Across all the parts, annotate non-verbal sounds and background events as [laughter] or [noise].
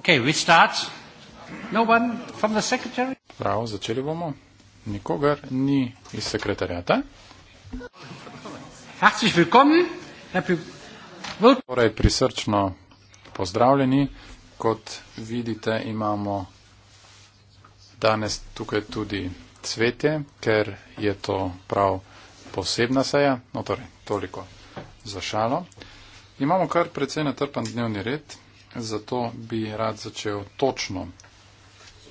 Okay, we start. No one from the secretary? Prav, začeli bomo. Nikogar ni iz sekretarjata. Herzlich willkommen. Torej, prisrčno pozdravljeni. Kot vidite, imamo danes tukaj tudi cvetje, ker je to prav posebna seja. No, torej, toliko za šalo. Imamo kar precej natrpan dnevni red zato bi rad začel točno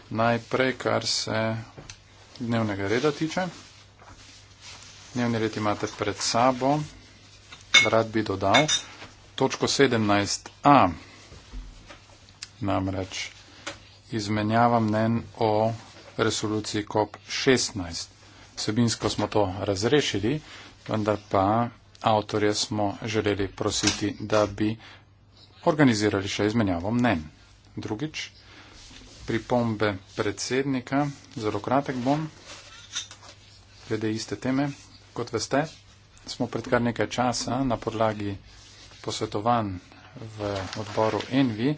najprej, kar se dnevnega reda tiče. Dnevni red imate pred sabo. Rad bi dodal točko 17a, namreč izmenjava mnen o resoluciji COP16. Sebinsko smo to razrešili, vendar pa avtorje smo želeli prositi, da bi organizirali še izmenjavo mnen. Drugič, pripombe predsednika, zelo kratek bom, glede iste teme. Kot veste, smo pred kar nekaj časa na podlagi posvetovanj v odboru Envi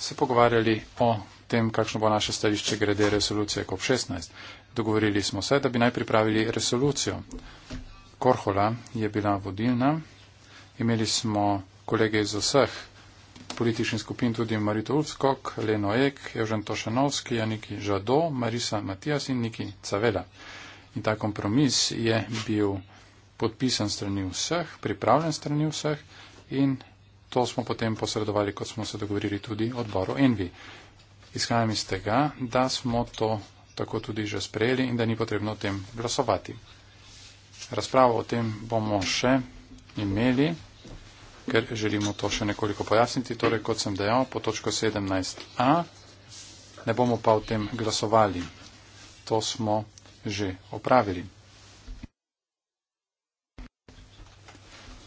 se pogovarjali o tem, kakšno bo naše stališče glede resolucije COP16. Dogovorili smo se, da bi naj pripravili resolucijo. Korhola je bila vodilna. Imeli smo kolege iz vseh političnih skupin tudi Marita Ulfskog, Leno Ek, Jožen Tošanovski, Janiki Žado, Marisa Matijas in Niki Cavela. In ta kompromis je bil podpisan strani vseh, pripravljen strani vseh in to smo potem posredovali, kot smo se dogovorili tudi odboru Envi. Izhajam iz tega, da smo to tako tudi že sprejeli in da ni potrebno o tem glasovati. Razpravo o tem bomo še imeli ker želimo to še nekoliko pojasniti. Torej, kot sem dejal, po točko 17a ne bomo pa o tem glasovali. To smo že opravili.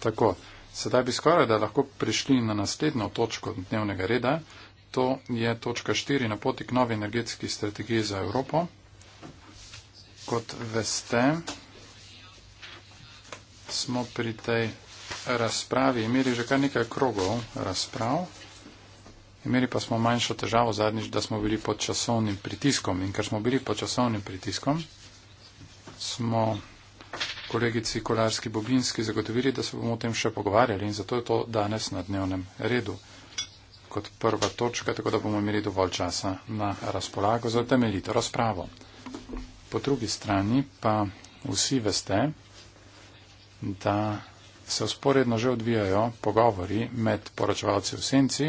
Tako, sedaj bi skoraj, da lahko prišli na naslednjo točko dnevnega reda. To je točka 4 na poti k novi energetski strategiji za Evropo. Kot veste, smo pri tej razpravi imeli že kar nekaj krogov razprav. Imeli pa smo manjšo težavo zadnjič, da smo bili pod časovnim pritiskom. In ker smo bili pod časovnim pritiskom, smo kolegici Kolarski Bobinski zagotovili, da se bomo o tem še pogovarjali in zato je to danes na dnevnem redu kot prva točka, tako da bomo imeli dovolj časa na razpolago za temeljito razpravo. Po drugi strani pa vsi veste, da se usporedno že odvijajo pogovori med poročevalci v senci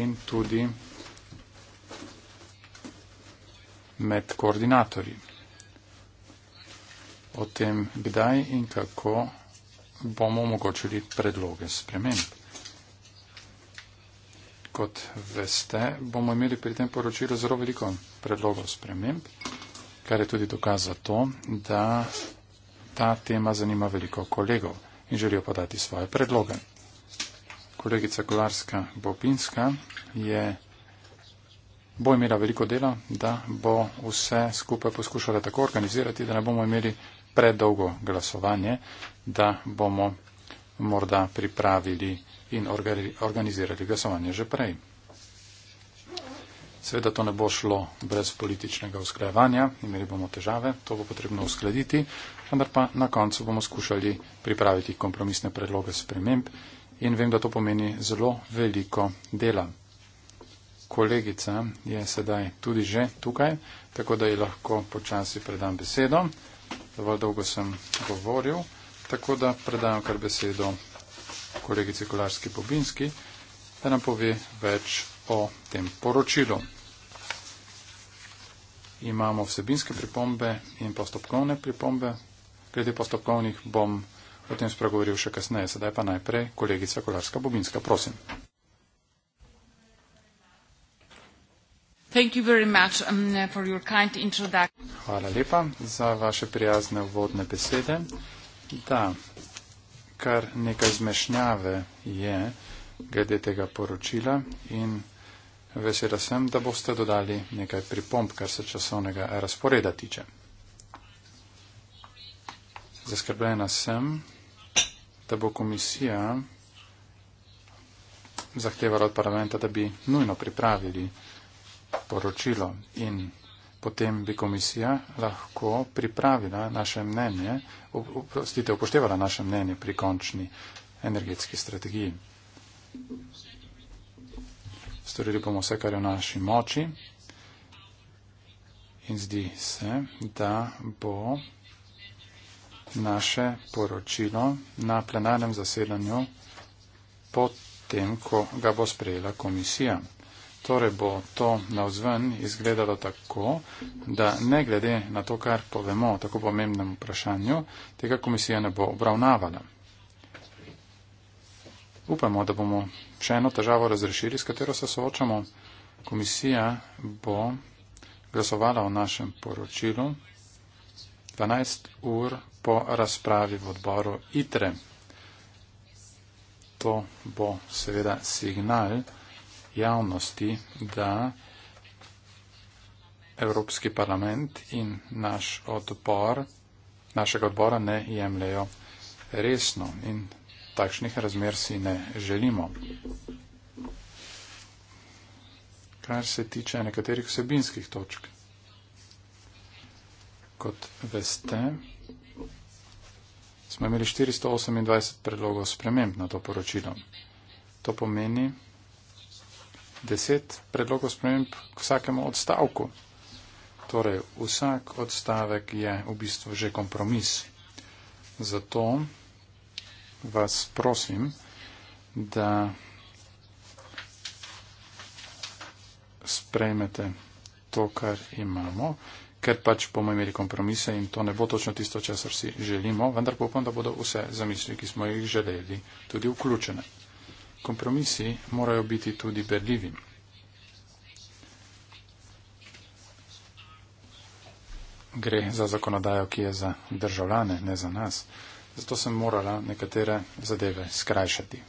in tudi med koordinatorji o tem, kdaj in kako bomo omogočili predloge sprememb. Kot veste, bomo imeli pri tem poročilu zelo veliko predlogov sprememb, kar je tudi dokaz za to, da ta tema zanima veliko kolegov in želijo podati svoje predloge. Kolegica Golarska Bobinska je, bo imela veliko dela, da bo vse skupaj poskušala tako organizirati, da ne bomo imeli predolgo glasovanje, da bomo morda pripravili in organizirali glasovanje že prej. Seveda to ne bo šlo brez političnega usklajevanja, imeli bomo težave, to bo potrebno uskladiti vendar pa na koncu bomo skušali pripraviti kompromisne predloge sprememb in vem, da to pomeni zelo veliko dela. Kolegica je sedaj tudi že tukaj, tako da ji lahko počasi predam besedo. Dovolj dolgo sem govoril, tako da predam kar besedo kolegici Kolarski Pobinski, da nam pove več o tem poročilu. Imamo vsebinske pripombe in postopkovne pripombe, Glede postopkovnih bom o tem spregovoril še kasneje. Sedaj pa najprej kolegica Kolarska Bobinska, prosim. Um, Hvala lepa za vaše prijazne uvodne besede. Da, kar nekaj zmešnjave je glede tega poročila in vesela sem, da boste dodali nekaj pripomb, kar se časovnega razporeda tiče. Zaskrbljena sem, da bo komisija zahtevala od parlamenta, da bi nujno pripravili poročilo in potem bi komisija lahko pripravila naše mnenje, oprostite, upoštevala naše mnenje pri končni energetski strategiji. Storili bomo vse, kar je v naši moči in zdi se, da bo naše poročilo na plenarnem zasedanju potem, ko ga bo sprejela komisija. Torej bo to navzven izgledalo tako, da ne glede na to, kar povemo o tako pomembnem vprašanju, tega komisija ne bo obravnavala. Upamo, da bomo še eno težavo razrešili, s katero se soočamo. Komisija bo glasovala o našem poročilu 12 ur po razpravi v odboru ITRE. To bo seveda signal javnosti, da Evropski parlament in naš odbor, našega odbora ne jemljajo resno in takšnih razmer si ne želimo. Kar se tiče nekaterih vsebinskih točk kot veste, smo imeli 428 predlogov sprememb na to poročilo. To pomeni 10 predlogov sprememb k vsakemu odstavku. Torej, vsak odstavek je v bistvu že kompromis. Zato vas prosim, da sprejmete to, kar imamo ker pač bomo imeli kompromise in to ne bo točno tisto, česar si želimo, vendar upam, da bodo vse zamisli, ki smo jih želeli, tudi vključene. Kompromisi morajo biti tudi berljivi. Gre za zakonodajo, ki je za državljane, ne za nas. Zato sem morala nekatere zadeve skrajšati.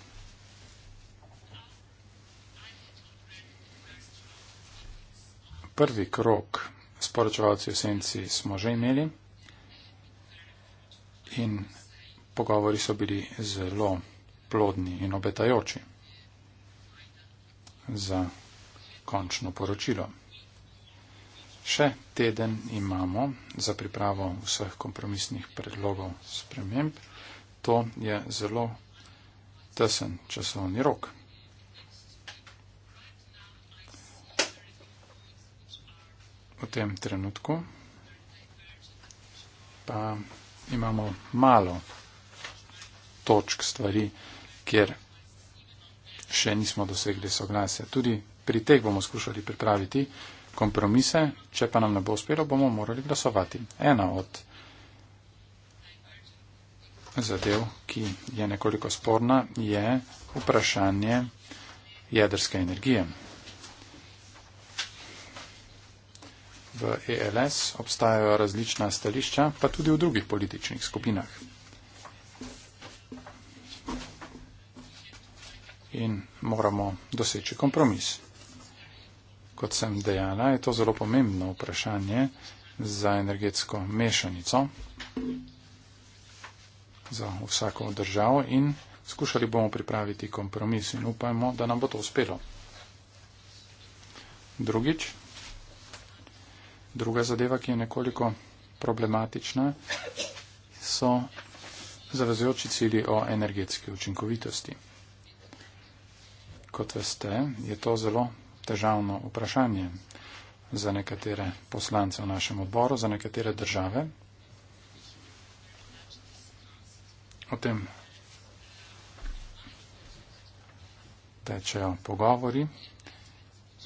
Prvi krok sporočevalci v senci smo že imeli in pogovori so bili zelo plodni in obetajoči za končno poročilo. Še teden imamo za pripravo vseh kompromisnih predlogov sprememb. To je zelo tesen časovni rok. v tem trenutku. Pa imamo malo točk stvari, kjer še nismo dosegli soglasja. Tudi pri teh bomo skušali pripraviti kompromise, če pa nam ne bo uspelo, bomo morali glasovati. Ena od zadev, ki je nekoliko sporna, je vprašanje jedrske energije. v ELS obstajajo različna stališča, pa tudi v drugih političnih skupinah. In moramo doseči kompromis. Kot sem dejala, je to zelo pomembno vprašanje za energetsko mešanico za vsako državo in skušali bomo pripraviti kompromis in upajmo, da nam bo to uspelo. Drugič. Druga zadeva, ki je nekoliko problematična, so zavezujoči cilji o energetski učinkovitosti. Kot veste, je to zelo težavno vprašanje za nekatere poslance v našem odboru, za nekatere države. O tem tečejo pogovori.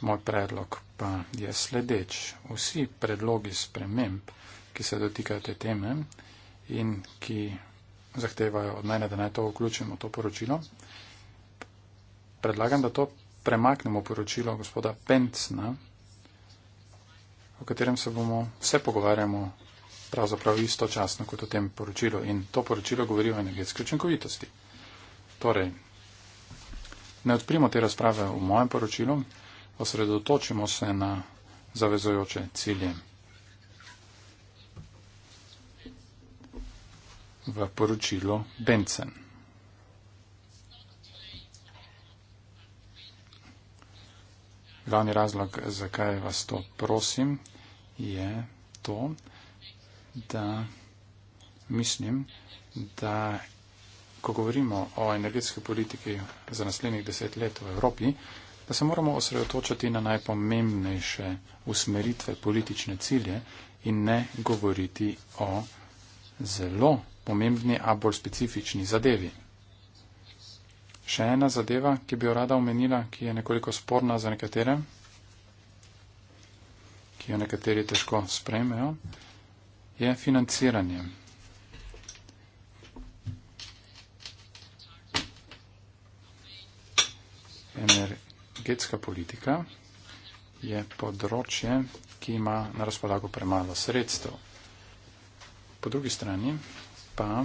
Moj predlog pa je sledeč. Vsi predlogi sprememb, ki se dotikajo te teme in ki zahtevajo od mene, da naj to vključimo, to poročilo, predlagam, da to premaknemo poročilo gospoda Pencna, o katerem se bomo vse pogovarjamo pravzaprav istočasno kot o tem poročilu. In to poročilo govori o energetski učinkovitosti. Torej, ne odprimo te razprave v mojem poročilu osredotočimo se na zavezojoče cilje. V poročilo Bencen. Glavni razlog, zakaj vas to prosim, je to, da mislim, da ko govorimo o energetski politiki za naslednjih deset let v Evropi, da se moramo osredotočiti na najpomembnejše usmeritve politične cilje in ne govoriti o zelo pomembni, a bolj specifični zadevi. Še ena zadeva, ki bi jo rada omenila, ki je nekoliko sporna za nekatere, ki jo nekateri težko sprejmejo, je financiranje. Ener energetska politika je področje, ki ima na razpolago premalo sredstev. Po drugi strani pa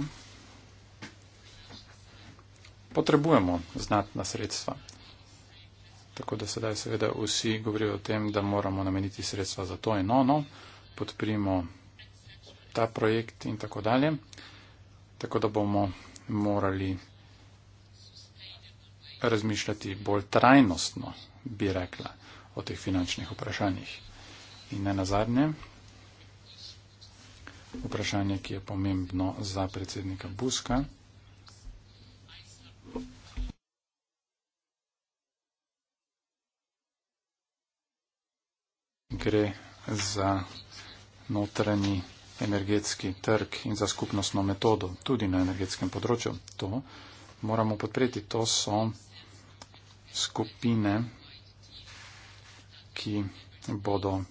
potrebujemo znatna sredstva. Tako da sedaj seveda vsi govorijo o tem, da moramo nameniti sredstva za to in ono, podprimo ta projekt in tako dalje, tako da bomo morali razmišljati bolj trajnostno, bi rekla, o teh finančnih vprašanjih. In ne nazadnje, vprašanje, ki je pomembno za predsednika Buska. Gre za notranji energetski trg in za skupnostno metodo tudi na energetskem področju. To moramo podpreti. To so skupine, ki bodo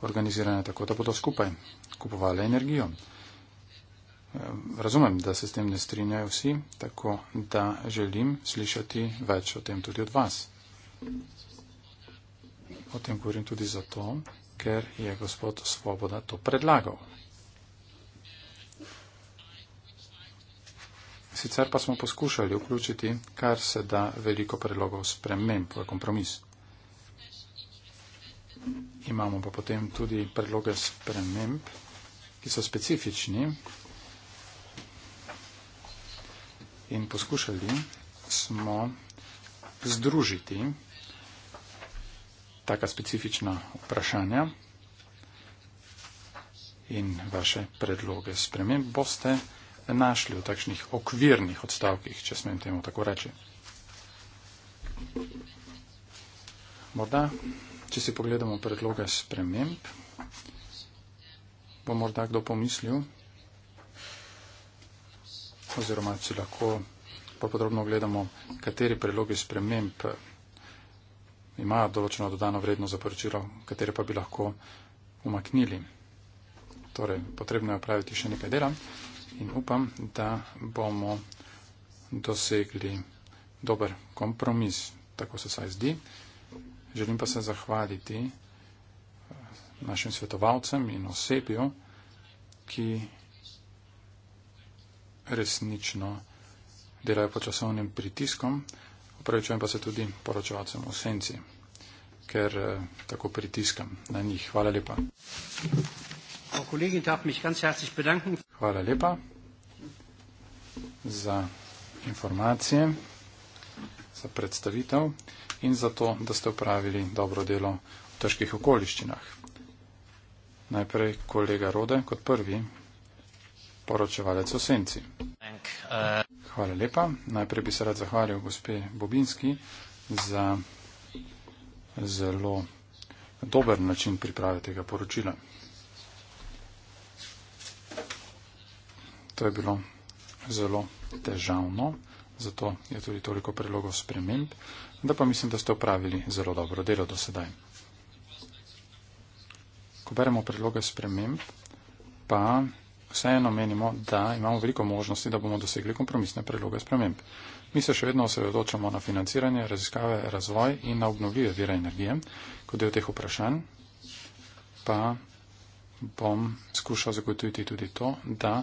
organizirane tako, da bodo skupaj kupovali energijo. Razumem, da se s tem ne strinjajo vsi, tako da želim slišati več o tem tudi od vas. O tem govorim tudi zato, ker je gospod Svoboda to predlagal. Sicer pa smo poskušali vključiti kar se da veliko predlogov sprememb v kompromis. Imamo pa potem tudi predloge sprememb, ki so specifični in poskušali smo združiti taka specifična vprašanja in vaše predloge sprememb boste našli v takšnih okvirnih odstavkih, če smem temu tako reči. Morda, če si pogledamo predloge sprememb, bo morda kdo pomislil, oziroma če lahko podrobno gledamo, kateri predlogi sprememb imajo določeno dodano vredno za poročilo, katere pa bi lahko umaknili. Torej, potrebno je opraviti še nekaj dela in upam, da bomo dosegli dober kompromis, tako se saj zdi. Želim pa se zahvaliti eh, našim svetovalcem in osebju, ki resnično delajo pod časovnim pritiskom. Upravičujem pa se tudi poročevalcem v senci, ker eh, tako pritiskam na njih. Hvala lepa. Kollegin darf mich ganz herzlich bedanken. Hvala lepa za informacije, za predstavitev in za to, da ste upravili dobro delo v težkih okoliščinah. Najprej kolega Rode kot prvi poročevalec o senci. Hvala lepa. Najprej bi se rad zahvalil gospe Bobinski za zelo dober način priprave tega poročila. To je bilo zelo težavno, zato je tudi toliko prilogov sprememb, da pa mislim, da ste opravili zelo dobro delo do sedaj. Ko beremo priloge sprememb, pa vseeno menimo, da imamo veliko možnosti, da bomo dosegli kompromisne priloge sprememb. Mi se še vedno osredotočamo na financiranje, raziskave, razvoj in na obnovljive vire energije. Kot del teh vprašanj pa bom skušal zagotoviti tudi to, da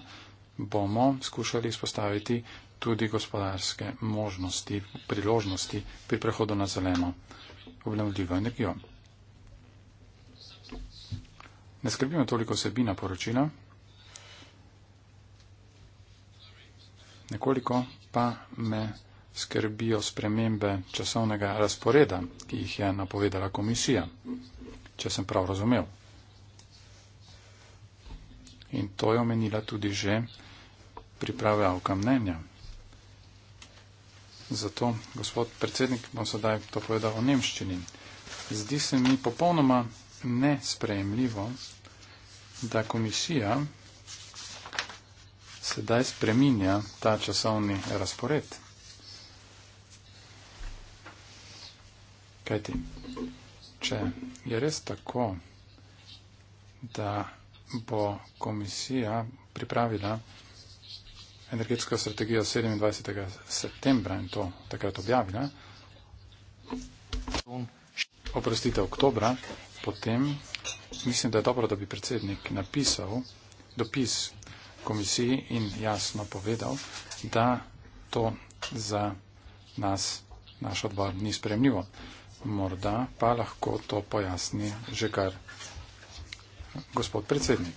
bomo skušali izpostaviti tudi gospodarske možnosti, priložnosti pri prehodu na zeleno obnovljivo energijo. Ne skrbimo toliko sebina poročila, nekoliko pa me skrbijo spremembe časovnega razporeda, ki jih je napovedala komisija, če sem prav razumel in to je omenila tudi že pripravljavka mnenja. Zato, gospod predsednik, bom sedaj to povedal o nemščini. Zdi se mi popolnoma nesprejemljivo, da komisija sedaj spreminja ta časovni razpored. Kajti, če je res tako, da bo komisija pripravila energetsko strategijo 27. septembra in to takrat objavila. Oprostite, oktobra. Potem mislim, da je dobro, da bi predsednik napisal dopis komisiji in jasno povedal, da to za nas, naš odbor, ni spremljivo. Morda pa lahko to pojasni že kar gospod predsednik.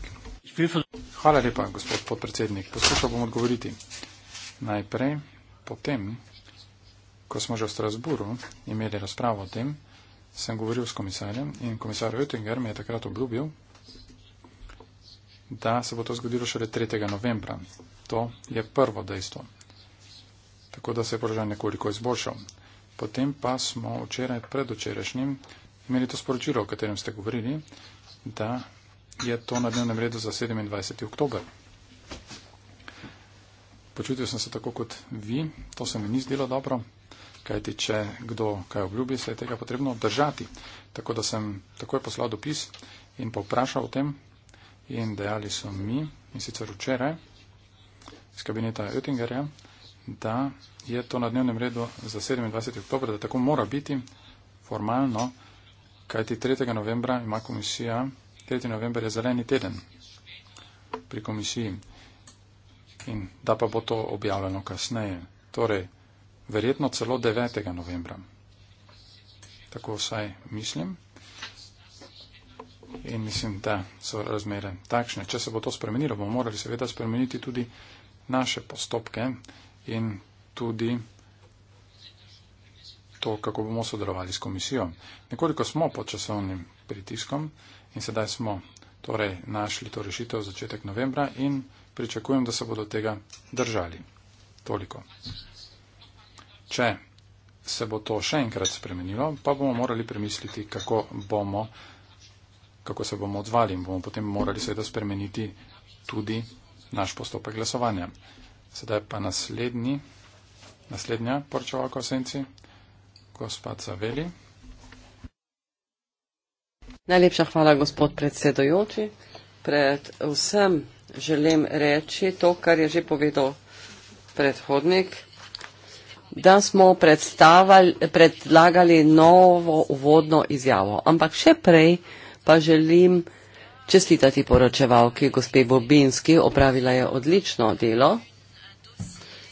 Hvala lepa, gospod podpredsednik. Poskušal bom odgovoriti. Najprej, potem, ko smo že v Strasburu imeli razpravo o tem, sem govoril s komisarjem in komisar Oettinger mi je takrat obljubil, da se bo to zgodilo šele 3. novembra. To je prvo dejstvo. Tako da se je položaj nekoliko izboljšal. Potem pa smo včeraj predvčerajšnjim imeli to sporočilo, o katerem ste govorili, da je to na dnevnem redu za 27. oktober. Počutil sem se tako kot vi, to se mi ni zdelo dobro, kajti če kdo kaj obljubi, se je tega potrebno držati. Tako da sem takoj poslal dopis in povprašal o tem in dejali so mi, in sicer včeraj, iz kabineta Oettingerja, da je to na dnevnem redu za 27. oktober, da tako mora biti formalno, kajti 3. novembra ima komisija 3. november je zeleni teden pri komisiji in da pa bo to objavljeno kasneje. Torej, verjetno celo 9. novembra. Tako vsaj mislim. In mislim, da so razmere takšne. Če se bo to spremenilo, bomo morali seveda spremeniti tudi naše postopke in tudi to, kako bomo sodelovali s komisijo. Nekoliko smo pod časovnim pritiskom. In sedaj smo torej našli to rešitev za začetek novembra in pričakujem, da se bodo tega držali. Toliko. Če se bo to še enkrat spremenilo, pa bomo morali premisliti, kako, bomo, kako se bomo odzvali in bomo potem morali seveda spremeniti tudi naš postopek glasovanja. Sedaj pa naslednji, naslednja poročevalka o senci, gospod Zaveli. Najlepša hvala, gospod predsedojoči. Pred vsem želim reči to, kar je že povedal predhodnik, da smo predlagali novo uvodno izjavo. Ampak še prej pa želim čestitati poročevalki, gospe Bobinski, opravila je odlično delo,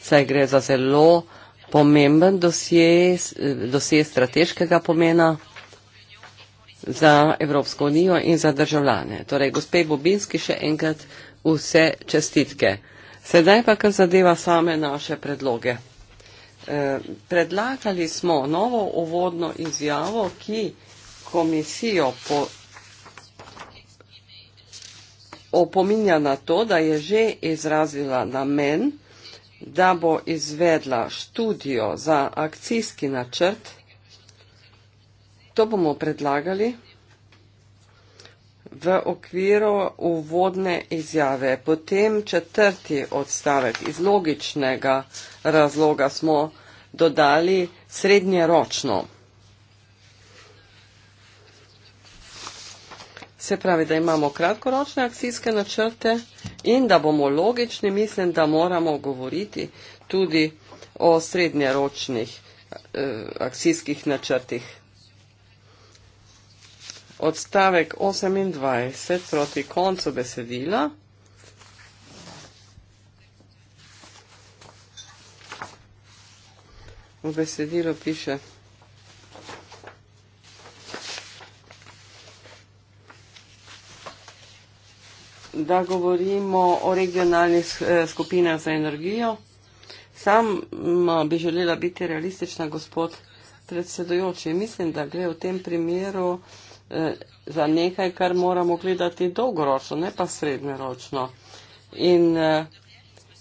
saj gre za zelo pomemben dosje, dosje strateškega pomena za Evropsko unijo in za državljane. Torej, gospe Bobinski, še enkrat vse čestitke. Sedaj pa, kar zadeva same naše predloge. E, predlagali smo novo uvodno izjavo, ki komisijo po opominja na to, da je že izrazila namen, da bo izvedla študijo za akcijski načrt 2021-2027. To bomo predlagali v okviru uvodne izjave. Potem četrti odstavek iz logičnega razloga smo dodali srednjeročno. Se pravi, da imamo kratkoročne akcijske načrte in da bomo logični, mislim, da moramo govoriti tudi o srednjeročnih eh, akcijskih načrtih odstavek 28 proti koncu besedila. V besedilu piše. da govorimo o regionalnih eh, skupinah za energijo. Sam bi želela biti realistična, gospod predsedojoči. Mislim, da gre v tem primeru uh, za nekaj, kar moramo gledati dolgoročno, ne pa srednjeročno. In eh,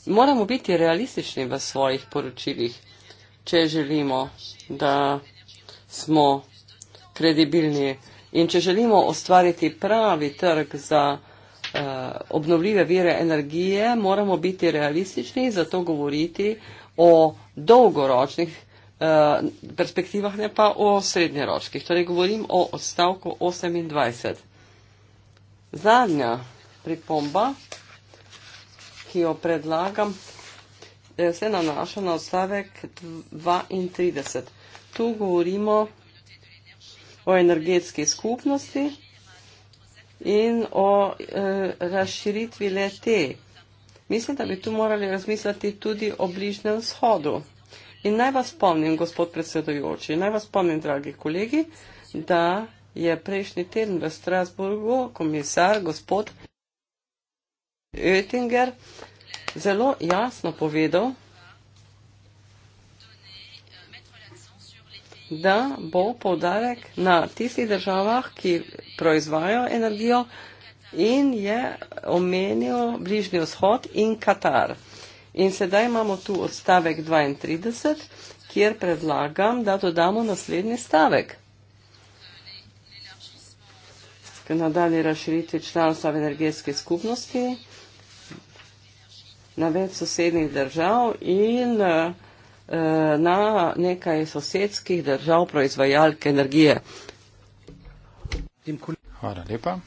moramo biti realistični v svojih poročilih, če želimo, da smo kredibilni in če želimo ustvariti pravi trg za eh, obnovljive vire energije, moramo biti realistični in zato govoriti o dolgoročnih Eh, perspektivah, ne pa o srednjeročkih. Torej, govorim o odstavku 28. Zadnja pripomba, ki jo predlagam, eh, se nanaša na odstavek 32. Tu govorimo o energetski skupnosti in o e, razširitvi le te. Mislim, da bi tu morali razmisliti tudi o bližnjem vzhodu. In naj vas spomnim, gospod predsedojoči, naj vas spomnim, dragi kolegi, da je prejšnji teden v Strasburgu komisar gospod Oettinger zelo jasno povedal, da bo povdarek na tistih državah, ki proizvajajo energijo in je omenil Bližnji vzhod in Katar. In sedaj imamo tu odstavek 32, kjer predlagam, da dodamo naslednji stavek. K nadalje razširiti članstva v energetski skupnosti na več sosednjih držav in eh, na nekaj sosedskih držav proizvajalke energije. Hvala lepa.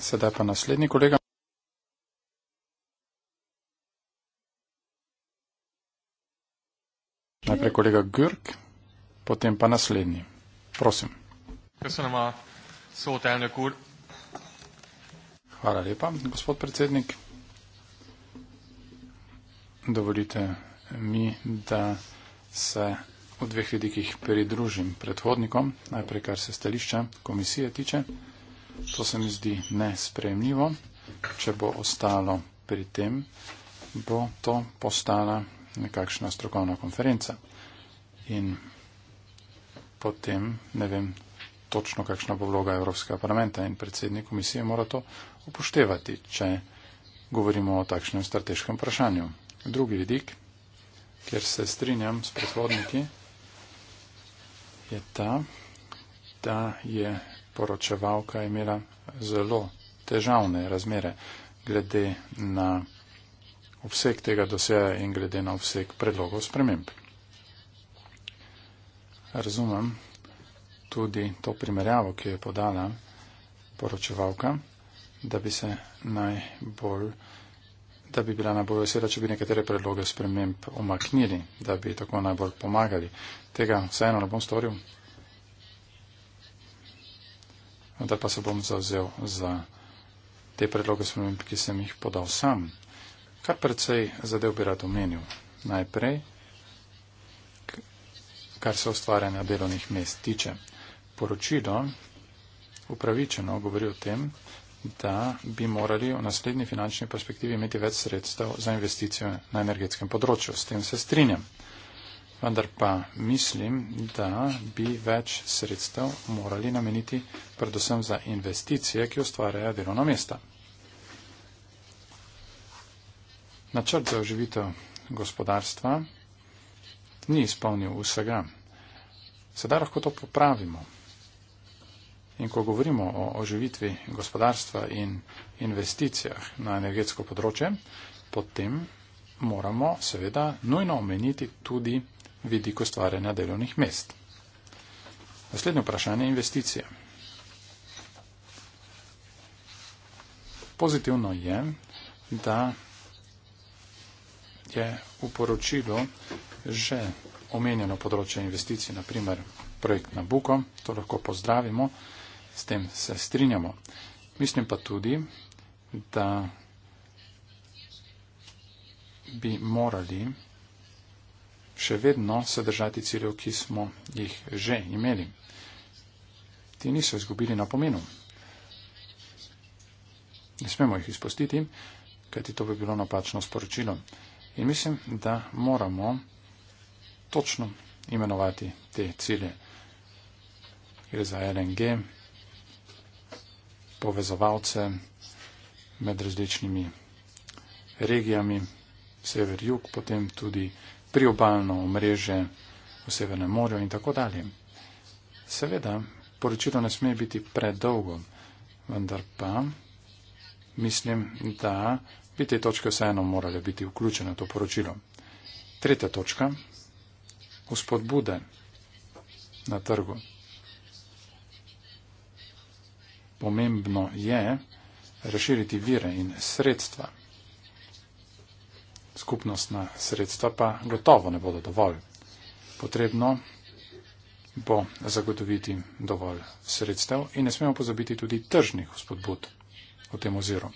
Sedaj pa naslednji kolega. najprej kolega Grk, potem pa naslednji. Prosim. Hvala lepa, gospod predsednik. Dovolite mi, da se v dveh vidikih pridružim predhodnikom, najprej kar se stališča komisije tiče. To se mi zdi nespremljivo. Če bo ostalo pri tem, bo to postala nekakšna strokovna konferenca in potem ne vem točno, kakšna bo vloga Evropskega parlamenta in predsednik komisije mora to upoštevati, če govorimo o takšnem strateškem vprašanju. Drugi vidik, kjer se strinjam s predhodniki, je ta, da je poročevalka imela zelo težavne razmere glede na obseg tega doseja in glede na obseg predlogov sprememb razumem tudi to primerjavo, ki jo je podala poročevalka, da bi se najbolj, da bi bila najbolj vesela, če bi nekatere predloge sprememb omaknili, da bi tako najbolj pomagali. Tega vseeno ne bom storil, da pa se bom zauzel za te predloge sprememb, ki sem jih podal sam. Kar predvsej zadev bi rad omenil. Najprej kar se ustvarjanja delovnih mest tiče. Poročilo upravičeno govori o tem, da bi morali v naslednji finančni perspektivi imeti več sredstev za investicijo na energetskem področju. S tem se strinjam. Vendar pa mislim, da bi več sredstev morali nameniti predvsem za investicije, ki ustvarjajo delovna mesta. Načrt za oživitev gospodarstva ni izpolnil vsega. Sedaj lahko to popravimo. In ko govorimo o oživitvi gospodarstva in investicijah na energetsko področje, potem moramo seveda nujno omeniti tudi vidik ustvarjanja delovnih mest. Naslednje vprašanje je investicije. Pozitivno je, da je v poročilu že omenjeno področje investicij, naprimer projekt Nabuko, to lahko pozdravimo, s tem se strinjamo. Mislim pa tudi, da bi morali še vedno se držati ciljev, ki smo jih že imeli. Ti niso izgubili na pomenu. Ne smemo jih izpustiti, kajti to bi bilo napačno sporočilo. In mislim, da moramo točno imenovati te cilje. Gre za LNG, povezovalce med različnimi regijami, sever-jug, potem tudi priobalno omrežje v Severnem morju in tako dalje. Seveda, poročilo ne sme biti predolgo, vendar pa mislim, da bi te točke vseeno morale biti vključene v to poročilo. Tretja točka uspodbuden na trgu. Pomembno je razširiti vire in sredstva. Skupnostna sredstva pa gotovo ne bodo dovolj. Potrebno bo zagotoviti dovolj sredstev in ne smemo pozabiti tudi tržnih spodbud v tem oziru.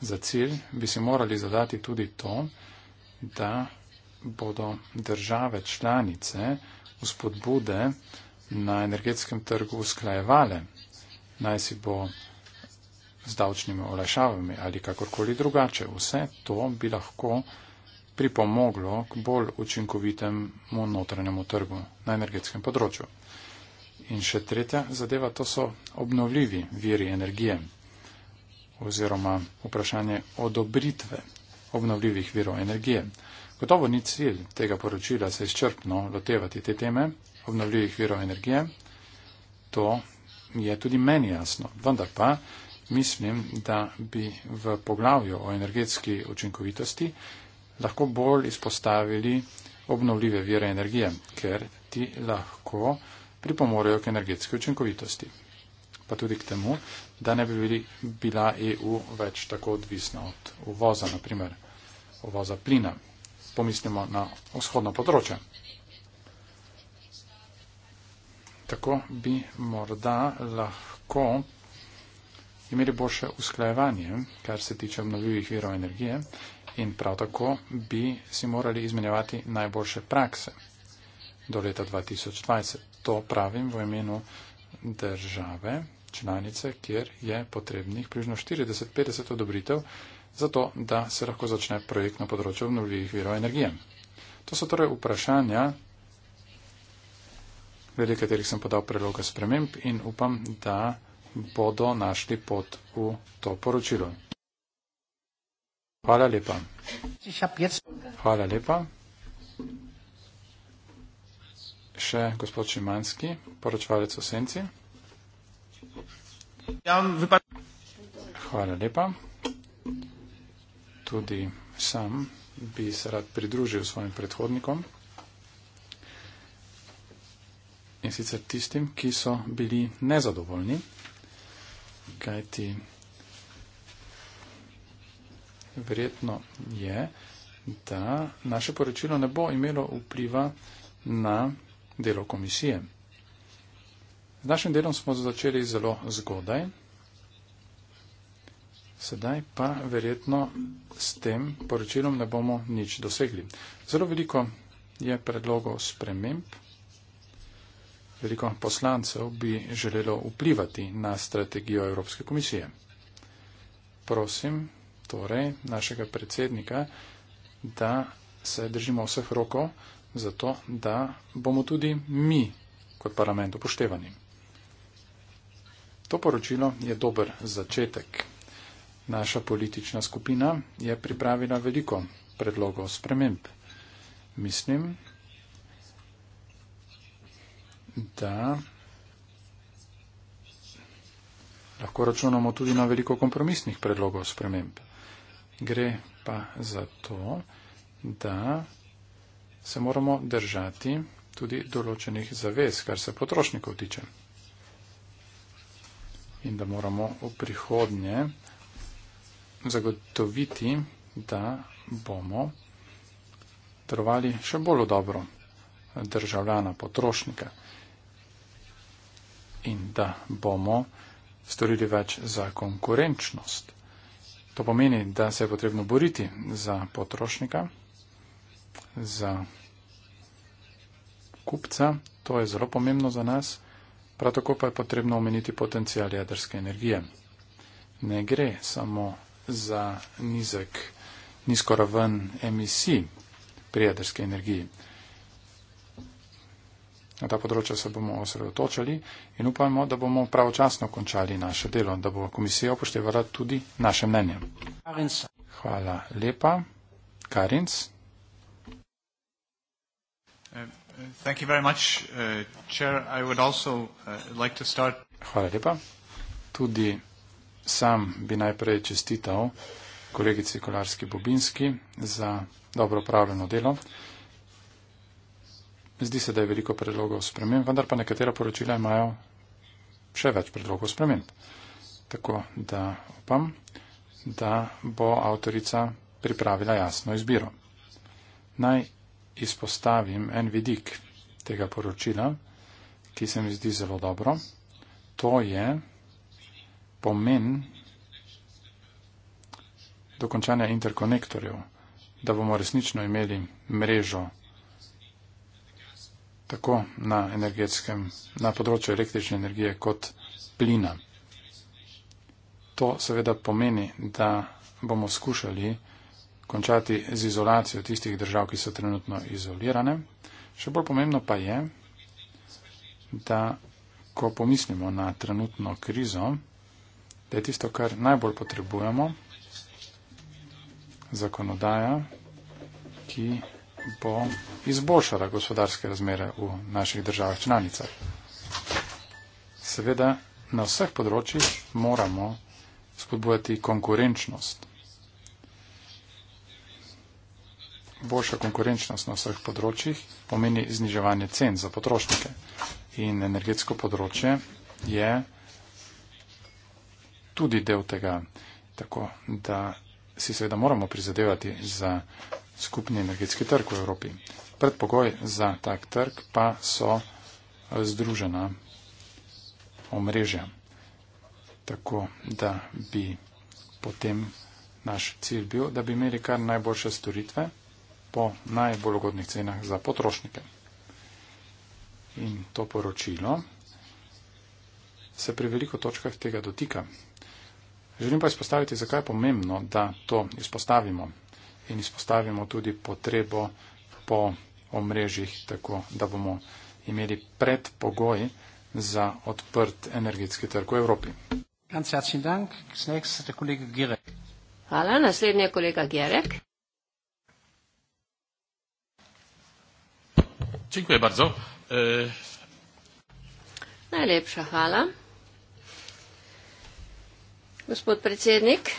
Za cilj bi si morali zadati tudi to, da bodo države članice vzpodbude na energetskem trgu usklajevale, naj si bo z davčnimi olajšavami ali kakorkoli drugače. Vse to bi lahko pripomoglo k bolj učinkovitemu notranjemu trgu na energetskem področju. In še tretja zadeva, to so obnovljivi viri energije oziroma vprašanje odobritve obnovljivih virov energije. Gotovo ni cilj tega poročila se izčrpno lotevati te teme obnovljivih virov energije. To je tudi meni jasno. Vendar pa mislim, da bi v poglavju o energetski učinkovitosti lahko bolj izpostavili obnovljive vire energije, ker ti lahko pripomorejo k energetski učinkovitosti. Pa tudi k temu, da ne bi bila EU več tako odvisna od uvoza, naprimer uvoza plina pomislimo na vzhodno področje. Tako bi morda lahko imeli boljše usklajevanje, kar se tiče obnovljivih virov energije in prav tako bi si morali izmenjevati najboljše prakse do leta 2020. To pravim v imenu države članice, kjer je potrebnih približno 40-50 odobritev zato da se lahko začne projekt na področju obnovljivih virov energije. To so torej vprašanja, glede katerih sem podal predloga sprememb in upam, da bodo našli pot v to poročilo. Hvala lepa. Hvala lepa. Še gospod Šimanski, poročvalec v Senci. Hvala lepa tudi sam bi se rad pridružil svojim predhodnikom in sicer tistim, ki so bili nezadovoljni, kajti verjetno je, da naše poročilo ne bo imelo vpliva na delo komisije. Z našim delom smo začeli zelo zgodaj. Sedaj pa verjetno s tem poročilom ne bomo nič dosegli. Zelo veliko je predlogov sprememb. Veliko poslancev bi želelo vplivati na strategijo Evropske komisije. Prosim torej našega predsednika, da se držimo vseh rokov, zato da bomo tudi mi kot parlament upoštevani. To poročilo je dober začetek. Naša politična skupina je pripravila veliko predlogov sprememb. Mislim, da lahko računamo tudi na veliko kompromisnih predlogov sprememb. Gre pa za to, da se moramo držati tudi določenih zavez, kar se potrošnikov tiče. In da moramo v prihodnje zagotoviti, da bomo trovali še bolj dobro državljana, potrošnika in da bomo storili več za konkurenčnost. To pomeni, da se je potrebno boriti za potrošnika, za kupca, to je zelo pomembno za nas, prav tako pa je potrebno omeniti potencijal jedrske energije. Ne gre samo za nizek, nizko raven emisij pri jedrski energiji. Na ta področja se bomo osredotočali in upamo, da bomo pravočasno končali naše delo, da bo komisija upoštevala tudi naše mnenje. Hvala lepa. Karinc. Uh, thank you very much, uh, Chair. I would also uh, like to start. Hvala lepa. Tudi sam bi najprej čestital kolegici Kolarski Bobinski za dobro upravljeno delo. Zdi se, da je veliko predlogov sprememb, vendar pa nekatera poročila imajo še več predlogov sprememb. Tako da upam, da bo avtorica pripravila jasno izbiro. Naj izpostavim en vidik tega poročila, ki se mi zdi zelo dobro. To je pomen dokončanja interkonektorjev, da bomo resnično imeli mrežo tako na, na področju električne energije kot plina. To seveda pomeni, da bomo skušali končati z izolacijo tistih držav, ki so trenutno izolirane. Še bolj pomembno pa je, da ko pomislimo na trenutno krizo, da je tisto, kar najbolj potrebujemo, zakonodaja, ki bo izboljšala gospodarske razmere v naših državah članicah. Seveda, na vseh področjih moramo spodbujati konkurenčnost. Boljša konkurenčnost na vseh področjih pomeni zniževanje cen za potrošnike. In energetsko področje je tudi del tega. Tako da si seveda moramo prizadevati za skupni energetski trg v Evropi. Predpogoj za tak trg pa so združena omrežja. Tako da bi potem naš cilj bil, da bi imeli kar najboljše storitve po najbolj ugodnih cenah za potrošnike. In to poročilo se pri veliko točkah tega dotika. Želim pa izpostaviti, zakaj je pomembno, da to izpostavimo in izpostavimo tudi potrebo po omrežjih, tako da bomo imeli predpogoj za odprt energetski trg v Evropi. Hvala, naslednji je kolega Gerek. E, Najlepša hvala. Gospod predsednik,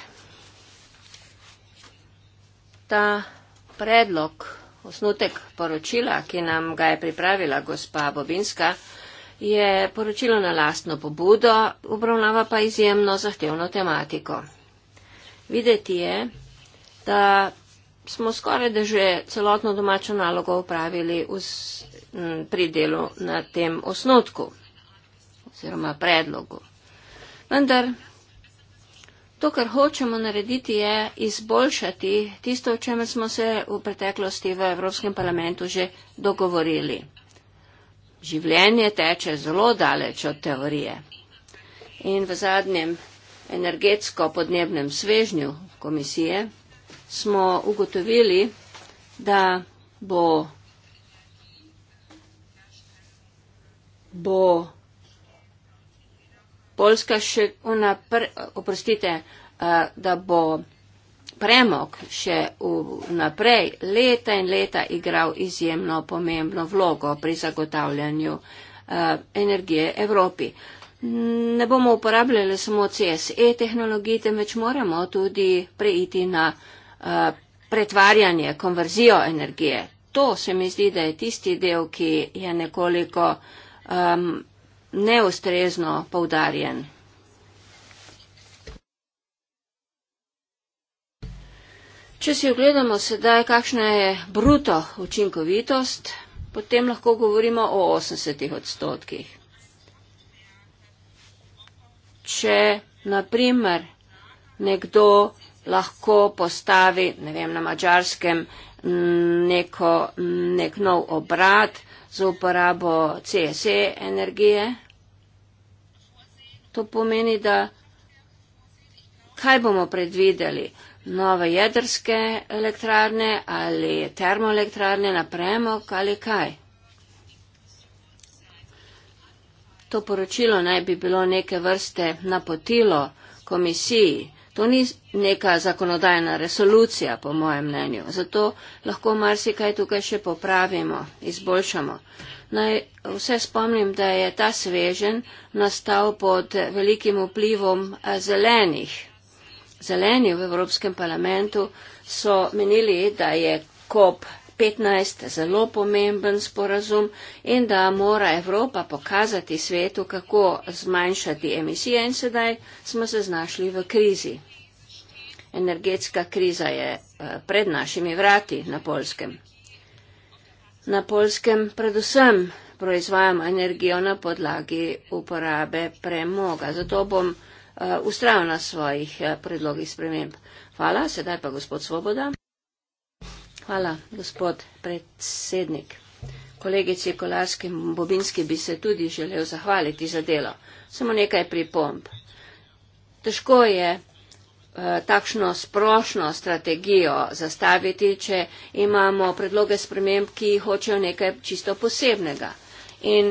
ta predlog, osnutek poročila, ki nam ga je pripravila gospa Bobinska, je poročilo na lastno pobudo, obravnava pa izjemno zahtevno tematiko. Videti je, da smo skoraj da že celotno domačo nalogo upravili pri delu na tem osnutku oziroma predlogu. Vendar To, kar hočemo narediti, je izboljšati tisto, o čem smo se v preteklosti v Evropskem parlamentu že dogovorili. Življenje teče zelo daleč od teorije. In v zadnjem energetsko-podnebnem svežnju komisije smo ugotovili, da bo, bo Poljska še naprej, oprostite, eh, da bo premog še naprej leta in leta igral izjemno pomembno vlogo pri zagotavljanju eh, energije Evropi. Ne bomo uporabljali samo CSE tehnologij, temveč moramo tudi preiti na eh, pretvarjanje, konverzijo energije. To se mi zdi, da je tisti del, ki je nekoliko um, neustrezno poudarjen. Če si ogledamo sedaj, kakšna je bruto učinkovitost, potem lahko govorimo o 80 odstotkih. Če, na primer, nekdo lahko postavi, ne vem, na mačarskem neko, nek nov obrat za uporabo CSE energije, To pomeni, da kaj bomo predvideli? Nove jedrske elektrarne ali termoelektrarne na premog ali kaj? To poročilo naj bi bilo neke vrste napotilo komisiji. To ni neka zakonodajna resolucija, po mojem mnenju. Zato lahko marsikaj tukaj še popravimo, izboljšamo. Naj vse spomnim, da je ta svežen nastal pod velikim vplivom eh, zelenih. Zeleni v Evropskem parlamentu so menili, da je COP15 zelo pomemben sporazum in da mora Evropa pokazati svetu, kako zmanjšati emisije in sedaj smo se znašli v krizi. Energetska kriza je eh, pred našimi vrati na polskem. Na polskem predvsem proizvajam energijo na podlagi uporabe premoga. Zato bom uh, ustrajal na svojih uh, predlogih sprememb. Hvala, sedaj pa gospod Svoboda. Hvala, gospod predsednik. Kolegici Kolarski Bobinski bi se tudi želel zahvaliti za delo. Samo nekaj pripomb. Težko je Eh, takšno splošno strategijo zastaviti, če imamo predloge sprememb, ki hočejo nekaj čisto posebnega. In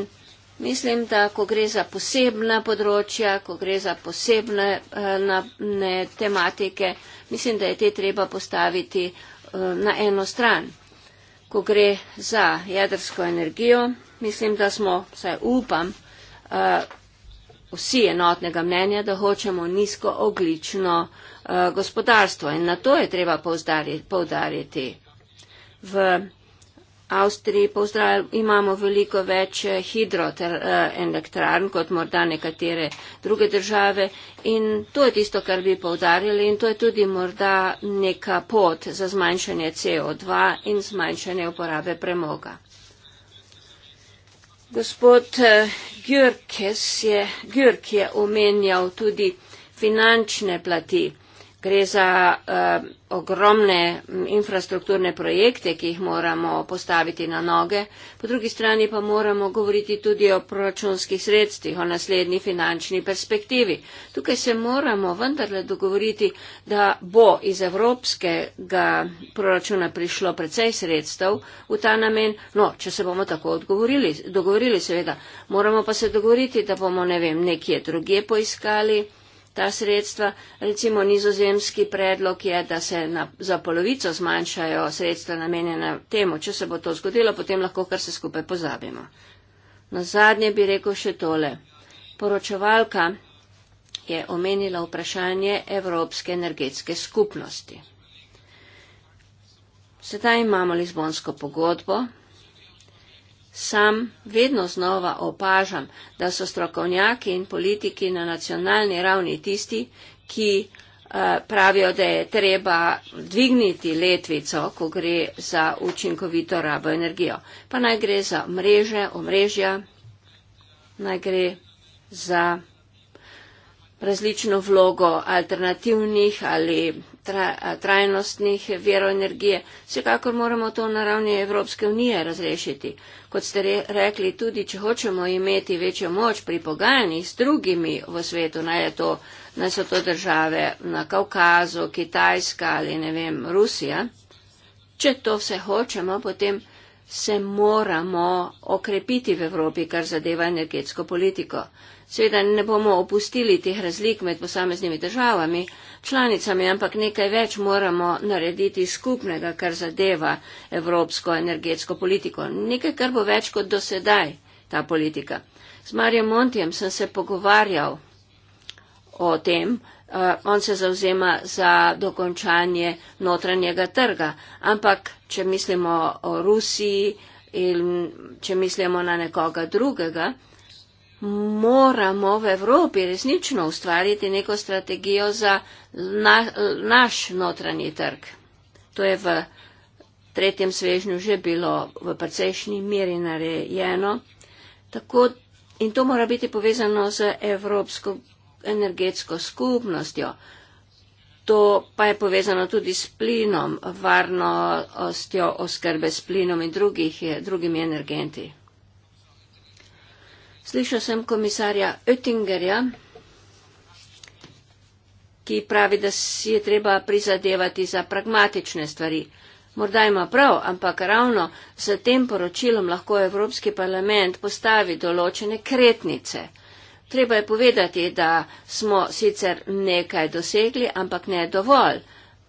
mislim, da ko gre za posebna področja, ko gre za posebne eh, na, ne, tematike, mislim, da je te treba postaviti eh, na eno stran. Ko gre za jedrsko energijo, mislim, da smo, saj upam, vsi enotnega mnenja, da hočemo nizkooglično uh, gospodarstvo in na to je treba povdariti. V Avstriji imamo veliko več eh, hidroelektrarn eh, uh, kot morda nekatere druge države in to je tisto, kar bi povdarjali in to je tudi morda neka pot za zmanjšanje CO2 in zmanjšanje uporabe premoga. Gospod eh, Gjurkes je, Gjurk je omenjal tudi finančne plati. Gre za uh, ogromne infrastrukturne projekte, ki jih moramo postaviti na noge. Po drugi strani pa moramo govoriti tudi o proračunskih sredstvih, o naslednji finančni perspektivi. Tukaj se moramo vendarle dogovoriti, da bo iz evropskega proračuna prišlo precej sredstev v ta namen. No, če se bomo tako odgovorili, dogovorili, seveda. Moramo pa se dogovoriti, da bomo ne vem, nekje drugje poiskali ta sredstva. Recimo nizozemski predlog je, da se na, za polovico zmanjšajo sredstva namenjena temu. Če se bo to zgodilo, potem lahko kar se skupaj pozabimo. Na zadnje bi rekel še tole. Poročevalka je omenila vprašanje Evropske energetske skupnosti. Sedaj imamo Lizbonsko pogodbo, Sam vedno znova opažam, da so strokovnjaki in politiki na nacionalni ravni tisti, ki eh, pravijo, da je treba dvigniti letvico, ko gre za učinkovito rabo energijo. Pa naj gre za mreže, omrežja, naj gre za različno vlogo alternativnih ali trajnostnih verov energije. Vsekakor moramo to na ravni Evropske unije razrešiti. Kot ste rekli, tudi če hočemo imeti večjo moč pri pogajanjih z drugimi v svetu, naj, to, naj so to države na Kaukazu, Kitajska ali ne vem, Rusija, če to vse hočemo, potem se moramo okrepiti v Evropi, kar zadeva energetsko politiko. Seveda ne bomo opustili teh razlik med posameznimi državami, članicami, ampak nekaj več moramo narediti skupnega, kar zadeva evropsko energetsko politiko. Nekaj, kar bo več kot dosedaj ta politika. Z Marijo Montijem sem se pogovarjal o tem, eh, on se zauzema za dokončanje notranjega trga, ampak če mislimo o Rusiji in če mislimo na nekoga drugega, moramo v Evropi resnično ustvariti neko strategijo za na, naš notranji trg. To je v tretjem svežnju že bilo v precejšnji meri narejeno. Tako, in to mora biti povezano z Evropsko energetsko skupnostjo. To pa je povezano tudi s plinom, varnostjo oskrbe s plinom in drugih, drugimi energenti. Slišal sem komisarja Oettingerja, ki pravi, da si je treba prizadevati za pragmatične stvari. Morda ima prav, ampak ravno s tem poročilom lahko Evropski parlament postavi določene kretnice. Treba je povedati, da smo sicer nekaj dosegli, ampak ne dovolj.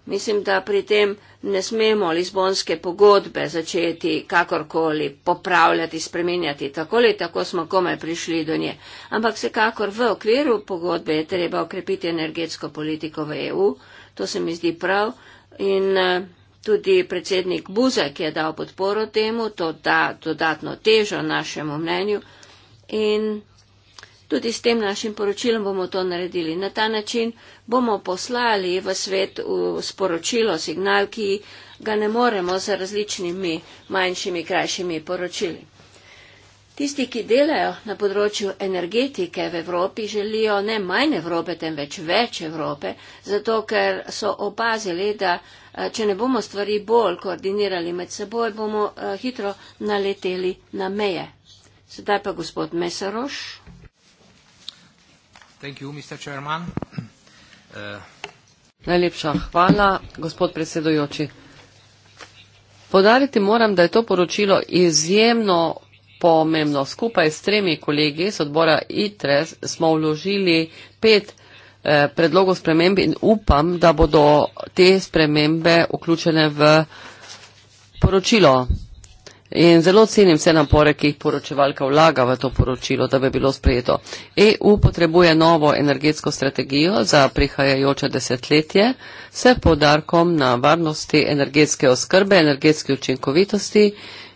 Mislim, da pri tem ne smemo Lizbonske pogodbe začeti kakorkoli popravljati, spremenjati, tako ali tako smo komaj prišli do nje. Ampak vsekakor v okviru pogodbe je treba okrepiti energetsko politiko v EU, to se mi zdi prav. In eh, tudi predsednik Buzek je dal podporo temu, to da dodatno težo našemu mnenju. In Tudi s tem našim poročilom bomo to naredili. Na ta način bomo poslali v svet sporočilo, signal, ki ga ne moremo z različnimi manjšimi, krajšimi poročili. Tisti, ki delajo na področju energetike v Evropi, želijo ne manj Evrope, temveč več Evrope, zato ker so opazili, da eh, če ne bomo stvari bolj koordinirali med seboj, bomo eh, hitro naleteli na meje. Sedaj pa gospod Mesaroš. Thank you, Mr. Chairman. Uh, Najlepša hvala, gospod predsedujoči. Podariti moram, da je to poročilo izjemno pomembno. Skupaj s tremi kolegi iz odbora ITRES smo vložili pet eh, predlogov sprememb in upam, da bodo te spremembe vključene v poročilo. In zelo cenim vse napore, ki jih poročevalka vlaga v to poročilo, da bi bilo sprejeto. EU potrebuje novo energetsko strategijo za prihajajoče desetletje, vse podarkom na varnosti energetske oskrbe, energetske učinkovitosti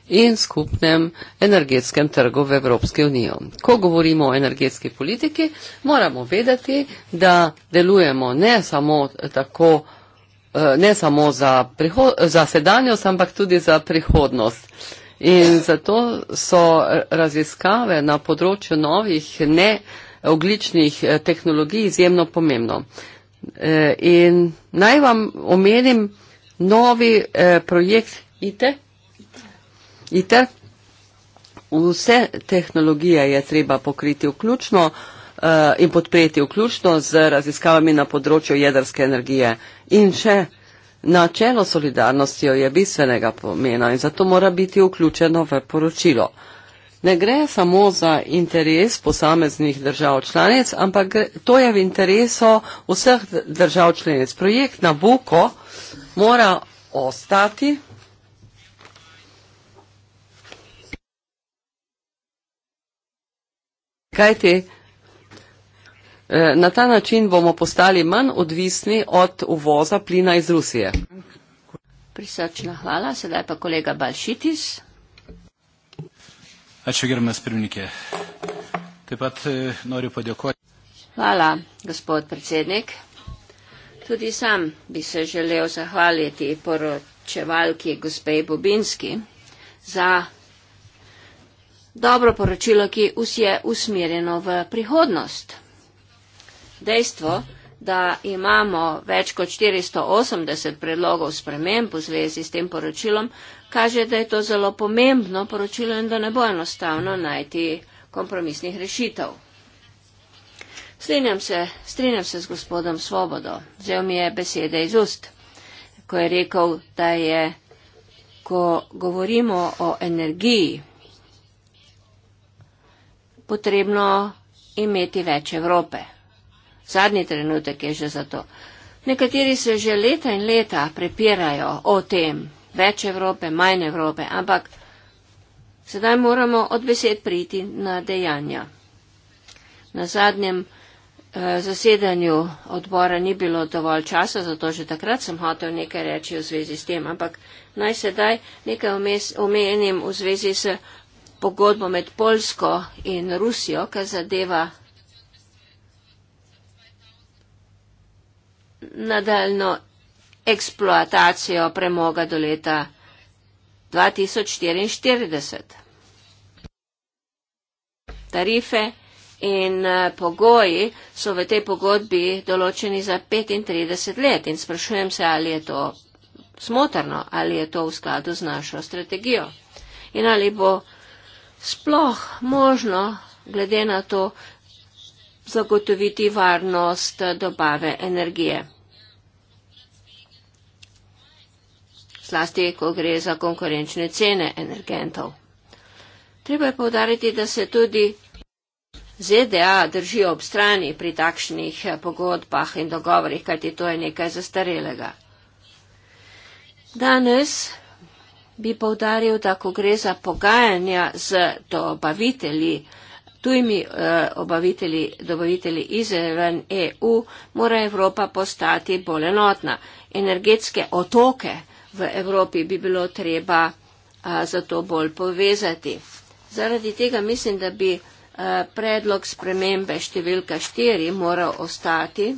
in skupnem energetskem trgu v Evropski uniji. Ko govorimo o energetski politiki, moramo vedeti, da delujemo ne samo tako, Eh, ne samo za, za sedanjost, ampak tudi za prihodnost. In zato so raziskave na področju novih neogličnih eh, tehnologij izjemno pomembno. Eh, in naj vam omenim novi projekt ITE. ITE. Vse tehnologije je treba pokriti vključno. Eh, in podpreti vključno z raziskavami na področju jedrske energije. In še načelo solidarnosti jo je bistvenega pomena in zato mora biti vključeno v poročilo. Ne gre samo za interes posameznih držav članic, ampak to je v interesu vseh držav članic. Projekt Nabuko mora ostati. Kajti, Eh, na ta način bomo postali manj odvisni od uvoza plina iz Rusije. Prisrčna hvala, sedaj pa kolega Balšitis. Ačiū gerbiamas pirmininkė. Taip pat e, noriu padėkoti. Hvala, gospod predsednik. Tudi sam bi se želel zahvaliti poročevalki gospej Bobinski za dobro poročilo, ki vse je usmerjeno v prihodnost. Dejstvo, da imamo več kot 480 predlogov sprememb v zvezi s tem poročilom, kaže, da je to zelo pomembno poročilo in da ne bo enostavno najti kompromisnih rešitev. Strinjam se, strinjam se z gospodom Svobodo. Vzel mi je besede iz ust, ko je rekel, da je, ko govorimo o energiji, potrebno imeti več Evrope. Zadnji trenutek je že za to. Nekateri se že leta in leta prepirajo o tem, več Evrope, manj Evrope, ampak sedaj moramo od besed priti na dejanja. Na zadnjem eh, zasedanju odbora ni bilo dovolj časa, zato že takrat sem hotel nekaj reči v zvezi s tem, ampak naj sedaj nekaj omenim v zvezi s pogodbo med Polsko in Rusijo, kar zadeva nadaljno eksploatacijo premoga do leta 2044. Tarife in eh, pogoji so v tej pogodbi določeni za 35 let in sprašujem se, ali je to smotrno, ali je to v skladu z našo strategijo in ali bo sploh možno, glede na to, zagotoviti varnost dobave energije. Zlasti, ko gre za konkurenčne cene energentov. Treba je povdariti, da se tudi ZDA držijo ob strani pri takšnih pogodbah in dogovorih, kajti to je nekaj zastarelega. Danes bi povdaril, da ko gre za pogajanja z dobavitelji, tujimi eh, obavitelji, dobavitelji izven EU, mora Evropa postati bolj enotna. Energetske otoke v Evropi bi bilo treba eh, zato bolj povezati. Zaradi tega mislim, da bi eh, predlog spremembe številka 4 moral ostati.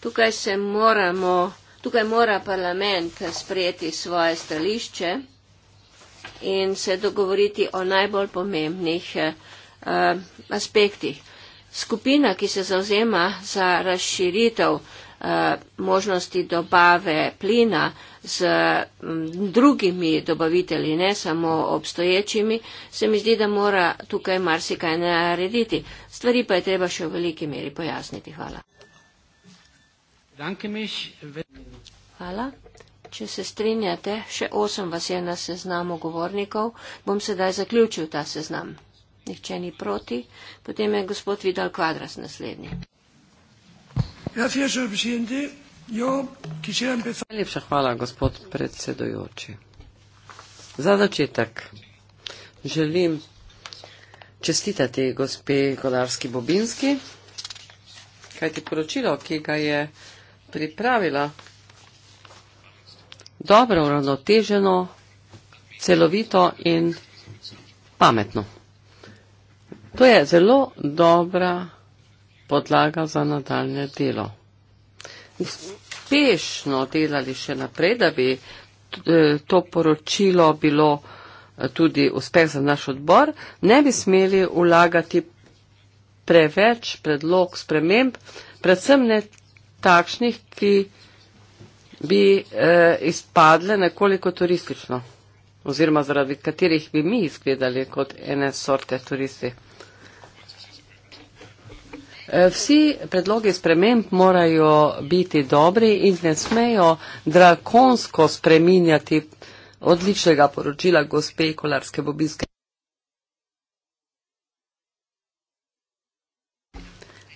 Tukaj, moramo, tukaj mora parlament sprejeti svoje stališče in se dogovoriti o najbolj pomembnih Eh, aspektih. Skupina, ki se zauzema za razširitev eh, možnosti dobave plina z mm, drugimi dobavitelji, ne samo obstoječimi, se mi zdi, da mora tukaj marsikaj narediti. Stvari pa je treba še v veliki meri pojasniti. Hvala. Hvala. Če se strinjate, še osem vas je na seznamu govornikov, bom sedaj zaključil ta seznam. Nihče ni proti. Potem je gospod Vidal Kvadras naslednji. Najlepša hvala, gospod predsedujoči. Za začetek želim čestitati gospe Kodarski Bobinski, kajti poročilo, ki ga je pripravila, dobro, uravnoteženo, celovito in pametno. To je zelo dobra podlaga za nadaljne delo. Uspešno delali še naprej, da bi eh, to poročilo bilo eh, tudi uspeh za naš odbor, ne bi smeli vlagati preveč predlog sprememb, predvsem ne takšnih, ki bi eh, izpadle nekoliko turistično oziroma zaradi katerih bi mi izgledali kot ene sorte turisti. Eh, vsi predlogi sprememb morajo biti dobri in ne smejo drakonsko spreminjati odličnega poročila gospe Kolarske Bobiske.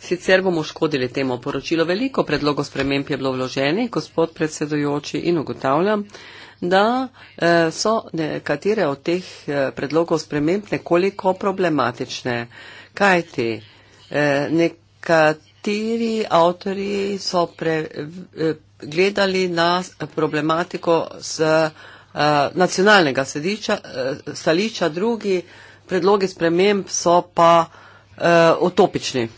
Sicer bomo škodili temu poročilo. Veliko predlogov sprememb je bilo vloženih, gospod predsedujoči, in ugotavljam, da eh, so nekatere od teh eh, predlogov sprememb nekoliko problematične. Kajti, nek kateri avtori so pre, eh, gledali na problematiko z uh, eh, nacionalnega sediča, uh, eh, stališča, drugi predlogi sprememb so pa uh, utopični.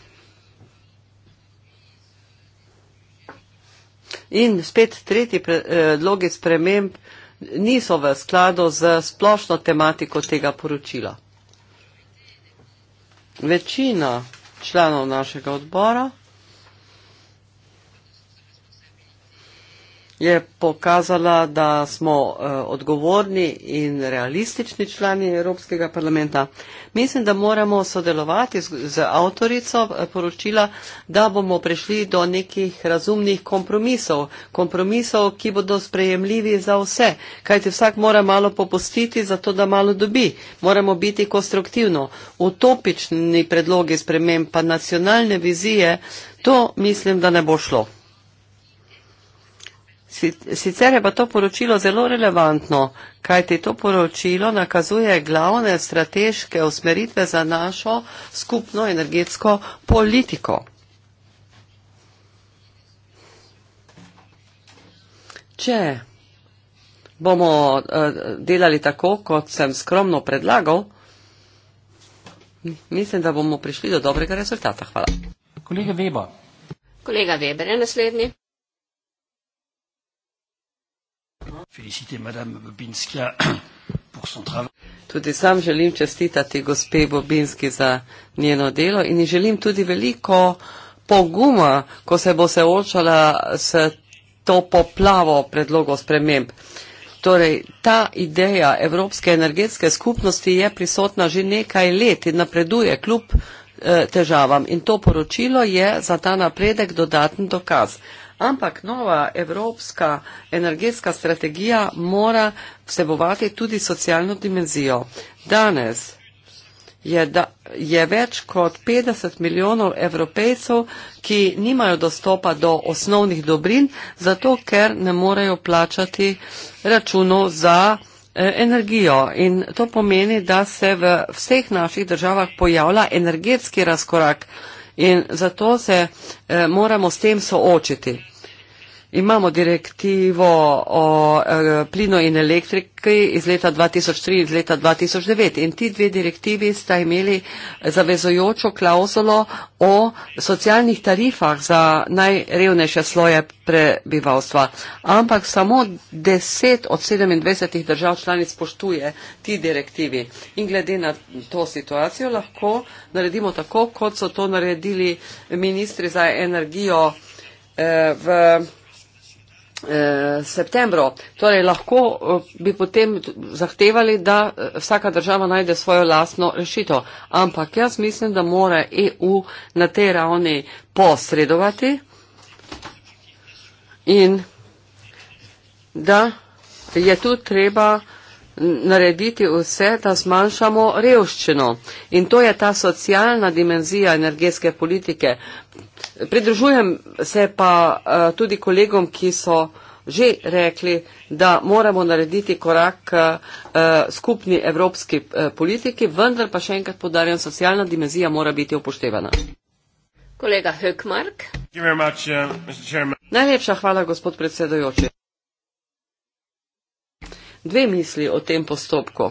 In spet tretji predlogi sprememb niso v skladu z splošno tematiko tega poročila. Večina članov našega odbora. je pokazala, da smo eh, odgovorni in realistični člani Evropskega parlamenta. Mislim, da moramo sodelovati z avtorico eh, poročila, da bomo prišli do nekih razumnih kompromisov, kompromisov, ki bodo sprejemljivi za vse, kajti vsak mora malo popustiti, zato da malo dobi. Moramo biti konstruktivno. Utopični predlogi sprememb pa nacionalne vizije, to mislim, da ne bo šlo. Sicer je pa to poročilo zelo relevantno, kajte to poročilo nakazuje glavne strateške usmeritve za našo skupno energetsko politiko. Če bomo eh, delali tako, kot sem skromno predlagal, mislim, da bomo prišli do dobrega rezultata. Hvala. Kolega Weber. Kolega Weber je naslednji. Félicité Madame Bobinska [clears throat] pour son travail. Tudi sam želim čestitati gospe Bobinski za njeno delo in ji želim tudi veliko poguma, ko se bo seočala s to poplavo predlogov sprememb. Torej, ta ideja Evropske energetske skupnosti je prisotna že nekaj let in napreduje kljub eh, težavam. In to poročilo je za ta napredek dodaten dokaz ampak nova evropska energetska strategija mora vsebovati tudi socialno dimenzijo. Danes je, da, je več kot 50 milijonov evropejcev, ki nimajo dostopa do osnovnih dobrin, zato ker ne morejo plačati računov za e, energijo in to pomeni, da se v vseh naših državah pojavlja energetski razkorak. In zato se eh, moramo s tem soočiti. Imamo direktivo o e, plinu in elektriki iz leta 2003 in iz leta 2009 in ti dve direktivi sta imeli zavezojočo klauzulo o socialnih tarifah za najrevnejše sloje prebivalstva. Ampak samo 10 od 27 držav članic poštuje ti direktivi in glede na to situacijo lahko naredimo tako, kot so to naredili ministri za energijo e, v. Eh, septembro. Torej, lahko eh, bi potem zahtevali, da eh, vsaka država najde svojo lastno rešitev. Ampak jaz mislim, da mora EU na tej ravni posredovati in da je tu treba narediti vse, da zmanjšamo revščino. In to je ta socialna dimenzija energetske politike. Pridružujem se pa eh, tudi kolegom, ki so že rekli, da moramo narediti korak eh, eh, skupni evropski politiki, vendar pa še enkrat podarjam, socialna dimenzija mora biti upoštevana. Kolega Hökmark. Much, uh, Najlepša hvala, gospod predsedojoči. Dve misli o tem postopku.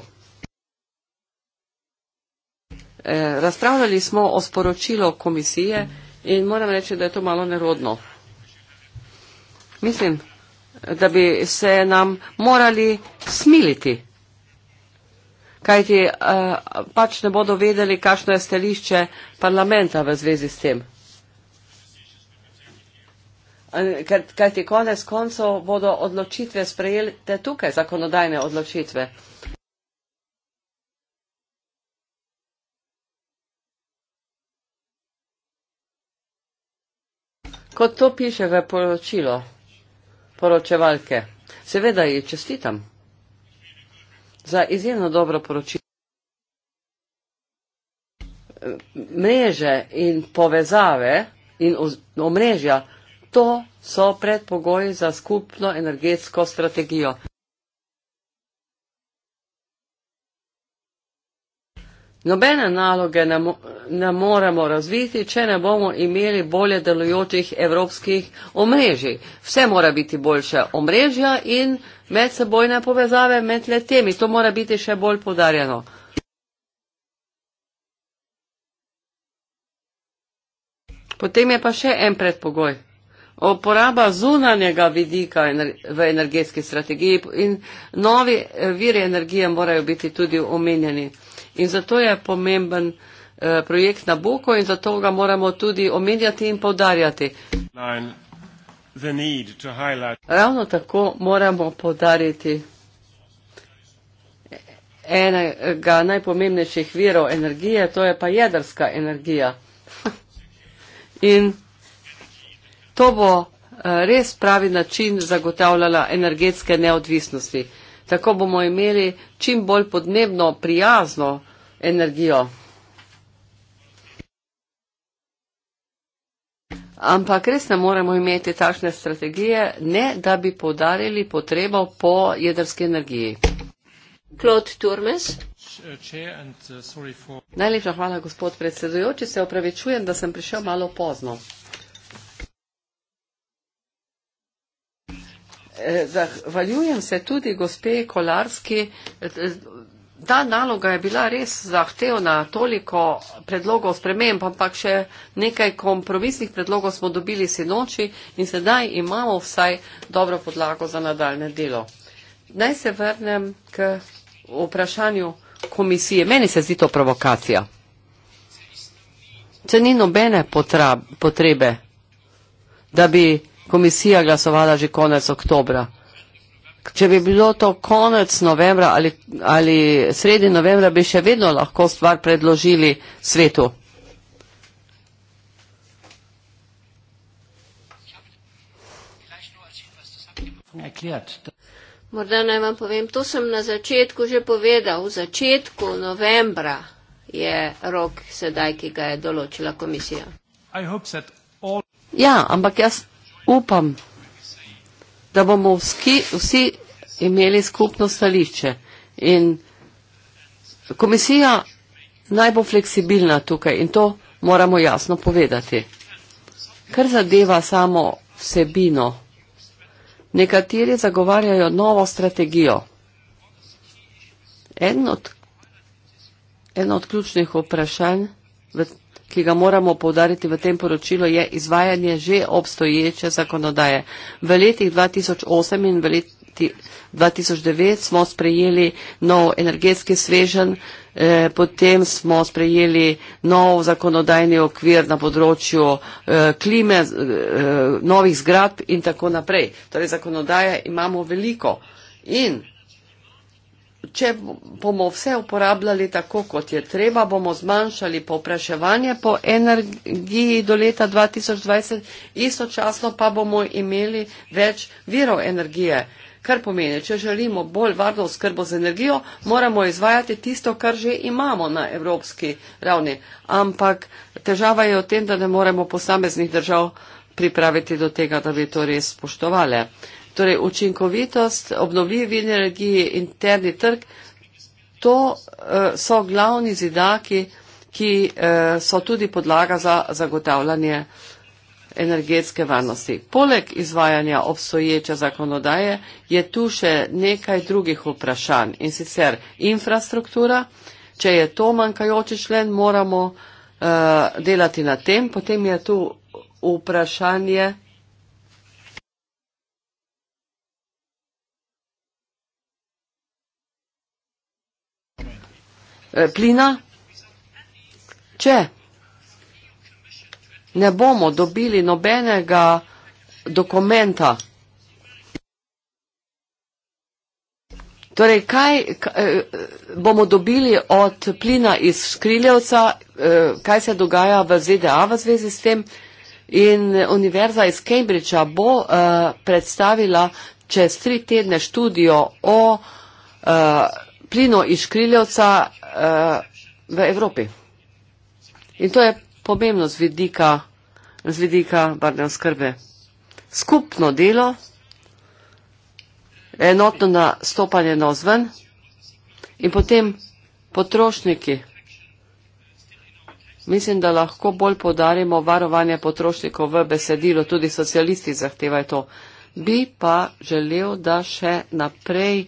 Eh, razpravljali smo o sporočilo komisije. Mm -hmm. In moram reči, da je to malo nerodno. Mislim, da bi se nam morali smiliti, kajti eh, pač ne bodo vedeli, kakšno je stališče parlamenta v zvezi s tem. Eh, kajti konec koncev bodo odločitve sprejeli te tukaj, zakonodajne odločitve. kot to piše v poročilo poročevalke. Seveda ji čestitam za izjemno dobro poročilo. Mreže in povezave in omrežja, to so predpogoji za skupno energetsko strategijo. Nobene naloge ne, mo ne moremo razviti, če ne bomo imeli bolje delujočih evropskih omrežij. Vse mora biti boljše omrežja in medsebojne povezave med letemi. To mora biti še bolj podarjeno. Potem je pa še en predpogoj. Oporaba zunanjega vidika v energetski strategiji in novi eh, viri energije morajo biti tudi omenjeni. In zato je pomemben eh, projekt na Boko in zato ga moramo tudi omenjati in povdarjati. Ravno tako moramo povdariti enega najpomembnejših virov energije, to je pa jedrska energija. [laughs] in to bo eh, res pravi način zagotavljala energetske neodvisnosti. Tako bomo imeli čim bolj podnebno prijazno energijo. Ampak res ne moremo imeti takšne strategije, ne da bi podarili potrebo po jedrski energiji. Klod Turmes. Uh, Najlepša hvala, gospod predsedujoči. Se opravičujem, da sem prišel malo pozno. zahvaljujem se tudi gospe Kolarski. Ta naloga je bila res zahtevna, toliko predlogov sprememb, ampak še nekaj kompromisnih predlogov smo dobili sinoči in sedaj imamo vsaj dobro podlago za nadaljne delo. Naj se vrnem k vprašanju komisije. Meni se zdi to provokacija. Če ni nobene potrebe, da bi komisija glasovala že konec oktobra. Če bi bilo to konec novembra ali, ali sredi novembra, bi še vedno lahko stvar predložili svetu. Morda naj vam povem, to sem na začetku že povedal. V začetku novembra je rok sedaj, ki ga je določila komisija. Ja, ampak jaz upam, da bomo vski, vsi imeli skupno stališče. In komisija naj bo fleksibilna tukaj in to moramo jasno povedati. Kar zadeva samo vsebino, nekateri zagovarjajo novo strategijo. En od, en od ključnih vprašanj v ki ga moramo povdariti v tem poročilu, je izvajanje že obstoječe zakonodaje. V letih 2008 in v letih 2009 smo sprejeli nov energetski svežen, eh, potem smo sprejeli nov zakonodajni okvir na področju eh, klime, eh, novih zgradb in tako naprej. Torej, zakonodaje imamo veliko. In če bomo vse uporabljali tako, kot je treba, bomo zmanjšali popraševanje po energiji do leta 2020, istočasno pa bomo imeli več virov energije. Kar pomeni, če želimo bolj varno skrbo z energijo, moramo izvajati tisto, kar že imamo na evropski ravni. Ampak težava je v tem, da ne moremo posameznih držav pripraviti do tega, da bi to res spoštovali. Torej učinkovitost, obnovljivi vir energije, interni trg, to uh, so glavni zidaki, ki uh, so tudi podlaga za zagotavljanje energetske varnosti. Poleg izvajanja obstoječe zakonodaje je tu še nekaj drugih vprašanj in sicer infrastruktura. Če je to manjkajoči člen, moramo uh, delati na tem. Potem je tu vprašanje Eh, plina, če ne bomo dobili nobenega dokumenta. Torej, kaj eh, bomo dobili od plina iz Škriljevca, eh, kaj se dogaja v ZDA v zvezi s tem in univerza iz Cambridgea bo predstavila čez tri tedne študijo o plinov iz škriljevca uh, eh, v Evropi. In to je pomembno z vidika, z vidika varne oskrbe. Skupno delo, enotno nastopanje na ozven in potem potrošniki. Mislim, da lahko bolj podarimo varovanje potrošnikov v besedilo, tudi socialisti zahtevajo to. Bi pa želel, da še naprej.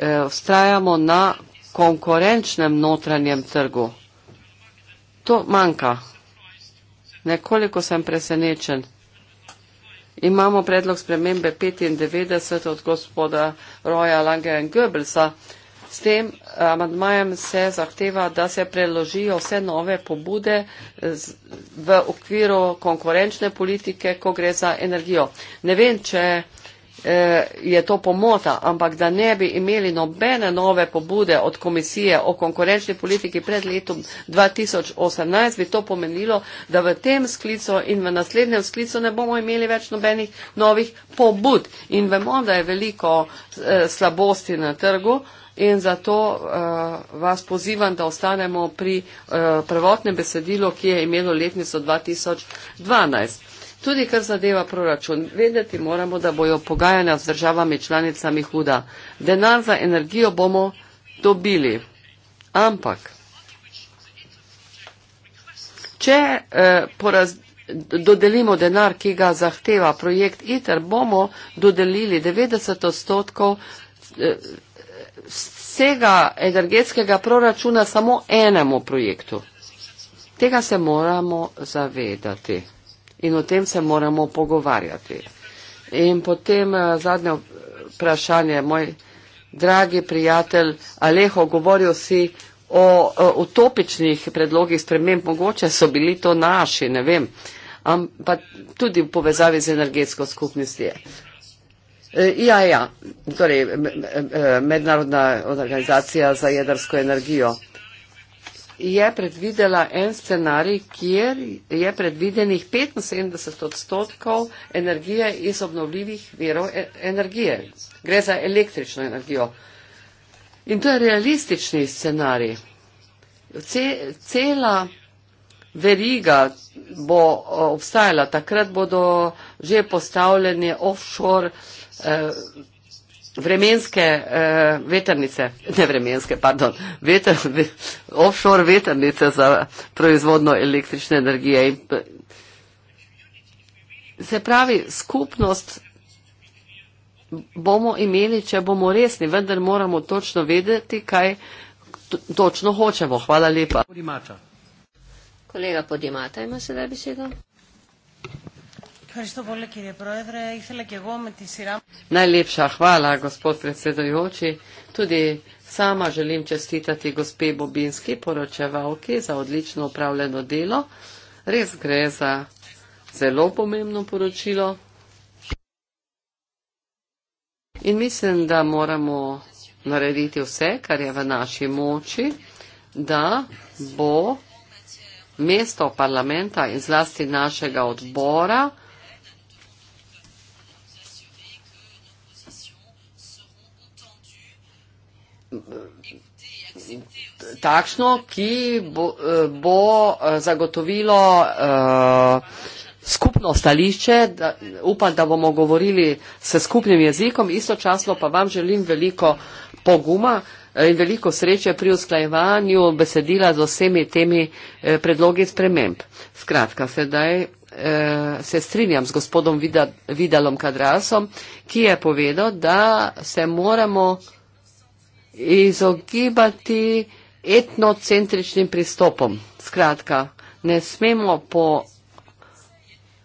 Eh, vztrajamo na konkurenčnem notranjem trgu. To manjka. Nekoliko sem presenečen. Imamo predlog spremembe 95 od gospoda Roja Lange in Goebbelsa. S tem eh, amadmajem se zahteva, da se preložijo vse nove pobude eh, v okviru konkurenčne politike, ko gre za energijo. Ne vem, če uh, Eh, je to pomota, ampak da ne bi imeli nobene nove pobude od komisije o konkurenčni politiki pred letom 2018, bi to pomenilo, da v tem sklicu in v naslednjem sklicu ne bomo imeli več nobenih novih pobud. In vemo, da je veliko eh, slabosti na trgu in zato eh, vas pozivam, da ostanemo pri prvotnem besedilu, ki je imelo letnico 2012. Tudi kar zadeva proračun, vedeti moramo, da bojo pogajanja z državami članicami huda. Denar za energijo bomo dobili. Ampak, če eh, dodelimo denar, ki ga zahteva projekt ITER, bomo dodelili 90 odstotkov eh, vsega energetskega proračuna samo enemu projektu. Tega se moramo zavedati in o tem se moramo pogovarjati. In potem eh, zadnje vprašanje, moj dragi prijatelj Aleho, govoril si o, o eh, utopičnih predlogih sprememb, mogoče so bili to naši, ne vem, pa tudi v povezavi z energetsko skupnostjo. Eh, ja, ja, torej Mednarodna organizacija za jedrsko energijo je predvidela en scenarij, kjer je predvidenih 75 odstotkov energije iz obnovljivih verov e-, energije. Gre za električno energijo. In to je realistični scenarij. Ce, cela veriga bo obstajala, takrat bodo že postavljene offshore. Eh, vremenske uh, eh, veternice, ne vremenske, pardon, veter, ve, offshore veternice za proizvodno električne energije. In, se pravi, skupnost bomo imeli, če bomo resni, vendar moramo točno vedeti, kaj točno hočemo. Hvala lepa. Podimača. Kolega Podimata ima sedaj besedo. Ευχαριστώ πολύ κύριε Πρόεδρε. Ήθελα και εγώ με τη σειρά Najlepša hvala, gospod predsedujoči. Tudi sama želim čestitati gospe Bobinski, poročevalki, za odlično upravljeno delo. Res gre za zelo pomembno poročilo. In mislim, da moramo narediti vse, kar je v naši moči, da bo mesto parlamenta in zlasti našega odbora, takšno, ki bo, eh, bo eh, zagotovilo uh, skupno stališče. Da, upam, da bomo govorili s skupnim jezikom, istočasno pa vam želim veliko poguma in veliko sreče pri usklajevanju besedila z vsemi temi eh, predlogi sprememb. Skratka, sedaj eh, se strinjam s gospodom Vida, Vidalom Kadrasom, ki je povedal, da se moramo izogibati etnocentričnim pristopom. Skratka, ne smemo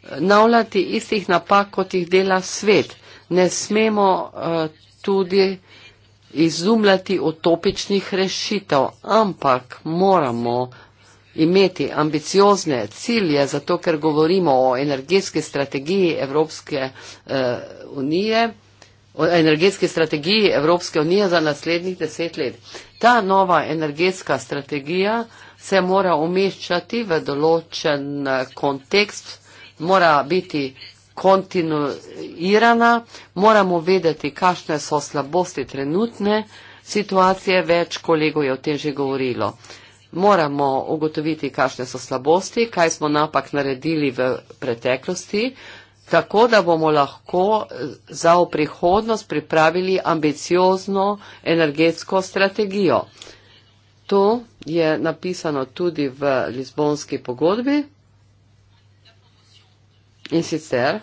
ponavljati istih napak, kot jih dela svet. Ne smemo eh, tudi izumljati utopičnih rešitev, ampak moramo imeti ambiciozne cilje, zato ker govorimo o energetski strategiji Evropske eh, unije energetski strategiji Evropske unije za naslednjih deset let. Ta nova energetska strategija se mora umeščati v določen eh, kontekst, mora biti kontinuirana, moramo vedeti, kakšne so slabosti trenutne situacije, več kolegov je o tem že govorilo. Moramo ugotoviti, kakšne so slabosti, kaj smo napak naredili v preteklosti, tako da bomo lahko eh, za v prihodnost pripravili ambiciozno energetsko strategijo. To je napisano tudi v Lizbonski pogodbi in sicer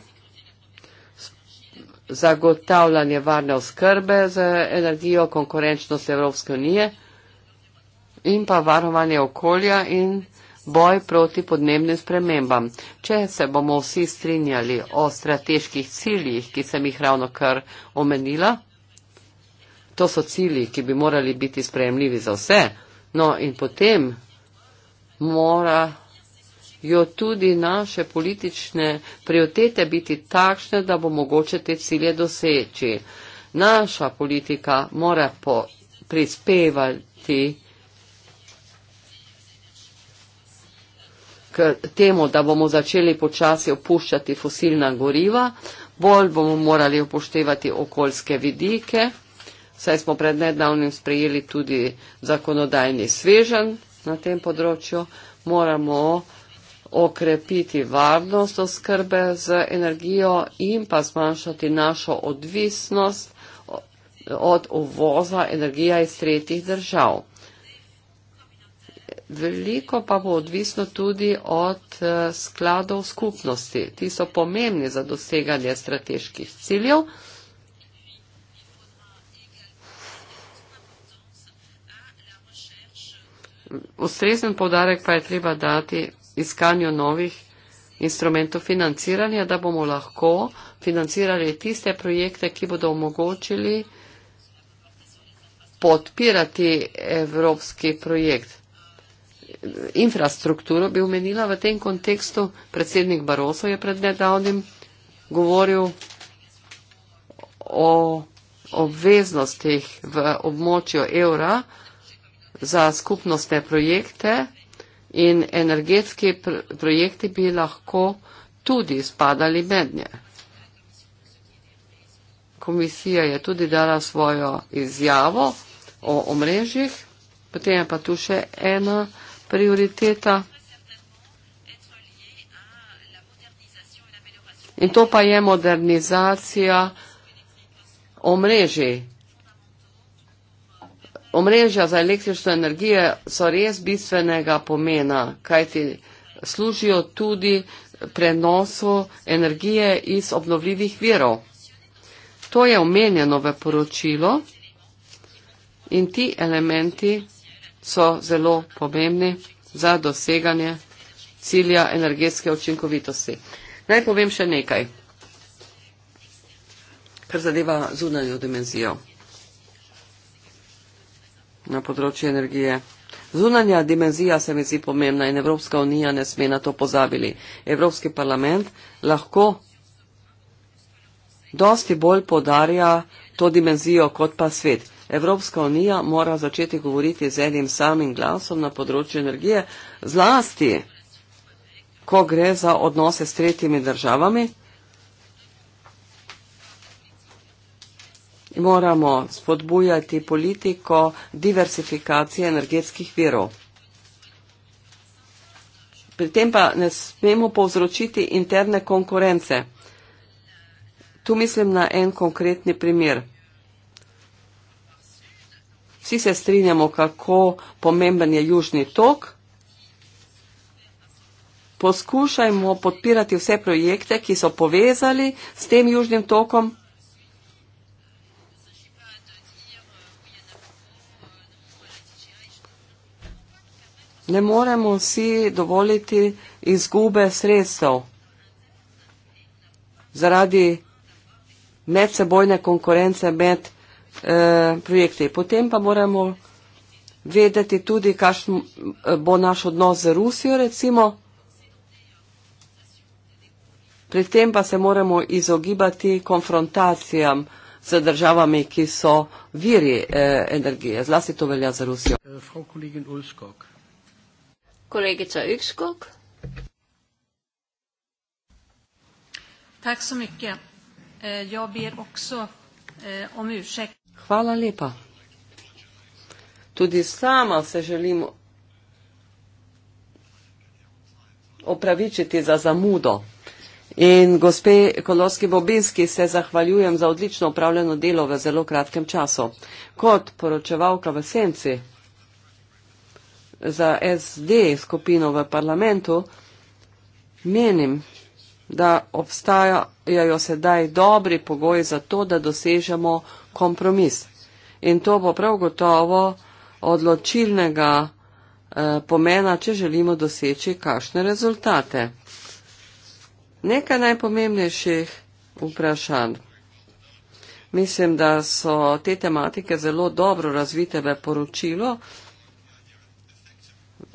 zagotavljanje varne oskrbe z energijo, konkurenčnost Evropske unije in pa varovanje okolja in energije boj proti podnebnim spremembam. Če se bomo vsi strinjali o strateških ciljih, ki sem jih ravno kar omenila, to so cilji, ki bi morali biti sprejemljivi za vse, no in potem mora jo tudi naše politične prioritete biti takšne, da bo mogoče te cilje doseči. Naša politika mora prispevati k temu, da bomo začeli počasi opuščati fosilna goriva, bolj bomo morali upoštevati okoljske vidike, saj smo pred nedavnim sprejeli tudi zakonodajni svežen na tem področju, moramo okrepiti varnost oskrbe z energijo in pa zmanjšati našo odvisnost od uvoza energija iz tretjih držav. Veliko pa bo odvisno tudi od eh, skladov skupnosti. Ti so pomembni za doseganje strateških ciljev. Ustrezen povdarek pa je treba dati iskanju novih instrumentov financiranja, da bomo lahko financirali tiste projekte, ki bodo omogočili podpirati evropski projekt infrastrukturo bi omenila v tem kontekstu. Predsednik Baroso je pred nedavnim govoril o obveznostih v območju evra za skupnostne projekte in energetski pr projekti bi lahko tudi spadali med nje. Komisija je tudi dala svojo izjavo o omrežjih, potem je pa tu še ena prioriteta. In to pa je modernizacija omrežij. Omrežja za električno energijo so res bistvenega pomena, kajti služijo tudi prenosu energije iz obnovljivih virov. To je omenjeno v poročilo in ti elementi so zelo pomembni za doseganje cilja energetske učinkovitosti. Naj povem še nekaj, kar zadeva zunanjo dimenzijo na področju energije. Zunanja dimenzija se mi zdi pomembna in Evropska unija ne sme na to pozabili. Evropski parlament lahko dosti bolj podarja to dimenzijo kot pa svet. Evropska unija mora začeti govoriti z enim samim glasom na področju energije, zlasti, ko gre za odnose s tretjimi državami. Moramo spodbujati politiko diversifikacije energetskih virov. Pri tem pa ne smemo povzročiti interne konkurence. Tu mislim na en konkretni primer. Vsi se strinjamo, kako pomemben je južni tok. Poskušajmo podpirati vse projekte, ki so povezali s tem južnim tokom. Ne moremo si dovoliti izgube sredstev zaradi medsebojne konkurence med. Eh, projekti. Potem pa moramo vedeti tudi, kakšen eh, bo naš odnos z Rusijo, recimo. Pri tem pa se moramo izogibati konfrontacijam z državami, ki so viri eh, energije. Zlasti to velja za Rusijo. Eh, Kolegica Ulskog. Tak so mikke. Eh, ja, bi je okso eh, omušek. Hvala lepa. Tudi sama se želim opravičiti za zamudo. In gospe Koloski Bobinski se zahvaljujem za odlično upravljeno delo v zelo kratkem času. Kot poročevalka v Senci za SD skupino v parlamentu menim, da obstajajo sedaj dobri pogoji za to, da dosežemo kompromis. In to bo prav gotovo odločilnega eh, pomena, če želimo doseči kakšne rezultate. Nekaj najpomembnejših vprašanj. Mislim, da so te tematike zelo dobro razvite v poročilo,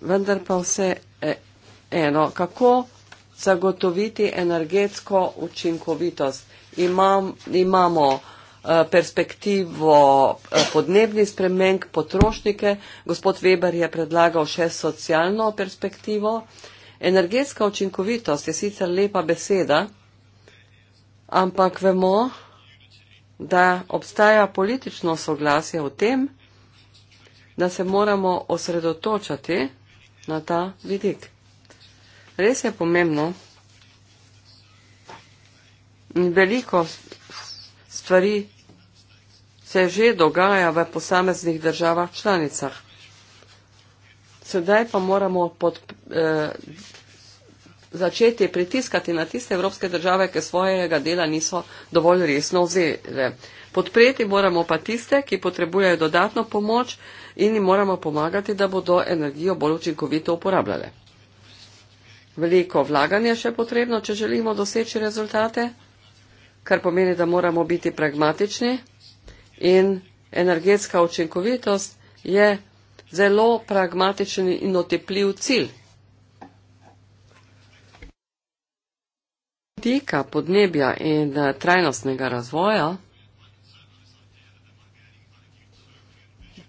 vendar pa vse e, eno, kako zagotoviti energetsko učinkovitost. Imam, imamo Eh, perspektivo eh, podnebnih spremenk, potrošnike. Gospod Weber je predlagal še socialno perspektivo. Energetska učinkovitost je sicer lepa beseda, ampak vemo, da obstaja politično soglasje v tem, da se moramo osredotočati na ta vidik. Res je pomembno, veliko stvari se že dogaja v posameznih državah članicah. Sedaj pa moramo pod, eh, začeti pritiskati na tiste evropske države, ki svojega dela niso dovolj resno vzele. Podpreti moramo pa tiste, ki potrebujejo dodatno pomoč in jim moramo pomagati, da bodo energijo bolj učinkovito uporabljale. Veliko vlaganje je še potrebno, če želimo doseči rezultate, kar pomeni, da moramo biti pragmatični in energetska učinkovitost je zelo pragmatičen in otepljiv cilj. Vidika podnebja in eh, trajnostnega razvoja,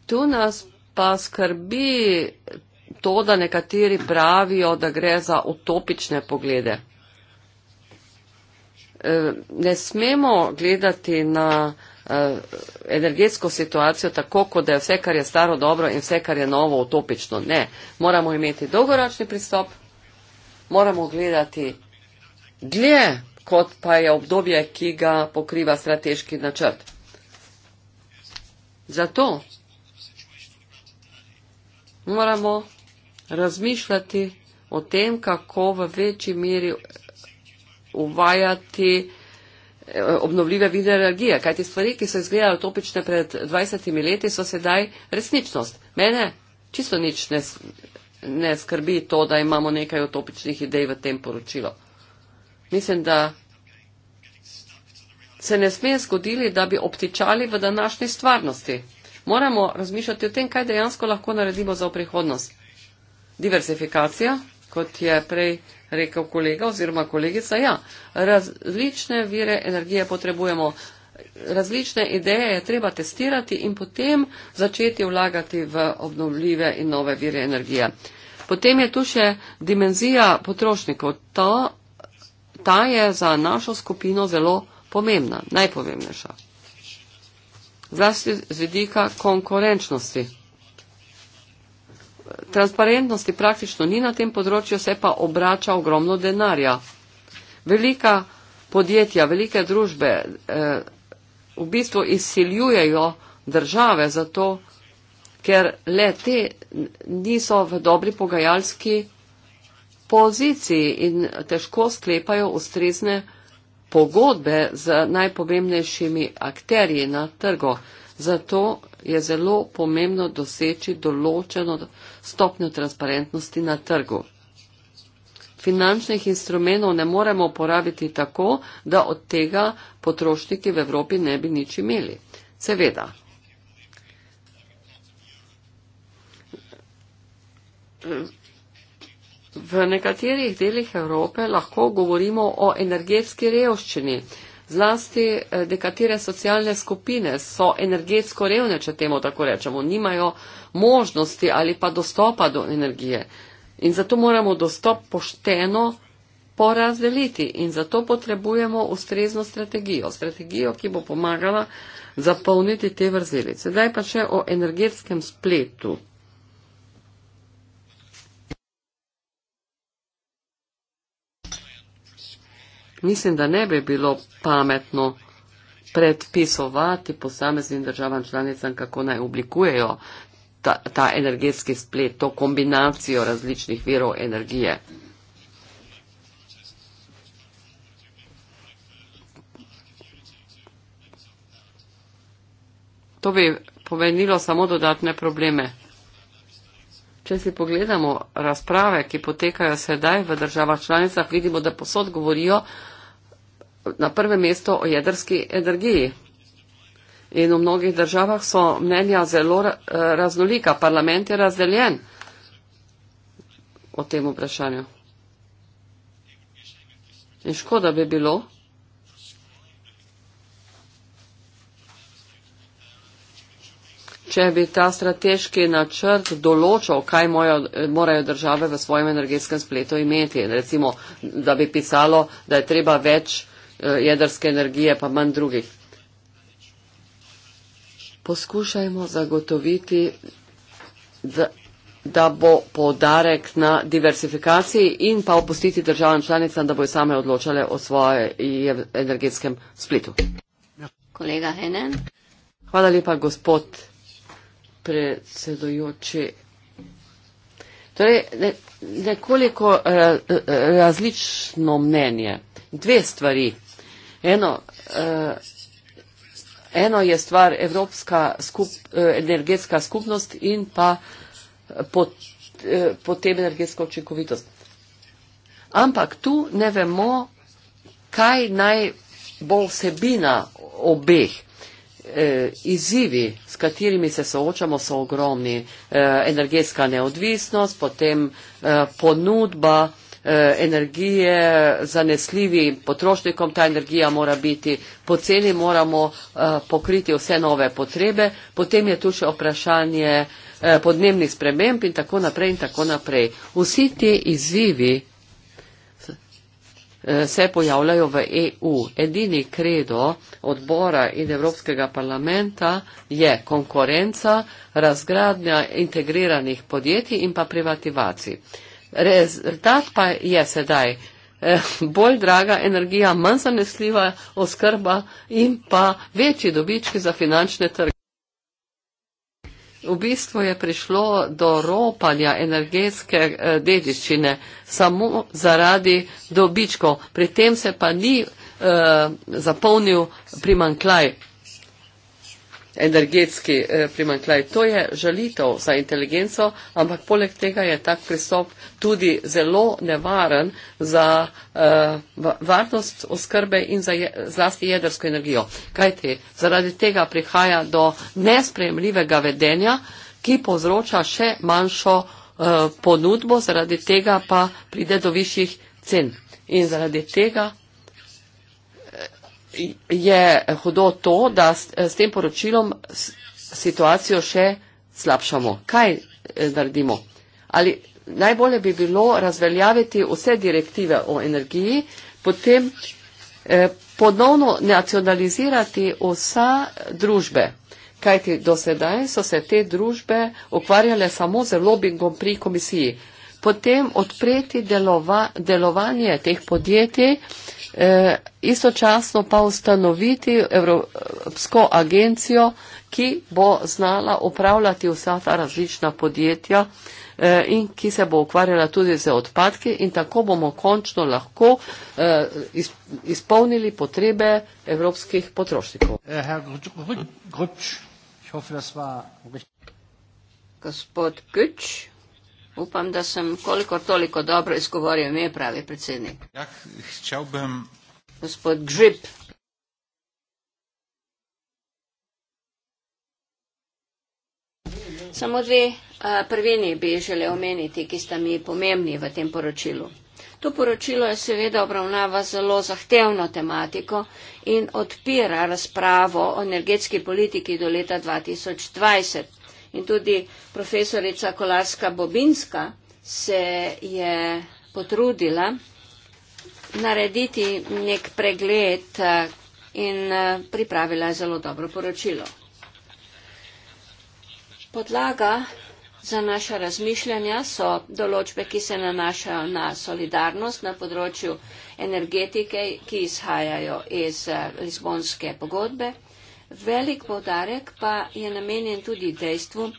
tu nas pa skrbi to, da nekateri pravijo, da gre za utopične poglede. Eh, ne smemo gledati na Eh, energetsko situacijo tako, kot da je vse, kar je staro, dobro in vse, kar je novo, utopično. Ne, moramo imeti dolgoročni pristop, moramo gledati dlje, kot pa je obdobje, ki ga pokriva strateški načrt. Zato moramo razmišljati o tem, kako v večji meri uvajati obnovljive vide energije, kajti stvari, ki so izgledale topične pred 20 leti, so sedaj resničnost. Mene čisto nič ne, ne skrbi to, da imamo nekaj utopičnih idej v tem poročilu. Mislim, da se ne sme zgoditi, da bi obtičali v današnji stvarnosti. Moramo razmišljati o tem, kaj dejansko lahko naredimo za prihodnost. Diversifikacija, kot je prej rekel kolega oziroma kolegica, ja, različne vire energije potrebujemo, različne ideje je treba testirati in potem začeti vlagati v obnovljive in nove vire energije. Potem je tu še dimenzija potrošnikov. Ta, ta je za našo skupino zelo pomembna, najpomembnejša. Zlasti z vidika konkurenčnosti transparentnosti praktično ni na tem področju, se pa obrača ogromno denarja. Velika podjetja, velike družbe eh, v bistvu izsiljujejo države zato, ker le te niso v dobri pogajalski poziciji in težko sklepajo ustrezne pogodbe z najpomembnejšimi akterji na trgu. Zato je zelo pomembno doseči določeno stopnjo transparentnosti na trgu. Finančnih instrumentov ne moremo uporabiti tako, da od tega potrošniki v Evropi ne bi nič imeli. Seveda. V nekaterih delih Evrope lahko govorimo o energetski revščini, zlasti eh, nekatere socialne skupine so energetsko revne, če temu tako rečemo, nimajo možnosti ali pa dostopa do energije. In zato moramo dostop pošteno porazdeliti in zato potrebujemo ustrezno strategijo, strategijo, ki bo pomagala zapolniti te vrzelice. Zdaj pa še o energetskem spletu. Mislim, da ne bi bilo pametno predpisovati posameznim državam članicam, kako naj oblikujejo ta, ta energetski splet, to kombinacijo različnih virov energije. To bi pomenilo samo dodatne probleme. Če si pogledamo razprave, ki potekajo sedaj v državah članicah, vidimo, da posod govorijo na prvem mestu o jedrski energiji. In v mnogih državah so mnenja zelo raznolika. Parlament je razdeljen o tem vprašanju. In škoda bi bilo, če bi ta strateški načrt določal, kaj mojo, morajo države v svojem energetskem spletu imeti. Recimo, da bi pisalo, da je treba več eh, jedrske energije, pa manj drugih. Poskušajmo zagotoviti, da, da bo podarek na diversifikaciji in pa opustiti državam članicam, da bojo same odločale o svojem energetskem spletu. Kolega Henen. Hvala lepa, gospod predsedojoči. Torej, ne, nekoliko ra, eh, eh, različno mnenje. Dve stvari. Eno, eh, eno je stvar Evropska skup, eh, energetska skupnost in pa pot, eh, potem energetska očinkovitost. Ampak tu ne vemo, kaj naj bo vsebina obeh eh, izzivi, s katerimi se soočamo, so ogromni. Eh, energetska neodvisnost, potem eh, ponudba eh, energije zanesljivi potrošnikom, ta energija mora biti poceni, moramo eh, pokriti vse nove potrebe, potem je tu še vprašanje eh, podnebnih sprememb in tako naprej in tako naprej. Vsi ti izzivi se pojavljajo v EU. Edini kredo odbora in Evropskega parlamenta je konkurenca, razgradnja integriranih podjetij in pa privatizacij. Rezultat pa je sedaj eh, bolj draga energija, manj zanesljiva oskrba in pa večji dobički za finančne trge. V bistvu je prišlo do ropanja energetske eh, dediščine samo zaradi dobičkov, pri tem se pa ni uh, zapolnil primankljaj energetski eh, primankljaj. To je žalitev za inteligenco, ampak poleg tega je tak pristop tudi zelo nevaren za uh, varnost oskrbe in za je, zlasti jedrsko energijo. Kajti zaradi tega prihaja do nespremljivega vedenja, ki povzroča še manjšo uh, ponudbo, zaradi tega pa pride do višjih cen. In zaradi tega je hudo to, da s, s tem poročilom situacijo še slabšamo. Kaj eh, naredimo? Ali najbolje bi bilo razveljaviti vse direktive o energiji, potem eh, ponovno nacionalizirati vsa družbe. Kajti do sedaj so se te družbe ukvarjale samo z lobingom pri komisiji. Potem odpreti delova, delovanje teh podjetij eh, istočasno pa ustanoviti Evropsko agencijo, ki bo znala upravljati vsa ta različna podjetja in ki se bo ukvarjala tudi z odpadki in tako bomo končno lahko izpolnili potrebe evropskih potrošnikov. Gospod Gruč. Upam, da sem koliko toliko dobro izgovoril ime, pravi predsednik. Ja, hčel bom. Gospod Grip. Samo dve a, prvini bi želel omeniti, ki sta mi pomembni v tem poročilu. To poročilo je seveda obravnava zelo zahtevno tematiko in odpira razpravo o energetski politiki do leta 2020. In tudi profesorica Kolarska Bobinska se je potrudila narediti nek pregled eh, in eh, pripravila je zelo dobro poročilo. Podlaga za naša razmišljanja so določbe, ki se nanašajo na solidarnost na področju energetike, ki izhajajo iz eh, Lizbonske pogodbe. Velik povdarek pa je namenjen tudi dejstvu,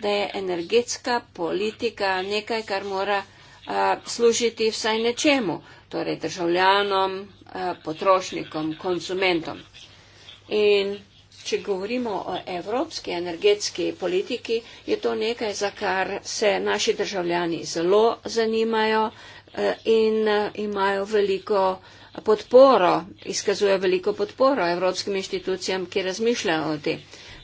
da je energetska politika nekaj, kar mora a, služiti vsaj nečemu, torej državljanom, a, potrošnikom, konsumentom. In če govorimo o evropski energetski politiki, je to nekaj, za kar se naši državljani zelo zanimajo a, e, in a, e, imajo veliko. A, podporo, izkazuje veliko podporo evropskim inštitucijam, ki razmišljajo o tem.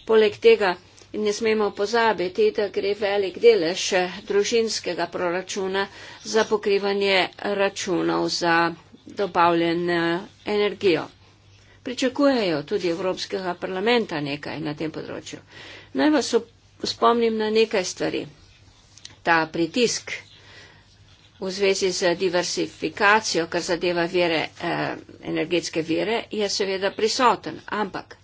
Poleg tega ne smemo pozabiti, da gre velik delež družinskega proračuna za pokrivanje računov za dobavljen energijo. Pričakujejo tudi Evropskega parlamenta nekaj na tem področju. Naj vas spomnim na nekaj stvari. Ta pritisk V zvezi z diversifikacijo, kar zadeva vire, eh, energetske vire, je seveda prisoten, ampak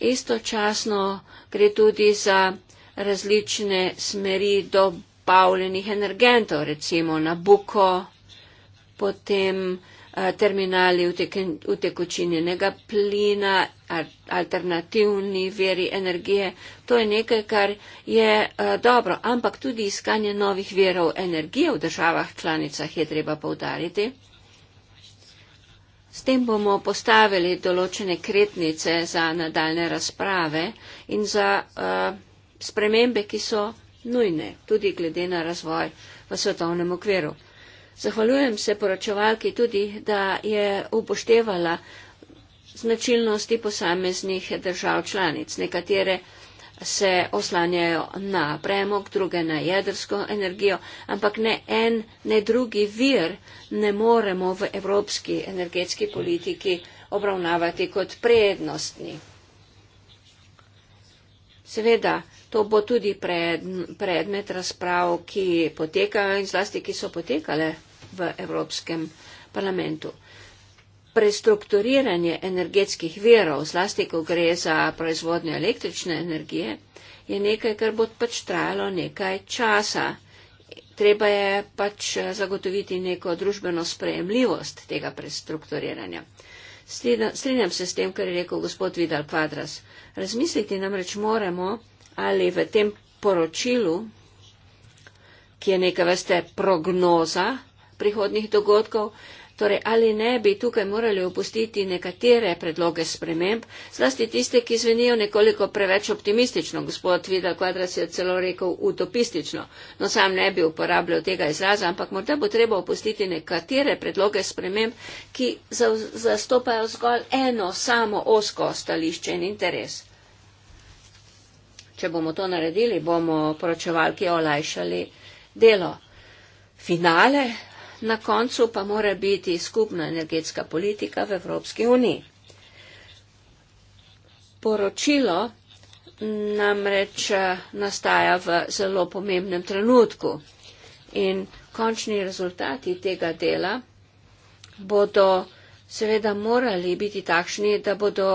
istočasno gre tudi za različne smeri dobavljenih energentov, recimo na buko, potem eh, terminali utekočinjenega plina, alternativni veri energije. To je nekaj, kar je dobro, ampak tudi iskanje novih verov energije v državah članicah je treba povdariti. S tem bomo postavili določene kretnice za nadaljne razprave in za spremembe, ki so nujne, tudi glede na razvoj v svetovnem okviru. Zahvaljujem se poročevalki tudi, da je upoštevala značilnosti posameznih držav članic. Nekatere se oslanjajo na premog, druge na jedrsko energijo, ampak ne en, ne drugi vir ne moremo v evropski energetski politiki obravnavati kot prednostni. Seveda, To bo tudi pred, predmet razprav, ki potekajo in zlasti, ki so potekale v Evropskem parlamentu. Prestrukturiranje energetskih verov, zlasti, ko gre za proizvodnje električne energije, je nekaj, kar bo pač trajalo nekaj časa. Treba je pač zagotoviti neko družbeno sprejemljivost tega prestrukturiranja. Strinjam se s tem, kar je rekel gospod Vidal Kvadras. Razmisliti namreč moramo, ali v tem poročilu, ki je neka vrste prognoza prihodnih dogodkov, torej ali ne bi tukaj morali opustiti nekatere predloge sprememb, zlasti tiste, ki zvenijo nekoliko preveč optimistično. Gospod Vidal Kvadras je celo rekel utopistično. No, sam ne bi uporabljal tega izraza, ampak morda bo treba opustiti nekatere predloge sprememb, ki zastopajo zgolj eno samo osko stališče in interes če bomo to naredili, bomo poročevalki olajšali delo. Finale na koncu pa mora biti skupna energetska politika v Evropski uniji. Poročilo namreč eh, nastaja v zelo pomembnem trenutku in končni rezultati tega dela bodo seveda morali biti takšni, da bodo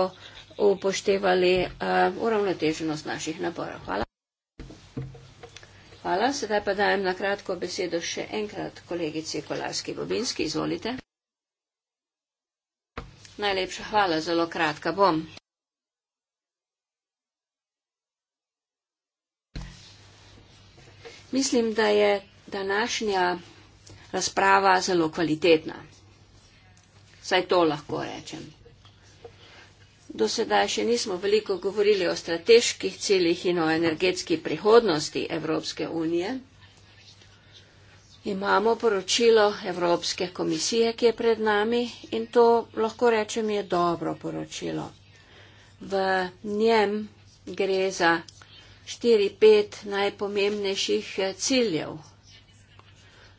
upoštevali uh, uravnoteženost naših naporov. Hvala. Hvala. Sedaj pa dajem na kratko besedo še enkrat kolegici Kolarski-Bobinski. Izvolite. Najlepša hvala, zelo kratka bom. Mislim, da je današnja razprava zelo kvalitetna. Saj to lahko rečem. Do sedaj še nismo veliko govorili o strateških ciljih in o energetski prihodnosti Evropske unije. Imamo poročilo Evropske komisije, ki je pred nami in to lahko rečem je dobro poročilo. V njem gre za 4-5 najpomembnejših eh, ciljev.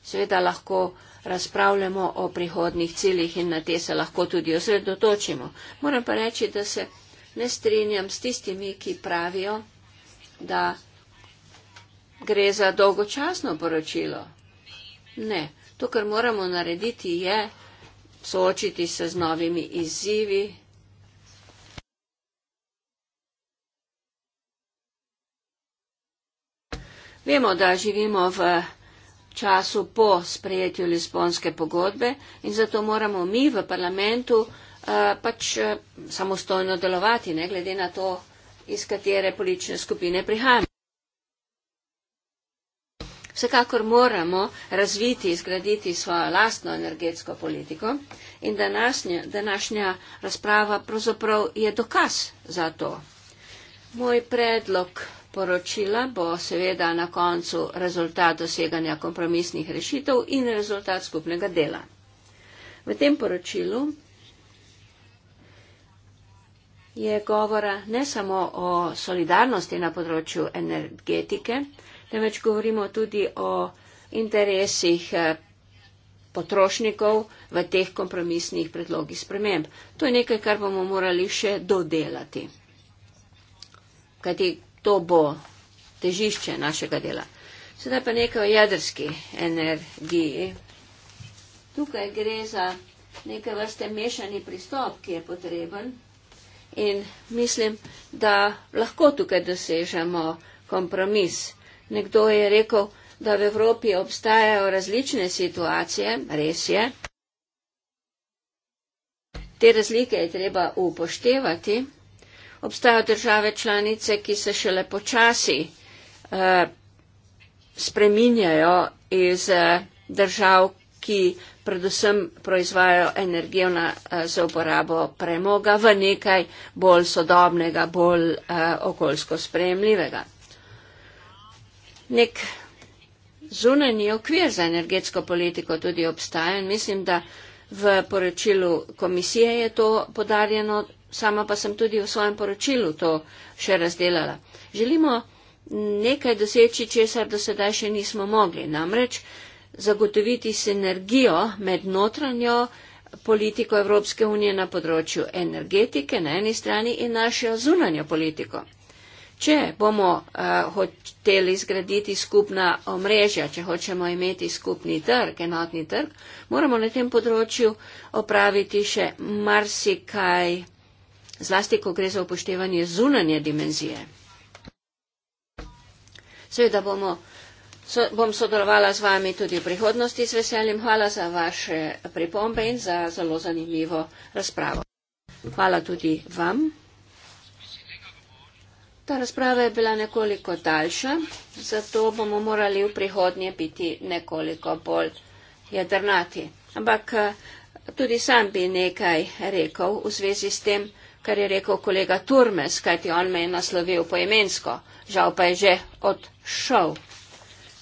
Seveda lahko razpravljamo o prihodnih ciljih in na te se lahko tudi osredotočimo. Moram pa reči, da se ne strinjam s tistimi, ki pravijo, da gre za dolgočasno poročilo. Ne. To, kar moramo narediti, je soočiti se z novimi izzivi. Vemo, da živimo v času po sprejetju Lisbonske pogodbe in zato moramo mi v parlamentu eh, pač eh, samostojno delovati, ne glede na to, iz katere politične skupine prihajamo. Vsekakor moramo razviti, izgraditi svojo lastno energetsko politiko in današnja, današnja razprava pravzaprav je dokaz za to. Moj predlog poročila bo seveda na koncu rezultat doseganja kompromisnih rešitev in rezultat skupnega dela. V tem poročilu je govora ne samo o solidarnosti na področju energetike, temveč govorimo tudi o interesih eh, potrošnikov v teh kompromisnih predlogih sprememb. To je nekaj, kar bomo morali še dodelati. Kajti to bo težišče našega dela. Sedaj pa nekaj o jedrski energiji. Tukaj gre za neke vrste mešani pristop, ki je potreben in mislim, da lahko tukaj dosežemo kompromis. Nekdo je rekel, da v Evropi obstajajo različne situacije, res je. Te razlike je treba upoštevati obstajajo države članice, ki se šele počasi eh, spreminjajo iz eh, držav, ki predvsem proizvajajo energijo na, eh, za uporabo premoga v nekaj bolj sodobnega, bolj eh, okoljsko sprejemljivega. Nek zunanji okvir za energetsko politiko tudi obstaja in mislim, da v poročilu komisije je to podarjeno sama pa sem tudi v svojem poročilu to še razdelala. Želimo nekaj doseči, česar do sedaj še nismo mogli, namreč zagotoviti sinergijo med notranjo politiko Evropske unije na področju energetike na eni strani in našo zunanjo politiko. Če bomo uh, hoteli zgraditi skupna omrežja, če hočemo imeti skupni trg, enotni trg, moramo na tem področju opraviti še marsikaj zlasti, ko gre za upoštevanje zunanje dimenzije. Seveda bomo, so, bom sodelovala z vami tudi v prihodnosti z veseljem. Hvala za vaše pripombe in za zelo zanimivo razpravo. Hvala tudi vam. Ta razprava je bila nekoliko daljša, zato bomo morali v prihodnje biti nekoliko bolj jedrnati. Ampak eh, tudi sam bi nekaj rekel v zvezi s tem, kar je rekel kolega Turmes, kajti on me je naslovil poemensko. Žal pa je že odšel.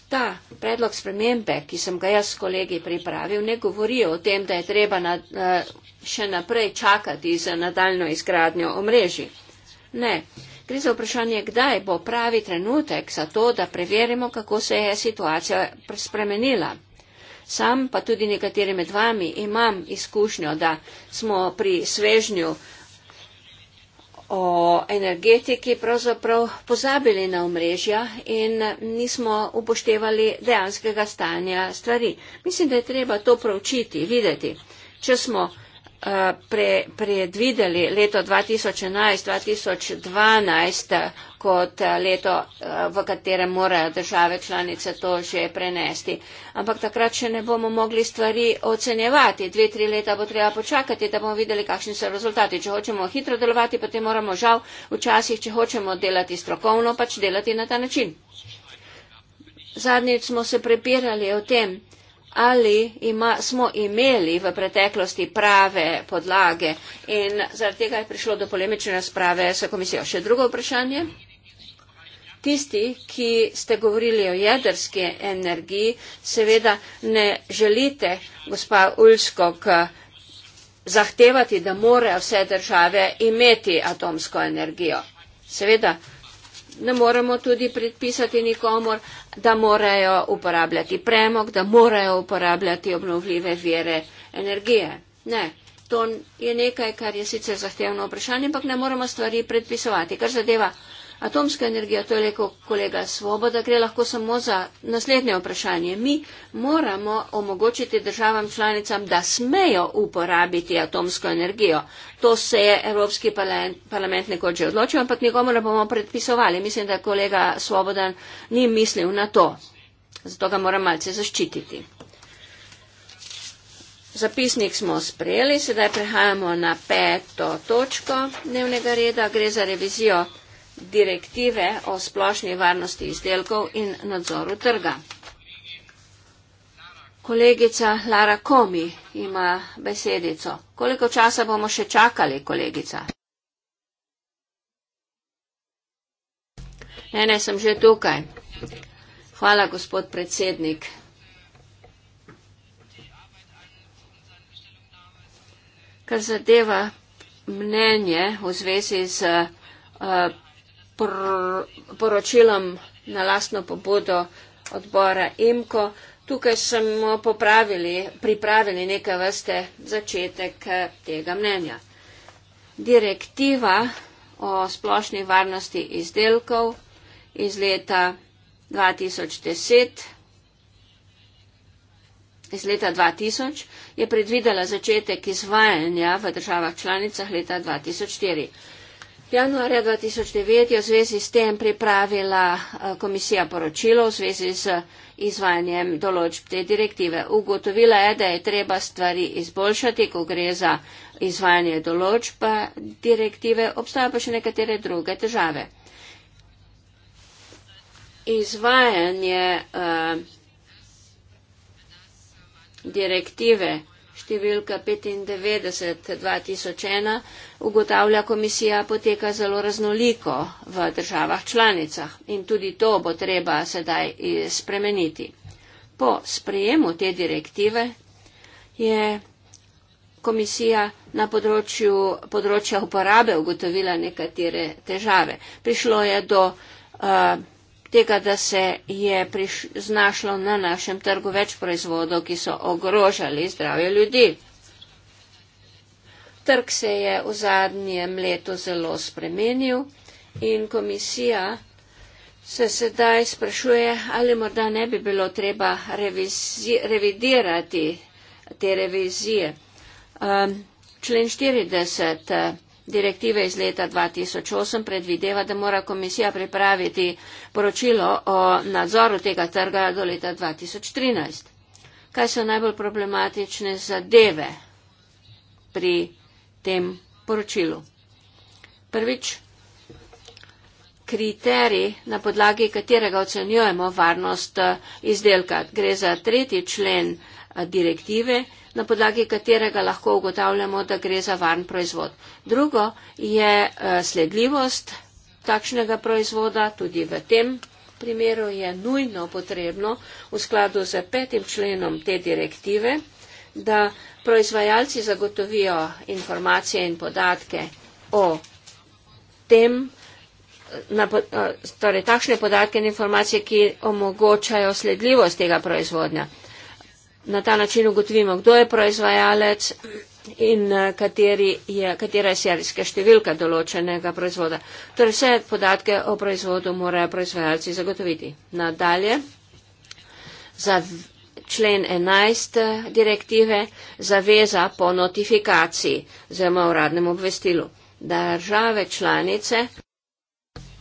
Ta predlog spremembe, ki sem ga jaz s kolegi pripravil, ne govori o tem, da je treba na, eh, še naprej čakati za nadaljno izgradnjo omrežji. Ne. Gre za vprašanje, kdaj bo pravi trenutek za to, da preverimo, kako se je situacija spremenila. Sam pa tudi nekateri med vami imam izkušnjo, da smo pri svežnju uh, o energetiki pravzaprav pozabili na omrežja in nismo upoštevali dejanskega stanja stvari. Mislim, da je treba to pravčiti, videti. Če smo uh, pre, predvideli leto 2011-2012 kot eh, leto, uh, v katerem morajo države članice to že prenesti. Ampak takrat še ne bomo mogli stvari ocenjevati. Dve, tri leta bo treba počakati, da bomo videli, kakšni so rezultati. Če hočemo hitro delovati, potem moramo žal včasih, če hočemo delati strokovno, pač delati na ta način. Zadnjič smo se prepirali o tem, ali ima, smo imeli v preteklosti prave podlage in zaradi tega je prišlo do polemične razprave s komisijo. Še drugo vprašanje. Tisti, ki ste govorili o jedrski energiji, seveda ne želite, gospa Ulskog, zahtevati, da morajo vse države imeti atomsko energijo. Seveda, ne moremo tudi predpisati nikomor, da morajo uporabljati premog, da morajo uporabljati obnovljive vire energije. Ne, to je nekaj, kar je sicer zahtevno vprašanje, ampak ne moremo stvari predpisovati. Kar zadeva atomska energija, to je rekel kolega Svoboda, gre lahko samo za naslednje vprašanje. Mi moramo omogočiti državam članicam, da smejo uporabiti atomsko energijo. To se je Evropski parlament nekoč že odločil, ampak nikomu ne bomo predpisovali. Mislim, da kolega Svobodan ni mislil na to. Zato ga moram malce zaščititi. Zapisnik smo sprejeli, sedaj prehajamo na peto točko dnevnega reda. Gre za revizijo direktive o splošni varnosti izdelkov in nadzoru trga. Kolegica Lara Komi ima besedico. Koliko časa bomo še čakali, kolegica? Ne, ne, sem že tukaj. Hvala, gospod predsednik. Kar zadeva mnenje v zvezi z uh, por, poročilom na lastno pobudo odbora EMKO. Tukaj smo popravili, pripravili neke vrste začetek eh, tega mnenja. Direktiva o splošni varnosti izdelkov iz leta 2010 iz leta 2000 je predvidela začetek izvajanja v državah članicah leta 2004. Januarja 2009 je v zvezi s tem pripravila eh, komisija poročilo v zvezi z eh, izvajanjem določb te direktive. Ugotovila je, da je treba stvari izboljšati, ko gre za izvajanje določb eh, direktive, obstajajo pa še nekatere druge težave. Izvajanje uh, direktive številka 95 2001 ugotavlja komisija poteka zelo raznoliko v državah članicah in tudi to bo treba sedaj spremeniti. Po sprejemu te direktive je komisija na področju, področja uporabe ugotovila nekatere težave. Prišlo je do uh, tega, da se je znašlo na našem trgu več proizvodov, ki so ogrožali zdravje ljudi. Trg se je v zadnjem letu zelo spremenil in komisija se sedaj sprašuje, ali morda ne bi bilo treba revidirati te revizije. Um, člen 40. Direktiva iz leta 2008 predvideva, da mora komisija pripraviti poročilo o nadzoru tega trga do leta 2013. Kaj so najbolj problematične zadeve pri tem poročilu? Prvič, kriterij, na podlagi katerega ocenjujemo varnost eh, izdelka. Gre za tretji člen eh, direktive na podlagi katerega lahko ugotavljamo, da gre za varen proizvod. Drugo je eh, sledljivost takšnega proizvoda, tudi v tem primeru je nujno potrebno v skladu z petim členom te direktive, da proizvajalci zagotovijo informacije in podatke o tem, eh, Na, eh, torej takšne podatke in informacije, ki omogočajo sledljivost tega proizvodnja na ta način ugotovimo, kdo je proizvajalec in eh, je, katera je serijska številka določenega proizvoda. Torej vse podatke o proizvodu morajo proizvajalci zagotoviti. Nadalje, za člen 11 eh, direktive zaveza po notifikaciji, zelo uradnem obvestilu, države članice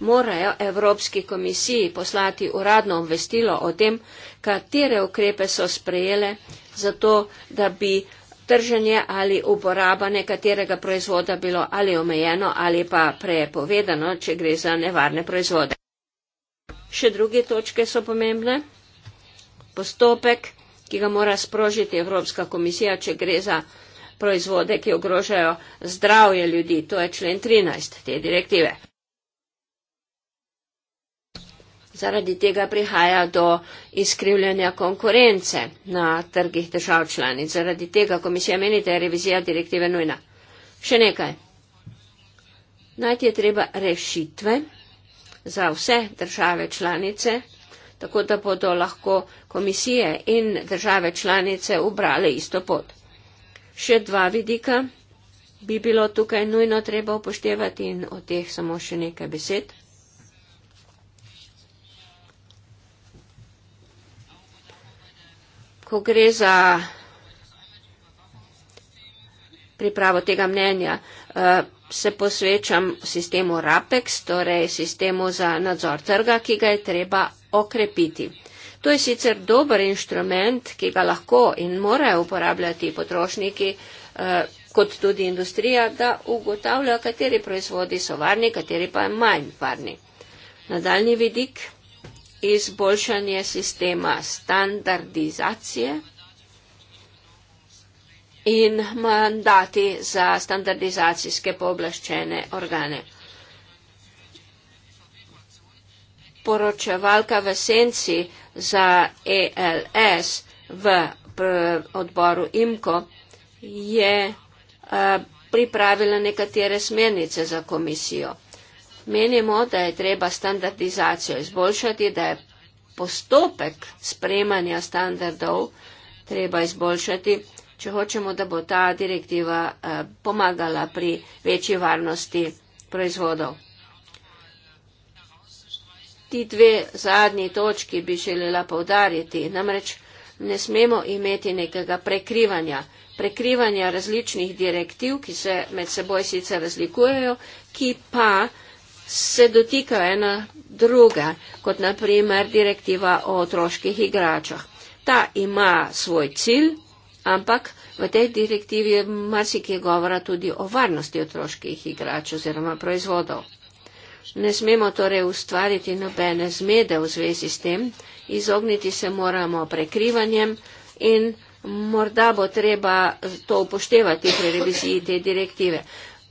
morajo Evropski komisiji poslati uradno obvestilo o tem, katere ukrepe so sprejele, zato da bi trženje ali uporaba nekaterega proizvoda bilo ali omejeno ali pa prepovedano, če gre za nevarne proizvode. Še druge točke so pomembne. Postopek, ki ga mora sprožiti Evropska komisija, če gre za proizvode, ki ogrožajo zdravje ljudi. To je člen 13 te direktive. Zaradi tega prihaja do izkrivljanja konkurence na trgih držav članic. Zaradi tega komisija meni, da je revizija direktive nujna. Še nekaj. Najti je treba rešitve za vse države članice, tako da bodo lahko komisije in države članice ubrali isto pot. Še dva vidika bi bilo tukaj nujno treba upoštevati in o teh samo še nekaj besed. ko gre za pripravo tega mnenja, eh, se posvečam sistemu RAPEX, torej sistemu za nadzor trga, ki ga je treba okrepiti. To je sicer dober inštrument, ki ga lahko in morajo uporabljati potrošniki eh, kot tudi industrija, da ugotavljajo, kateri proizvodi so varni, kateri pa manj varni. Nadaljni vidik izboljšanje sistema standardizacije in mandati za standardizacijske pooblaščene organe. Poročevalka v senci za ELS v odboru IMKO je eh, pripravila nekatere smernice za komisijo. Menimo, da je treba standardizacijo izboljšati, da je postopek spremanja standardov treba izboljšati, če hočemo, da bo ta direktiva eh, pomagala pri večji varnosti proizvodov. Ti dve zadnji točki bi želela povdariti, namreč ne smemo imeti nekega prekrivanja, prekrivanja različnih direktiv, ki se med seboj sicer razlikujejo, ki pa se dotika ena druga, kot naprimer direktiva o otroških igračah. Ta ima svoj cilj, ampak v tej direktivi je marsikaj govora tudi o varnosti otroških igrač oziroma proizvodov. Ne smemo torej ustvariti nobene zmede v zvezi s tem, izogniti se moramo prekrivanjem in morda bo treba to upoštevati pri reviziji te direktive.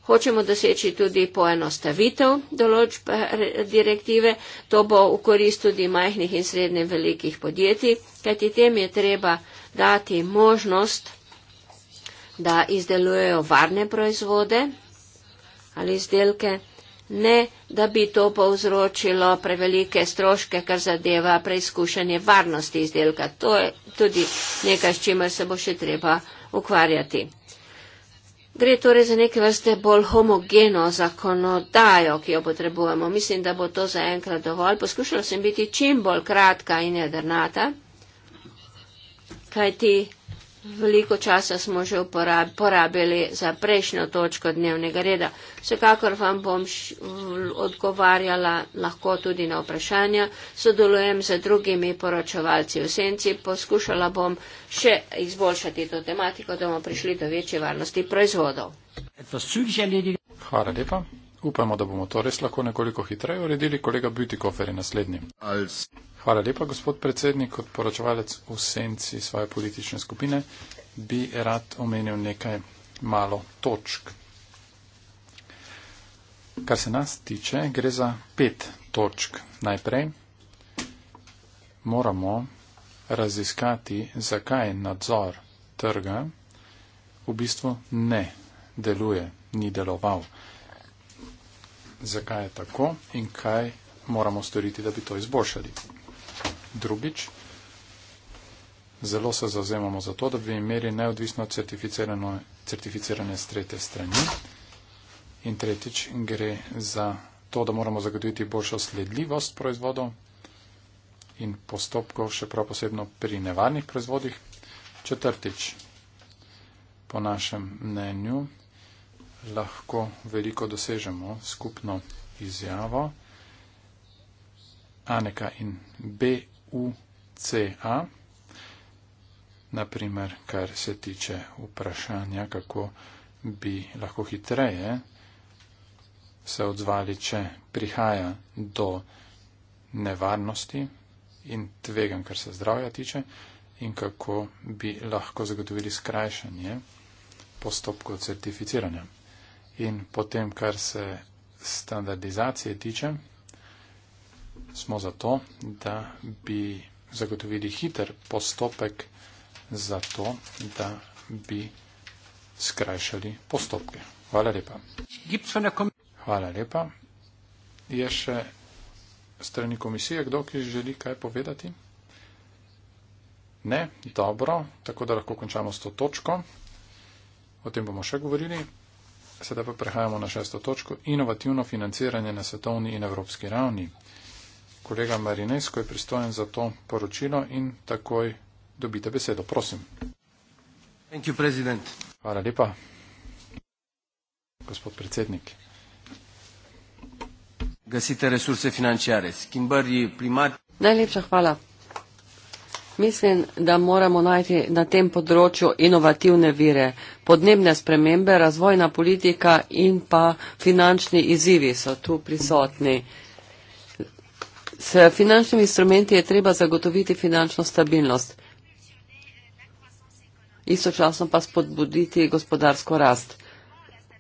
Hočemo doseči tudi poenostavitev določb eh, direktive, to bo v korist tudi majhnih in srednje velikih podjetij, kajti tem je treba dati možnost, da izdelujejo varne proizvode ali izdelke, ne da bi to povzročilo prevelike stroške, kar zadeva preizkušanje varnosti izdelka. To je tudi nekaj, s čimer se bo še treba ukvarjati. Gre torej za neke vrste bolj homogeno zakonodajo, ki jo potrebujemo. Mislim, da bo to za enkrat dovolj. Poskušala sem biti čim bolj kratka in jedrnata, kajti veliko časa smo že porabili za prejšnjo točko dnevnega reda. Vsekakor vam bom odgovarjala lahko tudi na vprašanja, sodelujem z drugimi poročevalci v senci, poskušala bom še izboljšati to tematiko, da bomo prišli do večje varnosti proizvodov. Hvala lepa. Upamo, da bomo to res lahko nekoliko hitreje uredili. Kolega Bütikofer je naslednji. Hvala lepa, gospod predsednik. Kot poročevalec v senci svoje politične skupine bi rad omenil nekaj malo točk. Kar se nas tiče, gre za pet točk. Najprej moramo raziskati, zakaj nadzor trga v bistvu ne deluje, ni deloval. Zakaj je tako in kaj moramo storiti, da bi to izboljšali. Drugič, zelo se zauzemamo za to, da bi imeli neodvisno certificiranje z tretje strani. In tretjič, gre za to, da moramo zagotoviti boljšo sledljivost proizvodov in postopkov, še prav posebno pri nevarnih proizvodih. Četrtič, po našem mnenju, lahko veliko dosežemo skupno izjavo Aneka in B UCA, naprimer, kar se tiče vprašanja, kako bi lahko hitreje se odzvali, če prihaja do nevarnosti in tvegan, kar se zdravja tiče, in kako bi lahko zagotovili skrajšanje postopkov certificiranja. In potem, kar se standardizacije tiče, smo zato, da bi zagotovili hiter postopek za to, da bi skrajšali postopke. Hvala lepa. Hvala lepa. Je še strani komisije kdo, ki želi kaj povedati? Ne? Dobro, tako da lahko končamo s to točko. O tem bomo še govorili. Sedaj pa prehajamo na šesto točko. Inovativno financiranje na svetovni in evropski ravni kolega Marines, ko je pristojen za to poročilo in takoj dobite besedo. Prosim. You, Hvala lepa, gospod predsednik. Gasite resurse finančarec. Kimberji primar. Najlepša hvala. Mislim, da moramo najti na tem področju inovativne vire. Podnebne spremembe, razvojna politika in pa finančni izzivi so tu prisotni. Mm. S finančnimi instrumenti je treba zagotoviti finančno stabilnost, istočasno pa spodbuditi gospodarsko rast.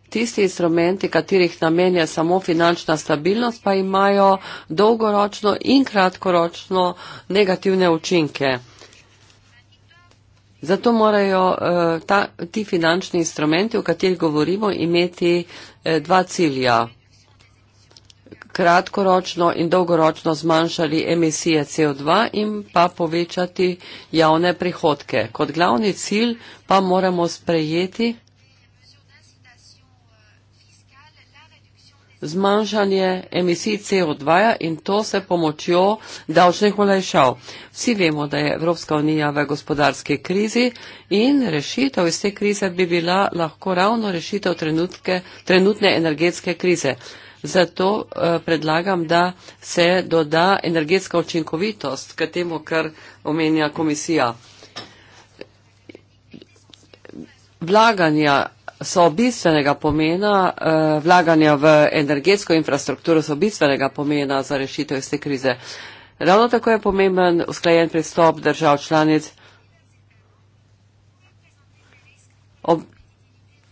Tisti instrumenti, katerih namen je samo finančna stabilnost, pa imajo dolgoročno in kratkoročno negativne učinke. Zato morajo eh, ta, ti finančni instrumenti, o katerih govorimo, imeti eh, dva cilja kratkoročno in dolgoročno zmanjšali emisije CO2 in pa povečati javne prihodke. Kot glavni cilj pa moramo sprejeti zmanjšanje emisij CO2 in to se pomočjo davčnih olajšav. Vsi vemo, da je Evropska unija v gospodarski krizi in rešitev iz te krize bi bila lahko ravno rešitev trenutke, trenutne energetske krize. Zato uh, predlagam, da se doda energetska učinkovitost k temu, kar omenja komisija. Vlaganja so bistvenega pomena, uh, vlaganja v energetsko infrastrukturo so bistvenega pomena za rešitev iz te krize. Ravno tako je pomemben usklajen pristop držav članic. Ob,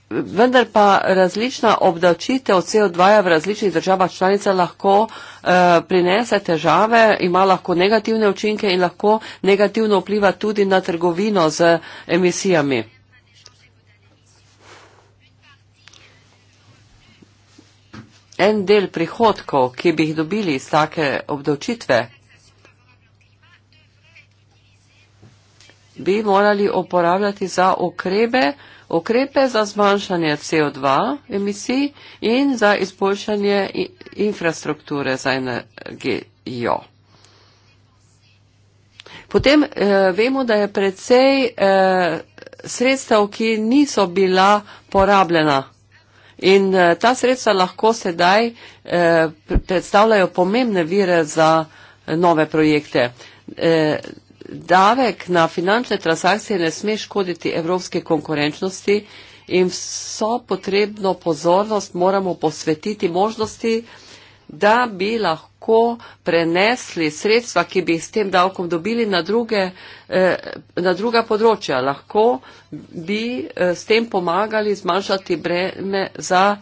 vendar pa različna obdavčitev CO2 v različnih državah članica lahko eh, prinese težave, ima lahko negativne učinke in lahko negativno vpliva tudi na trgovino z emisijami. En del prihodkov, ki bi jih dobili iz take obdavčitve, bi morali uporabljati za ukrebe, ukrepe za zmanjšanje CO2 emisij in za izboljšanje infrastrukture za energijo. Potem eh, vemo, da je precej eh, sredstev, ki niso bila porabljena. In eh, ta sredstva lahko sedaj eh, predstavljajo pomembne vire za eh, nove projekte. Eh, davek na finančne transakcije ne sme škoditi evropske konkurenčnosti in vso potrebno pozornost moramo posvetiti možnosti, da bi lahko prenesli sredstva, ki bi jih s tem davkom dobili na, druge, eh, na druga področja. Lahko bi eh, s tem pomagali zmanjšati breme za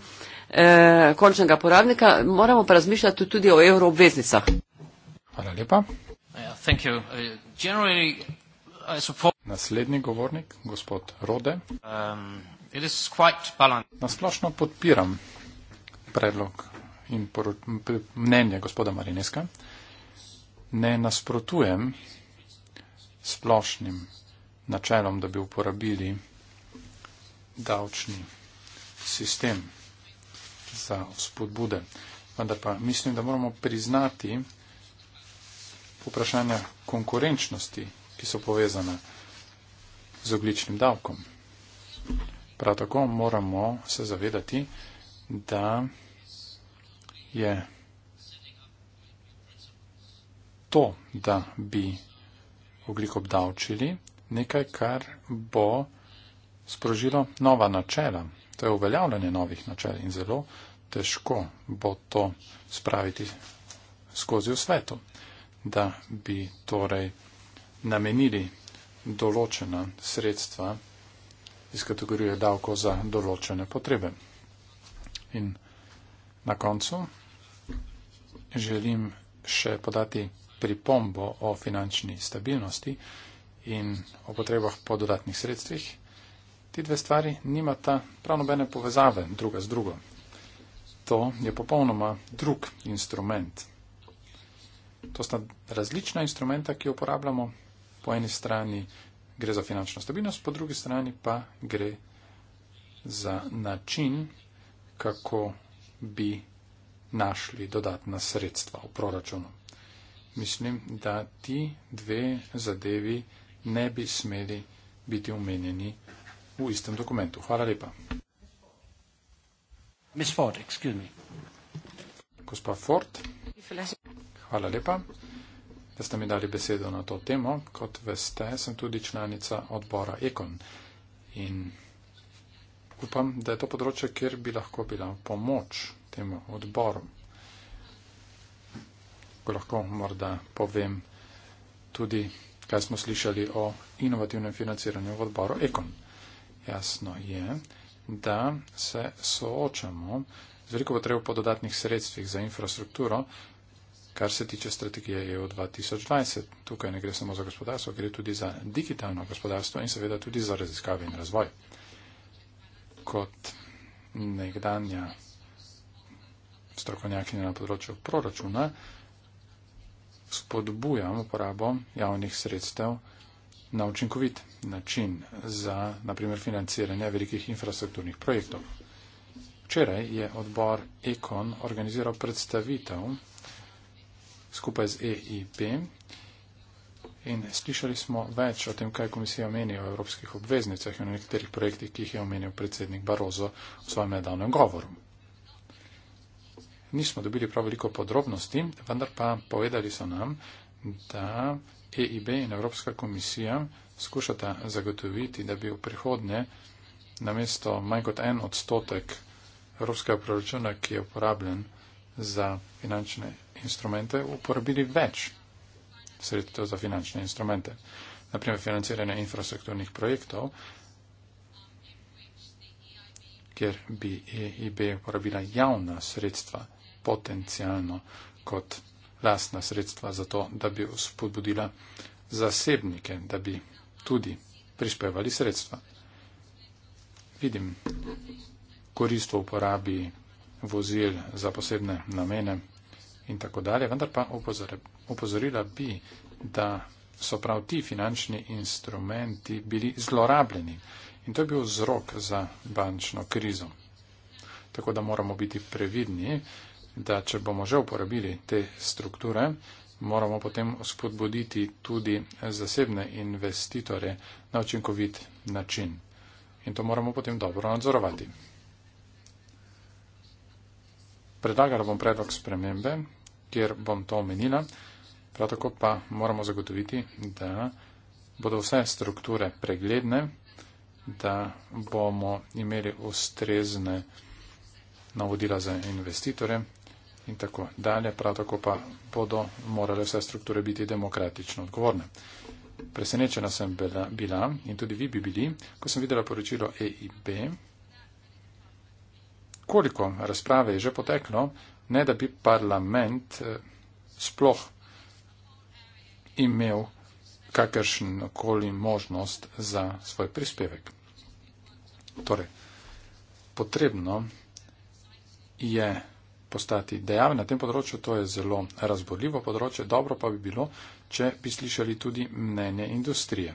eh, končnega porabnika. Moramo pa razmišljati tudi o evroobveznicah. Hvala lepa. Uh, Naslednji govornik, gospod Rode. Um, Na splošno podpiram predlog in mnenje gospoda Marineska. Ne nasprotujem splošnim načelom, da bi uporabili davčni sistem za spodbude. Vendar pa mislim, da moramo priznati, vprašanja konkurenčnosti, ki so povezane z ogličnim davkom. Prav tako moramo se zavedati, da je to, da bi oglik obdavčili, nekaj, kar bo sprožilo nova načela. To je uveljavljanje novih načel in zelo težko bo to spraviti skozi v svetu da bi torej namenili določena sredstva iz kategorije davko za določene potrebe. In na koncu želim še podati pripombo o finančni stabilnosti in o potrebah po dodatnih sredstvih. Ti dve stvari nimata prav nobene povezave druga z drugo. To je popolnoma drug instrument to sta različna instrumenta, ki jo uporabljamo. Po eni strani gre za finančno stabilnost, po drugi strani pa gre za način, kako bi našli dodatna sredstva v proračunu. Mislim, da ti dve zadevi ne bi smeli biti omenjeni v istem dokumentu. Hvala lepa. Ford, Gospa Ford. Hvala lepa, da ste mi dali besedo na to temo. Kot veste, sem tudi članica odbora Ekon in upam, da je to področje, kjer bi lahko bila pomoč temu odboru. Ko lahko morda povem tudi, kaj smo slišali o inovativnem financiranju v odboru Ekon. Jasno je, da se soočamo z veliko potrebo po dodatnih sredstvih za infrastrukturo, kar se tiče strategije EU 2020. Tukaj ne gre samo za gospodarstvo, gre tudi za digitalno gospodarstvo in seveda tudi za raziskave in razvoj. Kot nekdanja strokovnjakinja na področju proračuna, spodbujam uporabo javnih sredstev na učinkovit način za, naprimer, financiranje velikih infrastrukturnih projektov. Včeraj je odbor Ekon organiziral predstavitev skupaj z EIP. In slišali smo več o tem, kaj komisija meni o evropskih obveznicah in o nekaterih projektih, ki jih je omenil predsednik Barozo v svojem nedavnem govoru. Nismo dobili prav veliko podrobnosti, vendar pa povedali so nam, da EIB in Evropska komisija skušata zagotoviti, da bi v prihodnje namesto manj kot en odstotek evropskega proračuna, ki je uporabljen za finančne instrumente uporabili več sredstev za finančne instrumente. Naprimer, financiranje infrastrukturnih projektov, kjer bi EIB uporabila javna sredstva potencijalno kot lastna sredstva za to, da bi spodbudila zasebnike, da bi tudi prispevali sredstva. Vidim koristvo uporabi vozil za posebne namene in tako dalje, vendar pa opozorila bi, da so prav ti finančni instrumenti bili zlorabljeni in to je bil vzrok za bančno krizo. Tako da moramo biti previdni, da če bomo že uporabili te strukture, moramo potem spodbuditi tudi zasebne investitore na učinkovit način. In to moramo potem dobro nadzorovati predlagala bom predlog spremembe, kjer bom to omenila. Prav tako pa moramo zagotoviti, da bodo vse strukture pregledne, da bomo imeli ustrezne navodila za investitore in tako dalje. Prav tako pa bodo morale vse strukture biti demokratično odgovorne. Presenečena sem bila, bila in tudi vi bi bili, ko sem videla poročilo EIB, koliko razprave je že poteklo, ne da bi parlament eh, sploh imel kakršnokoli možnost za svoj prispevek. Torej, potrebno je postati dejaven na tem področju, to je zelo razborljivo področje, dobro pa bi bilo, če bi slišali tudi mnenje industrije.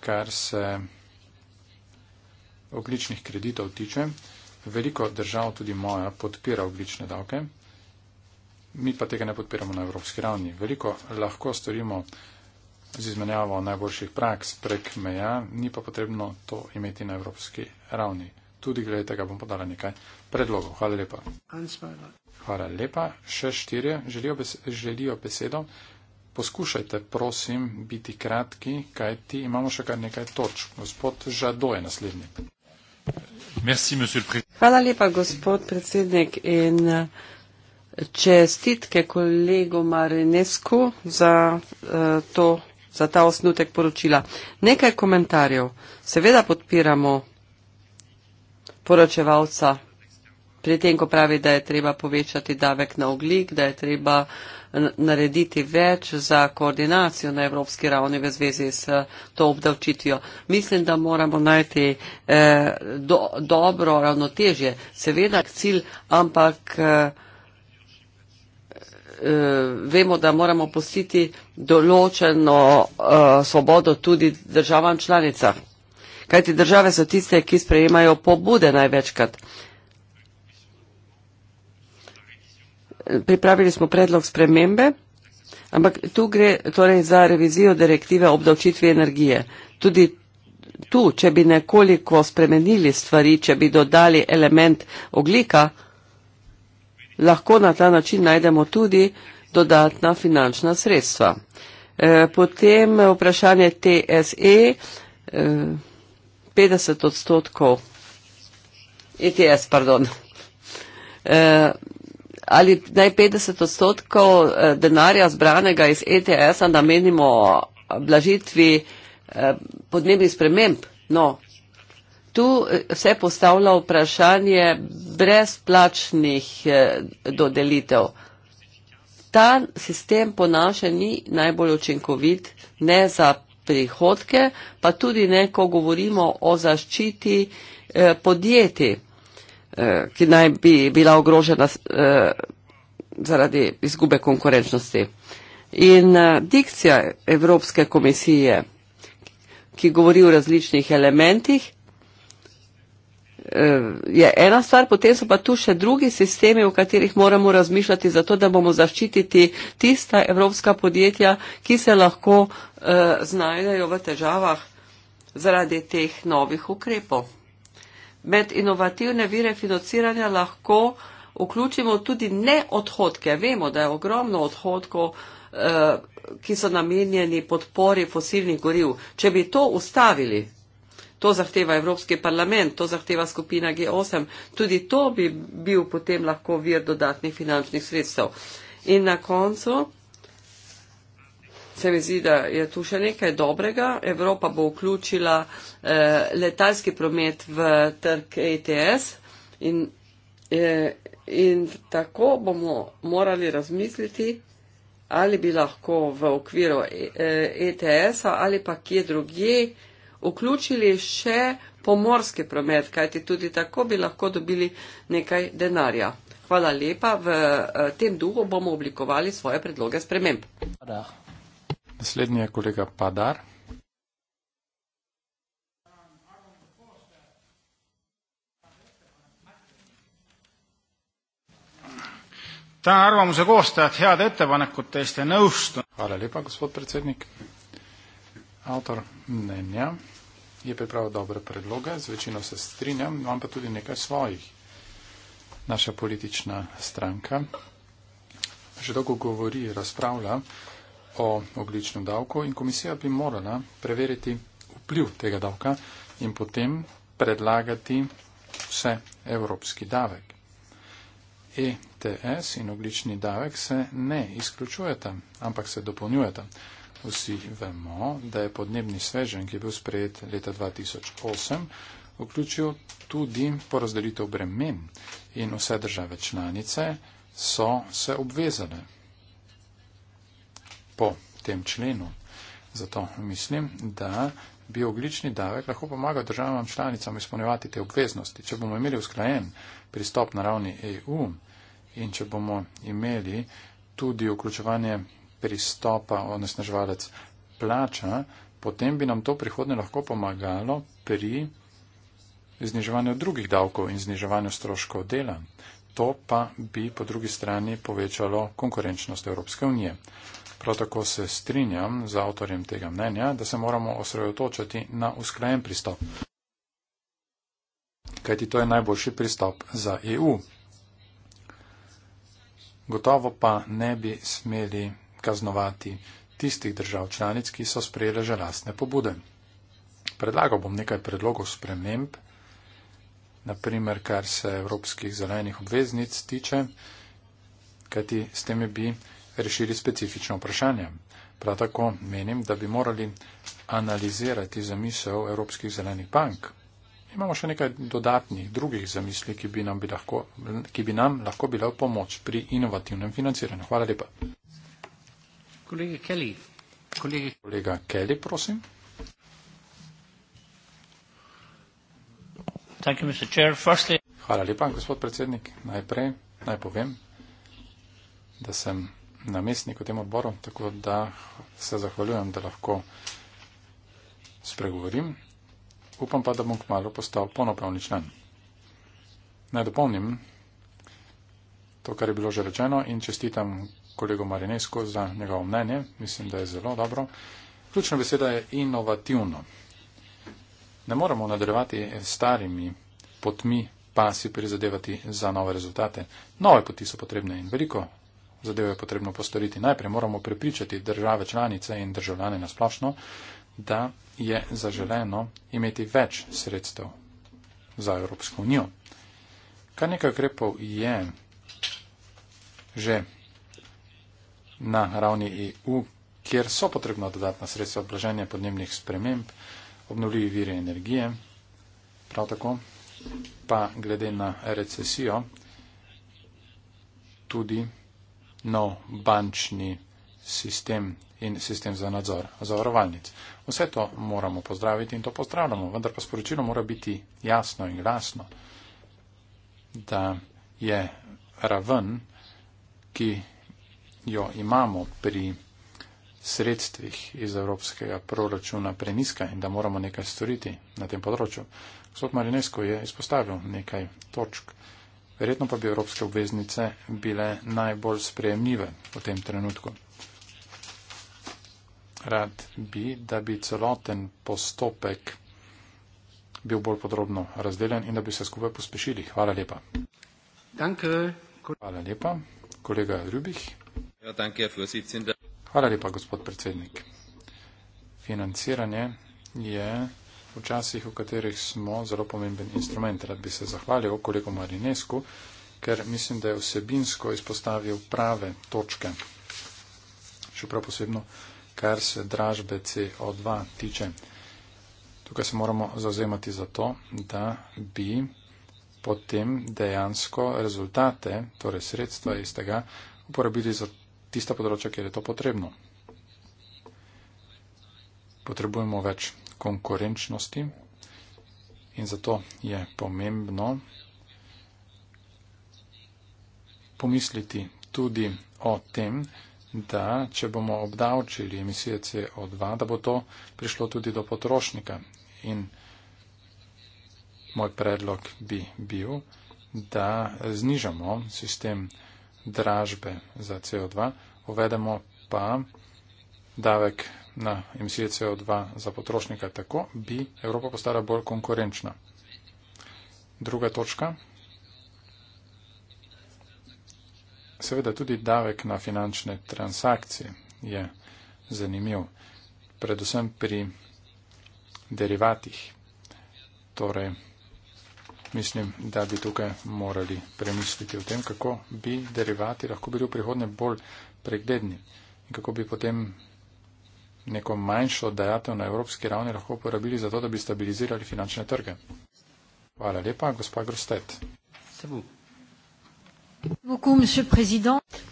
Kar se ogličnih kreditov tiče, veliko držav, tudi moja, podpira oglične davke, mi pa tega ne podpiramo na evropski ravni. Veliko lahko storimo z izmenjavo najboljših praks prek meja, ni pa potrebno to imeti na evropski ravni. Tudi glede tega bom podala nekaj predlogov. Hvala lepa. Hvala lepa. Še štirje želijo, bes želijo besedo. Poskušajte, prosim, biti kratki, kajti imamo še kar nekaj točk. Gospod Žado je naslednji. Hvala lepa, gospod predsednik, in eh, čestitke kolegu Marinesku za, eh, to, za ta osnutek poročila. Nekaj komentarjev. Seveda podpiramo poročevalca pri tem, ko pravi, da je treba povečati davek na oglik, da je treba uh, narediti več za koordinacijo na evropski ravni v zvezi s to obdavčitvijo. Mislim, da moramo najti eh, do, dobro ravnotežje, seveda cilj, ampak eh, eh, vemo, da moramo postiti določeno eh, svobodo tudi državam članicam. Kajti države so tiste, ki sprejemajo pobude največkrat. pripravili smo predlog spremembe, ampak tu gre torej za revizijo direktive o obdavčitvi energije. Tudi tu, če bi nekoliko spremenili stvari, če bi dodali element oglika, lahko na ta način najdemo tudi dodatna finančna sredstva. E, potem vprašanje TSE, e, e, 50 odstotkov, ETS, pardon, ali naj 50 odstotkov eh, denarja zbranega iz ETS-a namenimo eh, blažitvi eh, podnebnih sprememb. No, tu se postavlja vprašanje brezplačnih dodelitev. Ta sistem po naše ni najbolj učinkovit, ne za prihodke, pa tudi ne, ko govorimo o zaščiti podjetij. Eh, ki naj bi bila ogrožena eh, zaradi izgube konkurenčnosti. In eh, dikcija Evropske komisije, ki govori o različnih elementih, je ena stvar, potem so pa tu še drugi sistemi, o katerih moramo razmišljati, zato da bomo zaščititi tista evropska podjetja, ki se lahko uh, znajdejo v težavah zaradi teh novih ukrepov. Med inovativne vire financiranja lahko vključimo tudi neodhodke. Vemo, da je ogromno odhodkov, eh, ki so namenjeni podpori fosilnih goriv. Če bi to ustavili, to zahteva Evropski parlament, to zahteva skupina G8, tudi to bi bil potem lahko vir dodatnih finančnih sredstev. In na koncu se mi zdi, da je tu še nekaj dobrega. Evropa bo vključila eh, letalski promet v trg ETS in, eh, in tako bomo morali razmisliti, ali bi lahko v okviru eh, ETS-a ali pa kje drugje vključili še pomorski promet, kajti tudi tako bi lahko dobili nekaj denarja. Hvala lepa, v eh, tem duhu bomo oblikovali svoje predloge sprememb. Hvala. Naslednji je kolega Padar. tänan arvamuse koostajad heade ettepanekute eest ja nõustun. autor, Nenja, Naša politična stranka o ogličnem davku in komisija bi morala preveriti vpliv tega davka in potem predlagati vse evropski davek. ETS in oglični davek se ne izključujeta, ampak se dopolnjujeta. Vsi vemo, da je podnebni svežen, ki je bil sprejet leta 2008, vključil tudi porazdelitev bremen in vse države članice so se obvezale po tem členu. Zato mislim, da bi oglični davek lahko pomagal državam članicam izpolnjevati te obveznosti. Če bomo imeli usklajen pristop na ravni EU in če bomo imeli tudi vključevanje pristopa onesnaževalec plača, potem bi nam to prihodne lahko pomagalo pri zniževanju drugih davkov in zniževanju stroškov dela. To pa bi po drugi strani povečalo konkurenčnost Evropske unije. Prav tako se strinjam z avtorjem tega mnenja, da se moramo osredotočati na usklajen pristop. Kajti to je najboljši pristop za EU. Gotovo pa ne bi smeli kaznovati tistih držav članic, ki so sprejele že lastne pobude. Predlagal bom nekaj predlogov sprememb, naprimer, kar se evropskih zelenih obveznic tiče, kajti s temi bi rešili specifično vprašanje. Prav tako menim, da bi morali analizirati zamisel Evropskih zelenih bank. Imamo še nekaj dodatnih drugih zamisli, ki bi nam, bi lahko, ki bi nam lahko bile v pomoč pri inovativnem financiranju. Hvala lepa. Kolega Kelly, kolega... Kolega Kelly prosim. You, Firstly... Hvala lepa, gospod predsednik. Najprej naj povem, da sem namestnik v tem odboru, tako da se zahvaljujem, da lahko spregovorim. Upam pa, da bom kmalo postal ponopravni člen. Naj dopolnim to, kar je bilo že rečeno in čestitam kolego Marinesko za njegovo mnenje. Mislim, da je zelo dobro. Ključna beseda je inovativno. Ne moramo nadaljevati starimi potmi pa si prizadevati za nove rezultate. Nove poti so potrebne in veliko zadevo je potrebno postoriti. Najprej moramo prepričati države članice in državljane nasplošno, da je zaželeno imeti več sredstev za Evropsko unijo. Kar nekaj ukrepov je že na ravni EU, kjer so potrebna dodatna sredstva blaženja podnebnih sprememb, obnovljivi viri energije, prav tako pa glede na recesijo tudi nov bančni sistem in sistem za nadzor zavarovalnic. Vse to moramo pozdraviti in to pozdravljamo, vendar pa sporočilo mora biti jasno in glasno, da je raven, ki jo imamo pri sredstvih iz evropskega proračuna preniska in da moramo nekaj storiti na tem področju. Gospod Marinesko je izpostavil nekaj točk verjetno pa bi evropske obveznice bile najbolj sprejemljive v tem trenutku. Rad bi, da bi celoten postopek bil bolj podrobno razdeljen in da bi se skupaj pospešili. Hvala lepa. Danke, ko... Hvala lepa, kolega Rubih. Ja, danke, Hvala lepa, gospod predsednik. Financiranje je v časih, v katerih smo zelo pomemben instrument. Rad bi se zahvalil kolegu Marinesku, ker mislim, da je vsebinsko izpostavil prave točke. Še prav posebno, kar se dražbe CO2 tiče. Tukaj se moramo zauzemati za to, da bi potem dejansko rezultate, torej sredstva iz tega, uporabili za tista področja, kjer je to potrebno. Potrebujemo več konkurenčnosti in zato je pomembno pomisliti tudi o tem, da če bomo obdavčili emisije CO2, da bo to prišlo tudi do potrošnika. In moj predlog bi bil, da znižamo sistem dražbe za CO2, uvedemo pa davek na emisije CO2 za potrošnika, tako bi Evropa postala bolj konkurenčna. Druga točka. Seveda tudi davek na finančne transakcije je zanimiv, predvsem pri derivatih. Torej, mislim, da bi tukaj morali premisliti o tem, kako bi derivati lahko bili v prihodnje bolj pregledni in kako bi potem neko manjšo dajatev na evropski ravni lahko uporabili za to, da bi stabilizirali finančne trge. Hvala lepa, gospa Grostet.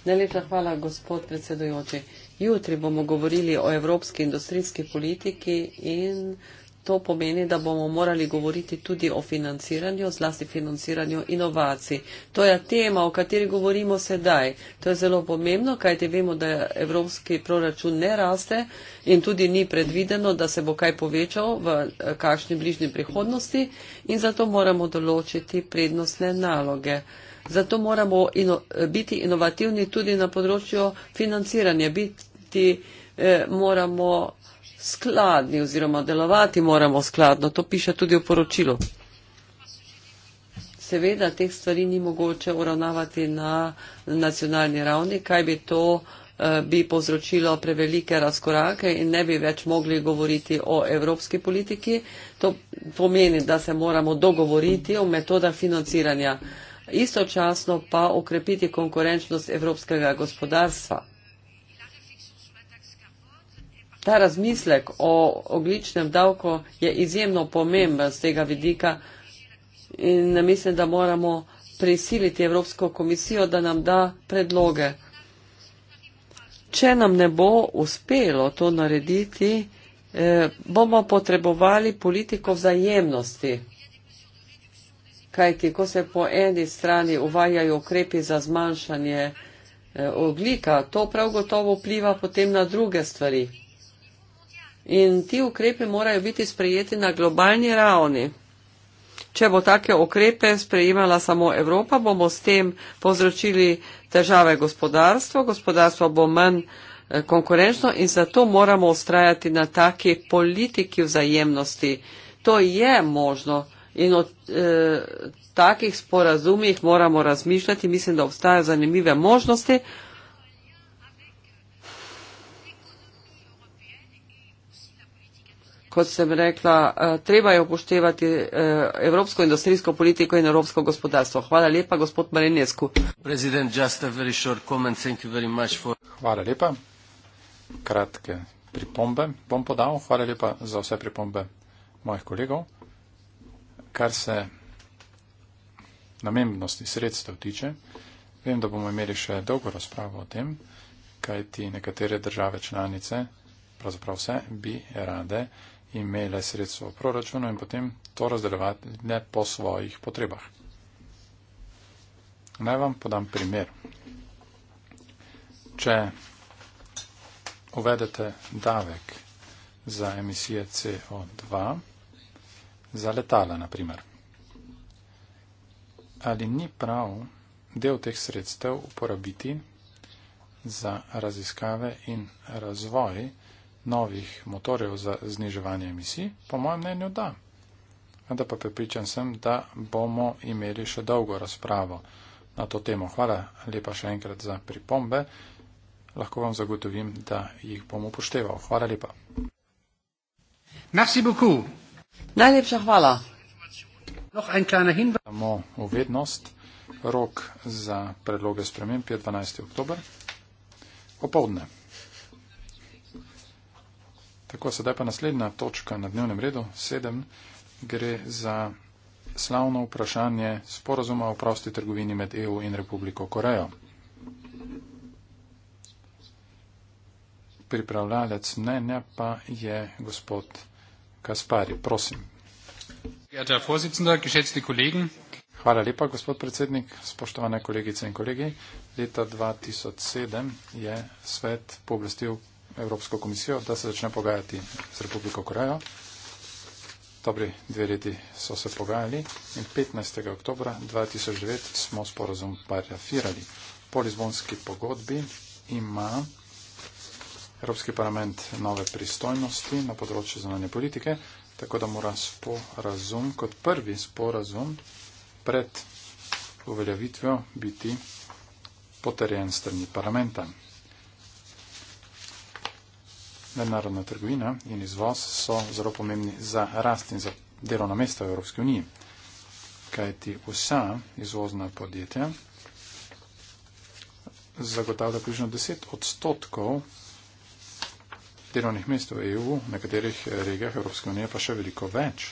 Najlepša hvala, gospod predsedujoči. Jutri bomo govorili o evropski industrijski politiki in to pomeni, da bomo morali govoriti tudi o financiranju, zlasti financiranju inovacij. To je tema, o kateri govorimo sedaj. To je zelo pomembno, kajte vemo, da evropski proračun ne raste in tudi ni predvideno, da se bo kaj povečal v eh, kakšni bližnji prihodnosti in zato moramo določiti prednostne naloge. Zato moramo ino, biti inovativni tudi na področju financiranja, biti eh, moramo skladni oziroma delovati moramo skladno. To piše tudi v poročilu. Seveda teh stvari ni mogoče uravnavati na nacionalni ravni, kaj bi to eh, bi povzročilo prevelike razkorake in ne bi več mogli govoriti o evropski politiki. To pomeni, da se moramo dogovoriti o metodah financiranja, istočasno pa okrepiti konkurenčnost evropskega gospodarstva ta razmislek o ogličnem davku je izjemno pomemben z tega vidika in mislim, da moramo prisiliti Evropsko komisijo, da nam da predloge. Če nam ne bo uspelo to narediti, eh, bomo potrebovali politiko vzajemnosti. Kajti, ko se po eni strani uvajajo ukrepi za zmanjšanje eh, oglika, to prav gotovo vpliva potem na druge stvari. In ti ukrepi morajo biti sprejeti na globalni ravni. Če bo take ukrepe sprejemala samo Evropa, bomo s tem povzročili težave gospodarstvo, gospodarstvo bo manj eh, konkurenčno in zato moramo ustrajati na taki politiki vzajemnosti. To je možno in o e, takih sporazumih moramo razmišljati. Mislim, da obstajajo zanimive možnosti. kot sem rekla, eh, treba je upoštevati eh, evropsko industrijsko politiko in evropsko gospodarstvo. Hvala lepa, gospod Marinesku. Hvala lepa. Kratke pripombe bom podal. Hvala lepa za vse pripombe mojih kolegov. Kar se namembnosti sredstev tiče, vem, da bomo imeli še dolgo razpravo o tem, kaj ti nekatere države članice, pravzaprav vse, bi rade imele sredstvo v proračunu in potem to razdeljevati ne po svojih potrebah. Naj vam podam primer. Če uvedete davek za emisije CO2, za letala na primer, ali ni prav del teh sredstev uporabiti za raziskave in razvoj novih motorjev za zniževanje emisij? Po mojem mnenju da. Vendar pa prepričan sem, da bomo imeli še dolgo razpravo na to temo. Hvala lepa še enkrat za pripombe. Lahko vam zagotovim, da jih bom upošteval. Hvala lepa. Merci beaucoup. Najlepša hvala. Samo uvednost. Rok za predloge sprememb je 12. oktober. Popovdne. Tako, sedaj pa naslednja točka na dnevnem redu, sedem, gre za slavno vprašanje sporozuma o prosti trgovini med EU in Republiko Korejo. Pripravljalec mnenja pa je gospod Kaspari. Prosim. Hvala lepa, gospod predsednik, spoštovane kolegice in kolegi. Leta 2007 je svet pooblastil Evropsko komisijo, da se začne pogajati z Republiko Korejo. Dobri dve leti so se pogajali in 15. oktober 2009 smo sporozum parafirali. Po Lizbonski pogodbi ima Evropski parlament nove pristojnosti na področju zunanje politike, tako da mora sporazum kot prvi sporazum pred uveljavitvijo biti potrjen strani parlamenta mednarodna trgovina in izvoz so zelo pomembni za rast in za delovna mesta v Evropski uniji. Kaj ti vsa izvozna podjetja zagotavlja približno 10 odstotkov delovnih mest v EU, na katerih regijah Evropske unije pa še veliko več.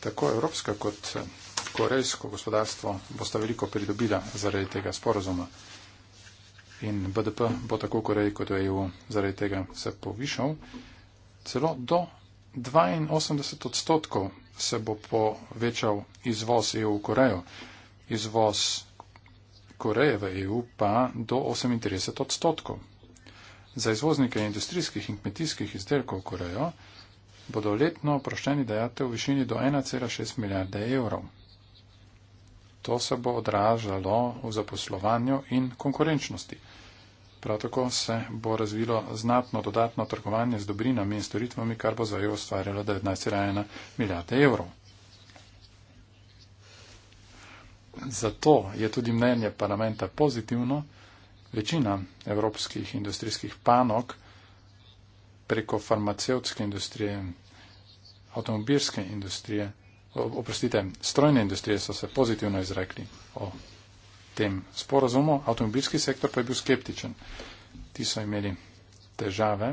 Tako Evropska kot korejsko gospodarstvo bosta veliko pridobila zaradi tega sporozuma in BDP bo tako Koreji kot v EU zaradi tega se povišal. Celo do 82 odstotkov se bo povečal izvoz EU v Korejo. Izvoz Koreje v EU pa do 38 odstotkov. Za izvoznike industrijskih in kmetijskih izdelkov v Korejo bodo letno oproščeni dajate v višini do 1,6 milijarde evrov. To se bo odražalo v zaposlovanju in konkurenčnosti. Prav tako se bo razvilo znatno dodatno trgovanje z dobrinami in storitvami, kar bo za EU ustvarjalo 19,1 milijarde evrov. Zato je tudi mnenje parlamenta pozitivno. Večina evropskih industrijskih panog preko farmacevtske industrije, avtomobilske industrije oprostite, strojne industrije so se pozitivno izrekli o tem sporazumu, avtomobilski sektor pa je bil skeptičen. Ti so imeli težave,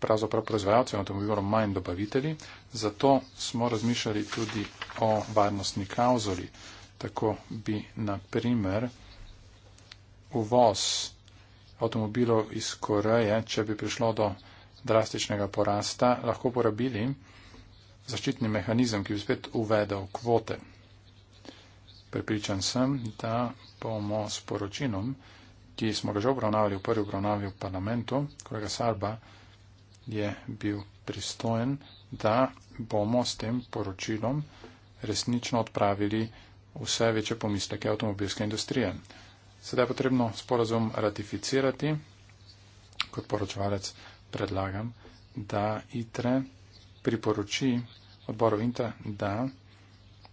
pravzaprav proizvajalci avtomobilov manj dobavitelji, zato smo razmišljali tudi o varnostni klauzuli. Tako bi na primer uvoz avtomobilov iz Koreje, če bi prišlo do drastičnega porasta, lahko porabili zaščitni mehanizem, ki bi spet uvedel kvote. Pripričan sem, da bomo s poročinom, ki smo ga že obravnavali v prvi obravnavi v parlamentu, kolega Sarba je bil pristojen, da bomo s tem poročilom resnično odpravili vse večje pomisleke avtomobilske industrije. Sedaj je potrebno sporazum ratificirati. Kot poročevalec predlagam, da ITRE priporoči odboru INTA, da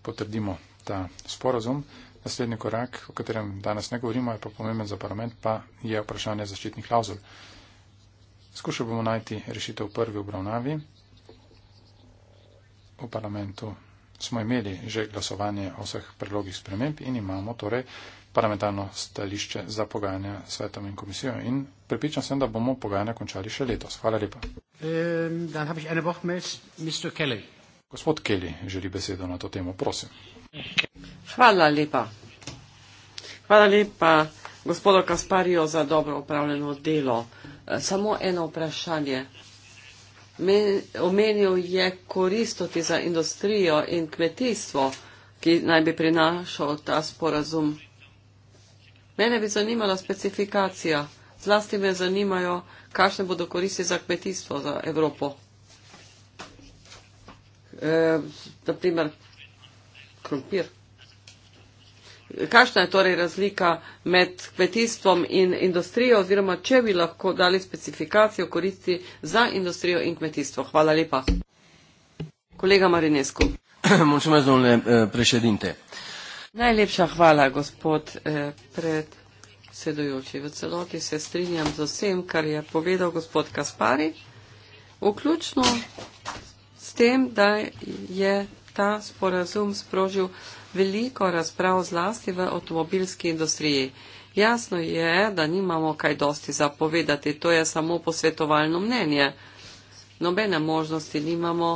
potrdimo ta sporazum. Naslednji korak, o katerem danes ne govorimo, je pa pomemben za parlament, pa je vprašanje zaščitnih klauzul. Skušali bomo najti rešitev v prvi obravnavi. V parlamentu smo imeli že glasovanje o vseh predlogih sprememb in imamo torej parlamentarno stališče za pogajanja s svetom in komisijo. In pripričan sem, da bomo pogajanja končali še letos. Hvala lepa. Um, Gospod Keli želi besedo na to temo, prosim. Hvala lepa. Hvala lepa gospodo Kasparijo za dobro upravljeno delo. E, samo eno vprašanje. Men, omenil je koristoti za industrijo in kmetijstvo, ki naj bi prinašal ta sporazum. Mene bi zanimala specifikacija. Zlasti me zanimajo, kakšne bodo koristi za kmetijstvo za Evropo. E, naprimer krompir. Kakšna je torej razlika med kmetijstvom in industrijo, oziroma če bi lahko dali specifikacijo koristi za industrijo in kmetijstvo? Hvala lepa. Kolega Marinesku. [clears throat] E, Najlepša hvala, gospod e, predsedujoči. V celoti se strinjam z vsem, kar je povedal gospod Kaspari, vključno tem, da je ta sporazum sprožil veliko razprav zlasti v avtomobilski industriji. Jasno je, da nimamo kaj dosti zapovedati, to je samo posvetovalno mnenje. Nobene možnosti nimamo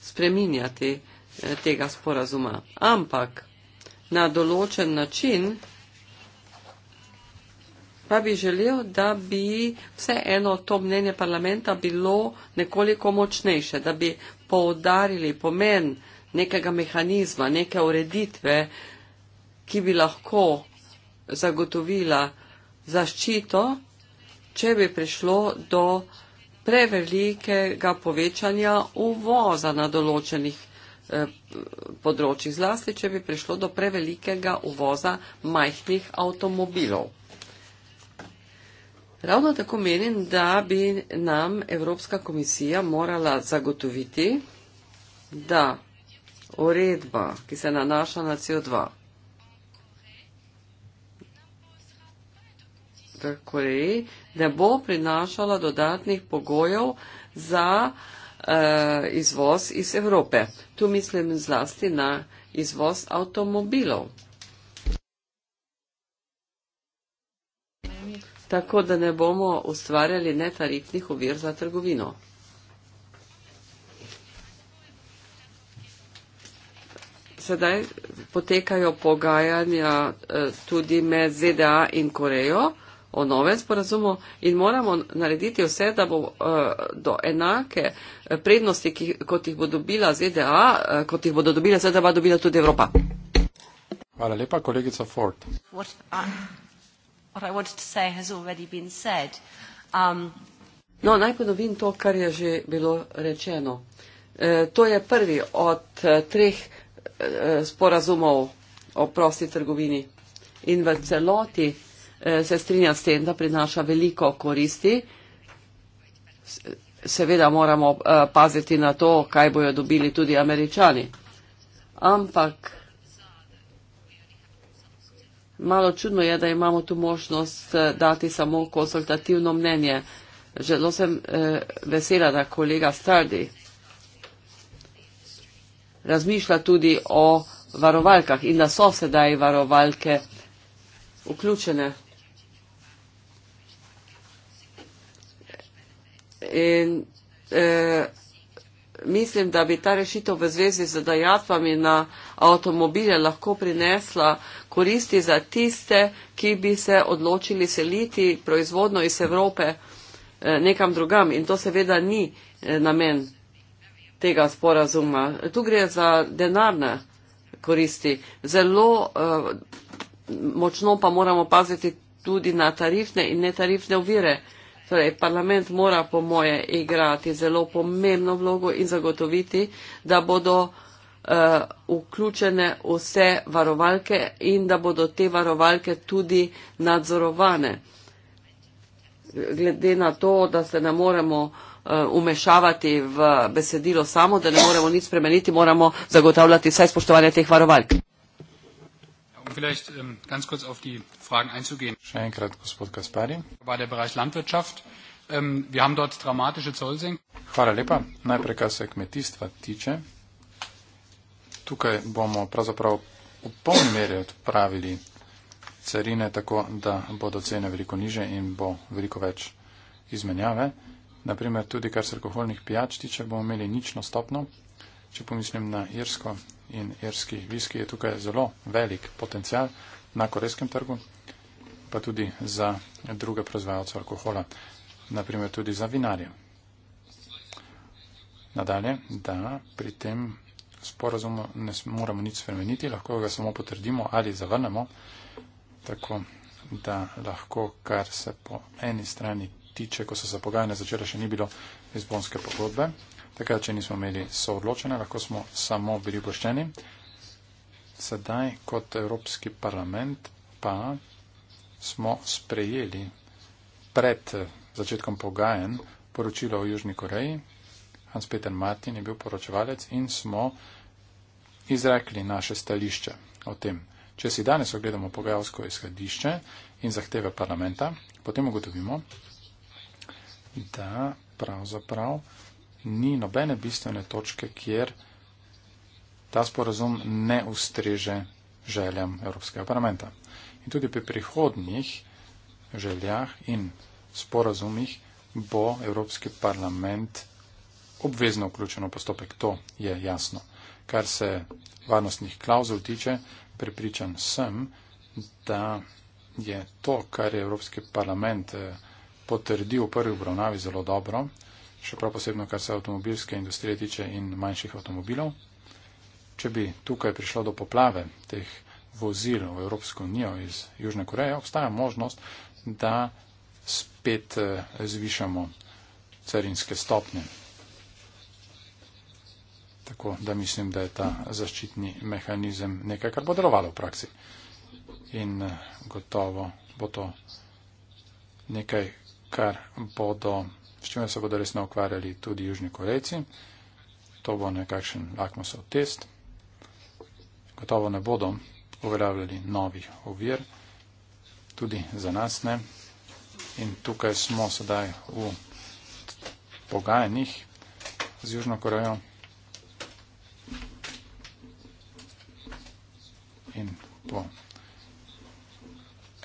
spreminjati eh, tega sporazuma. Ampak na določen način pa bi želel, da bi vseeno to mnenje parlamenta bilo nekoliko močnejše, da bi poudarili pomen nekega mehanizma, neke ureditve, ki bi lahko zagotovila zaščito, če bi prišlo do prevelikega povečanja uvoza na določenih eh, področjih, zlasti če bi prišlo do prevelikega uvoza majhnih avtomobilov. Ravno tako menim, da bi nam Evropska komisija morala zagotoviti, da uredba, ki se nanaša na CO2, Koreji, ne bo prinašala dodatnih pogojev za eh, izvoz iz Evrope. Tu mislim zlasti na izvoz avtomobilov. tako da ne bomo ustvarjali netarifnih uvir za trgovino. Sedaj potekajo pogajanja eh, tudi med ZDA in Korejo o novem sporazumu in moramo narediti vse, da bo eh, do enake eh, prednosti, kot jih bo dobila ZDA, kot jih bodo dobila ZDA, dobila tudi Evropa. Hvala lepa, kolegica Ford. What, uh what I wanted to say has already been said. Um, no, naj ponovim to, kar je že bilo rečeno. E, to je prvi od e, treh e, sporazumov o prosti trgovini in v celoti e, se strinja s tem, da prinaša veliko koristi. Seveda moramo e, paziti na to, kaj bojo dobili tudi američani. Ampak Malo čudno je, da imamo tu možnost eh, dati samo konsultativno mnenje. Želo sem eh, vesela, da kolega Stardi razmišlja tudi o varovalkah in da so sedaj varovalke vključene. In, eh, mislim, da bi ta rešitev v zvezi z dajatvami na avtomobile lahko prinesla koristi za tiste, ki bi se odločili seliti proizvodno iz Evrope eh, nekam drugam. In to seveda ni eh, namen tega sporazuma. Tu gre za denarne koristi. Zelo eh, močno pa moramo paziti tudi na tarifne in netarifne ovire. Torej, parlament mora po moje igrati zelo pomembno vlogo in zagotoviti, da bodo uh, vključene vse varovalke in da bodo te varovalke tudi nadzorovane. Glede na to, da se ne moremo eh, umešavati v besedilo samo, da ne moremo nič spremeniti, moramo zagotavljati vsaj spoštovanje teh varovalk. Ja, um ähm, Še enkrat, gospod Kaspari. Ähm, Hvala lepa. Najprej, kar se kmetijstva tiče tukaj bomo pravzaprav v polni meri odpravili carine tako, da bodo cene veliko niže in bo veliko več izmenjave. Naprimer, tudi kar se alkoholnih pijač tiče, bomo imeli nično stopno. Če pomislim na irsko in irski viski, je tukaj zelo velik potencial na korejskem trgu, pa tudi za druge proizvajalce alkohola, naprimer tudi za vinarje. Nadalje, da pri tem sporazumu ne moramo nič spremeniti, lahko ga samo potrdimo ali zavrnemo, tako da lahko, kar se po eni strani tiče, ko so se pogajanja začela, še ni bilo izbonske pogodbe, takrat, če nismo imeli soodločene, lahko smo samo bili goščeni. Sedaj kot Evropski parlament pa smo sprejeli pred začetkom pogajen poročilo o Južni Koreji, Hans Peter Martin je bil poročevalec in smo izrekli naše stališče o tem. Če si danes ogledamo pogajalsko izhodišče in zahteve parlamenta, potem ugotovimo, da pravzaprav ni nobene bistvene točke, kjer ta sporazum ne ustreže željam Evropskega parlamenta. In tudi pri prihodnjih željah in sporazumih bo Evropski parlament obvezno vključeno postopek, to je jasno. Kar se varnostnih klauzul tiče, prepričan sem, da je to, kar je Evropski parlament eh, potrdil v prvi obravnavi zelo dobro, še prav posebno, kar se avtomobilske industrije tiče in manjših avtomobilov. Če bi tukaj prišlo do poplave teh vozil v Evropsko unijo iz Južne Koreje, obstaja možnost, da spet eh, zvišamo carinske stopnje. Tako da mislim, da je ta zaščitni mehanizem nekaj, kar bo delovalo v praksi. In eh, gotovo bo to nekaj, kar bodo, s čimer se bodo resno ukvarjali tudi južni korejci. To bo nekakšen lakmusov test. Gotovo ne bodo uveljavljali novih ovir, tudi za nas ne. In tukaj smo sedaj v pogajanjih z Južno Korejo, in po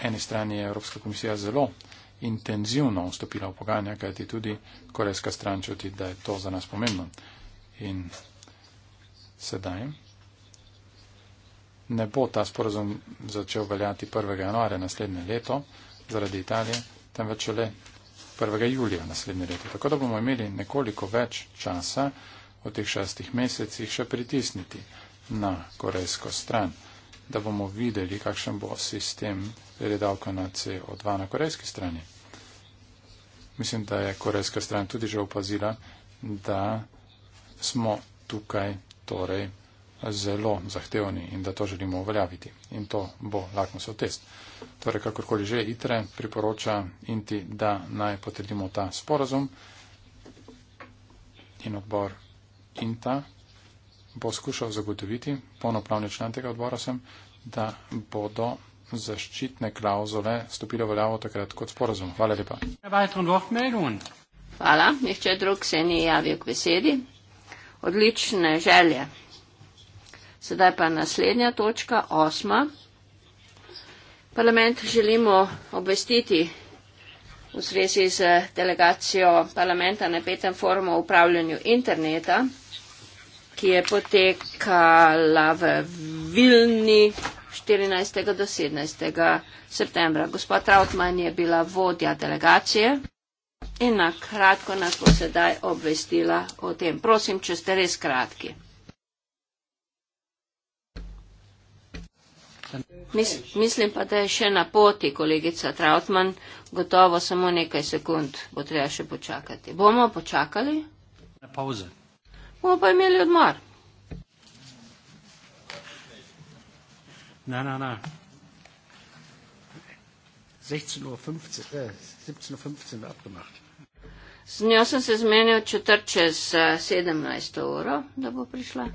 eni strani je Evropska komisija zelo intenzivno vstopila v pogajanja, kajti tudi korejska stran čuti, da je to za nas pomembno. In sedaj ne bo ta sporozum začel veljati 1. januarja naslednje leto zaradi Italije, temveč le 1. julija naslednje leto. Tako da bomo imeli nekoliko več časa v teh šestih mesecih še pritisniti na korejsko stran da bomo videli, kakšen bo sistem redavka na CO2 na korejski strani. Mislim, da je korejska stran tudi že opazila, da smo tukaj torej zelo zahtevni in da to želimo uveljaviti. In to bo lakmusov test. Torej, kakorkoli že, ITRE priporoča INTI, da naj potrdimo ta sporazum in odbor INTA bo skušal zagotoviti, polnopravni član tega odbora sem, da bodo zaščitne klauzule stopile v veljavo takrat kot sporazum. Hvala lepa. Hvala, nihče drug se ni javil k besedi. Odlične želje. Sedaj pa naslednja točka, osma. Parlament želimo obvestiti v zvezi z delegacijo parlamenta na petem forumu o upravljanju interneta ki je potekala v Vilni 14. do 17. septembra. Gospod Trautmann je bila vodja delegacije in na kratko nas bo sedaj obvestila o tem. Prosim, če ste res kratki. Mislim pa, da je še na poti, kolegica Trautmann, gotovo samo nekaj sekund bo treba še počakati. Bomo počakali? Na pauze bomo pa imeli odmor. Na, na, na. 16.15 uh, 17.15 abgemacht. Z njo sem se zmenil četrt čez 17. Eh, uro, da bo prišla.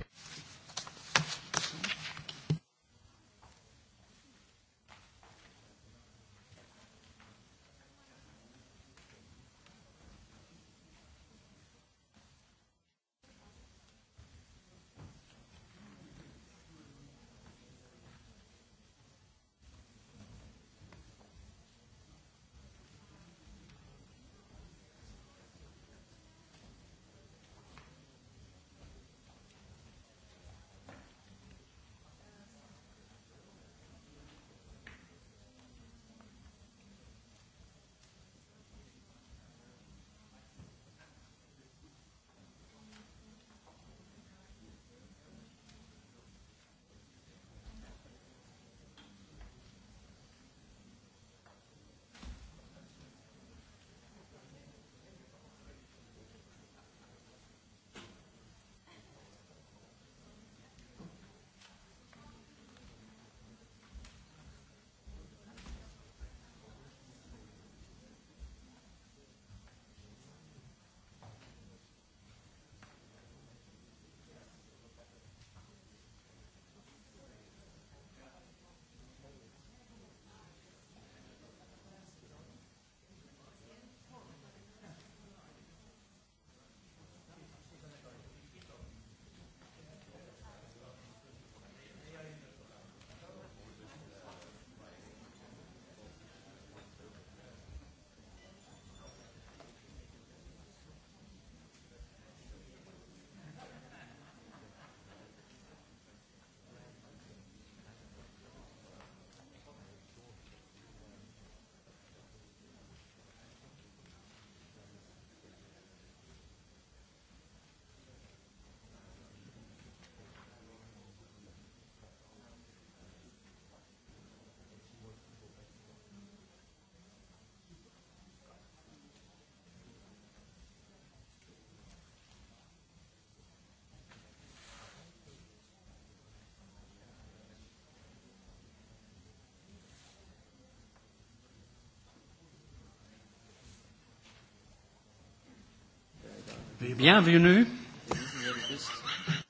Bienvenue.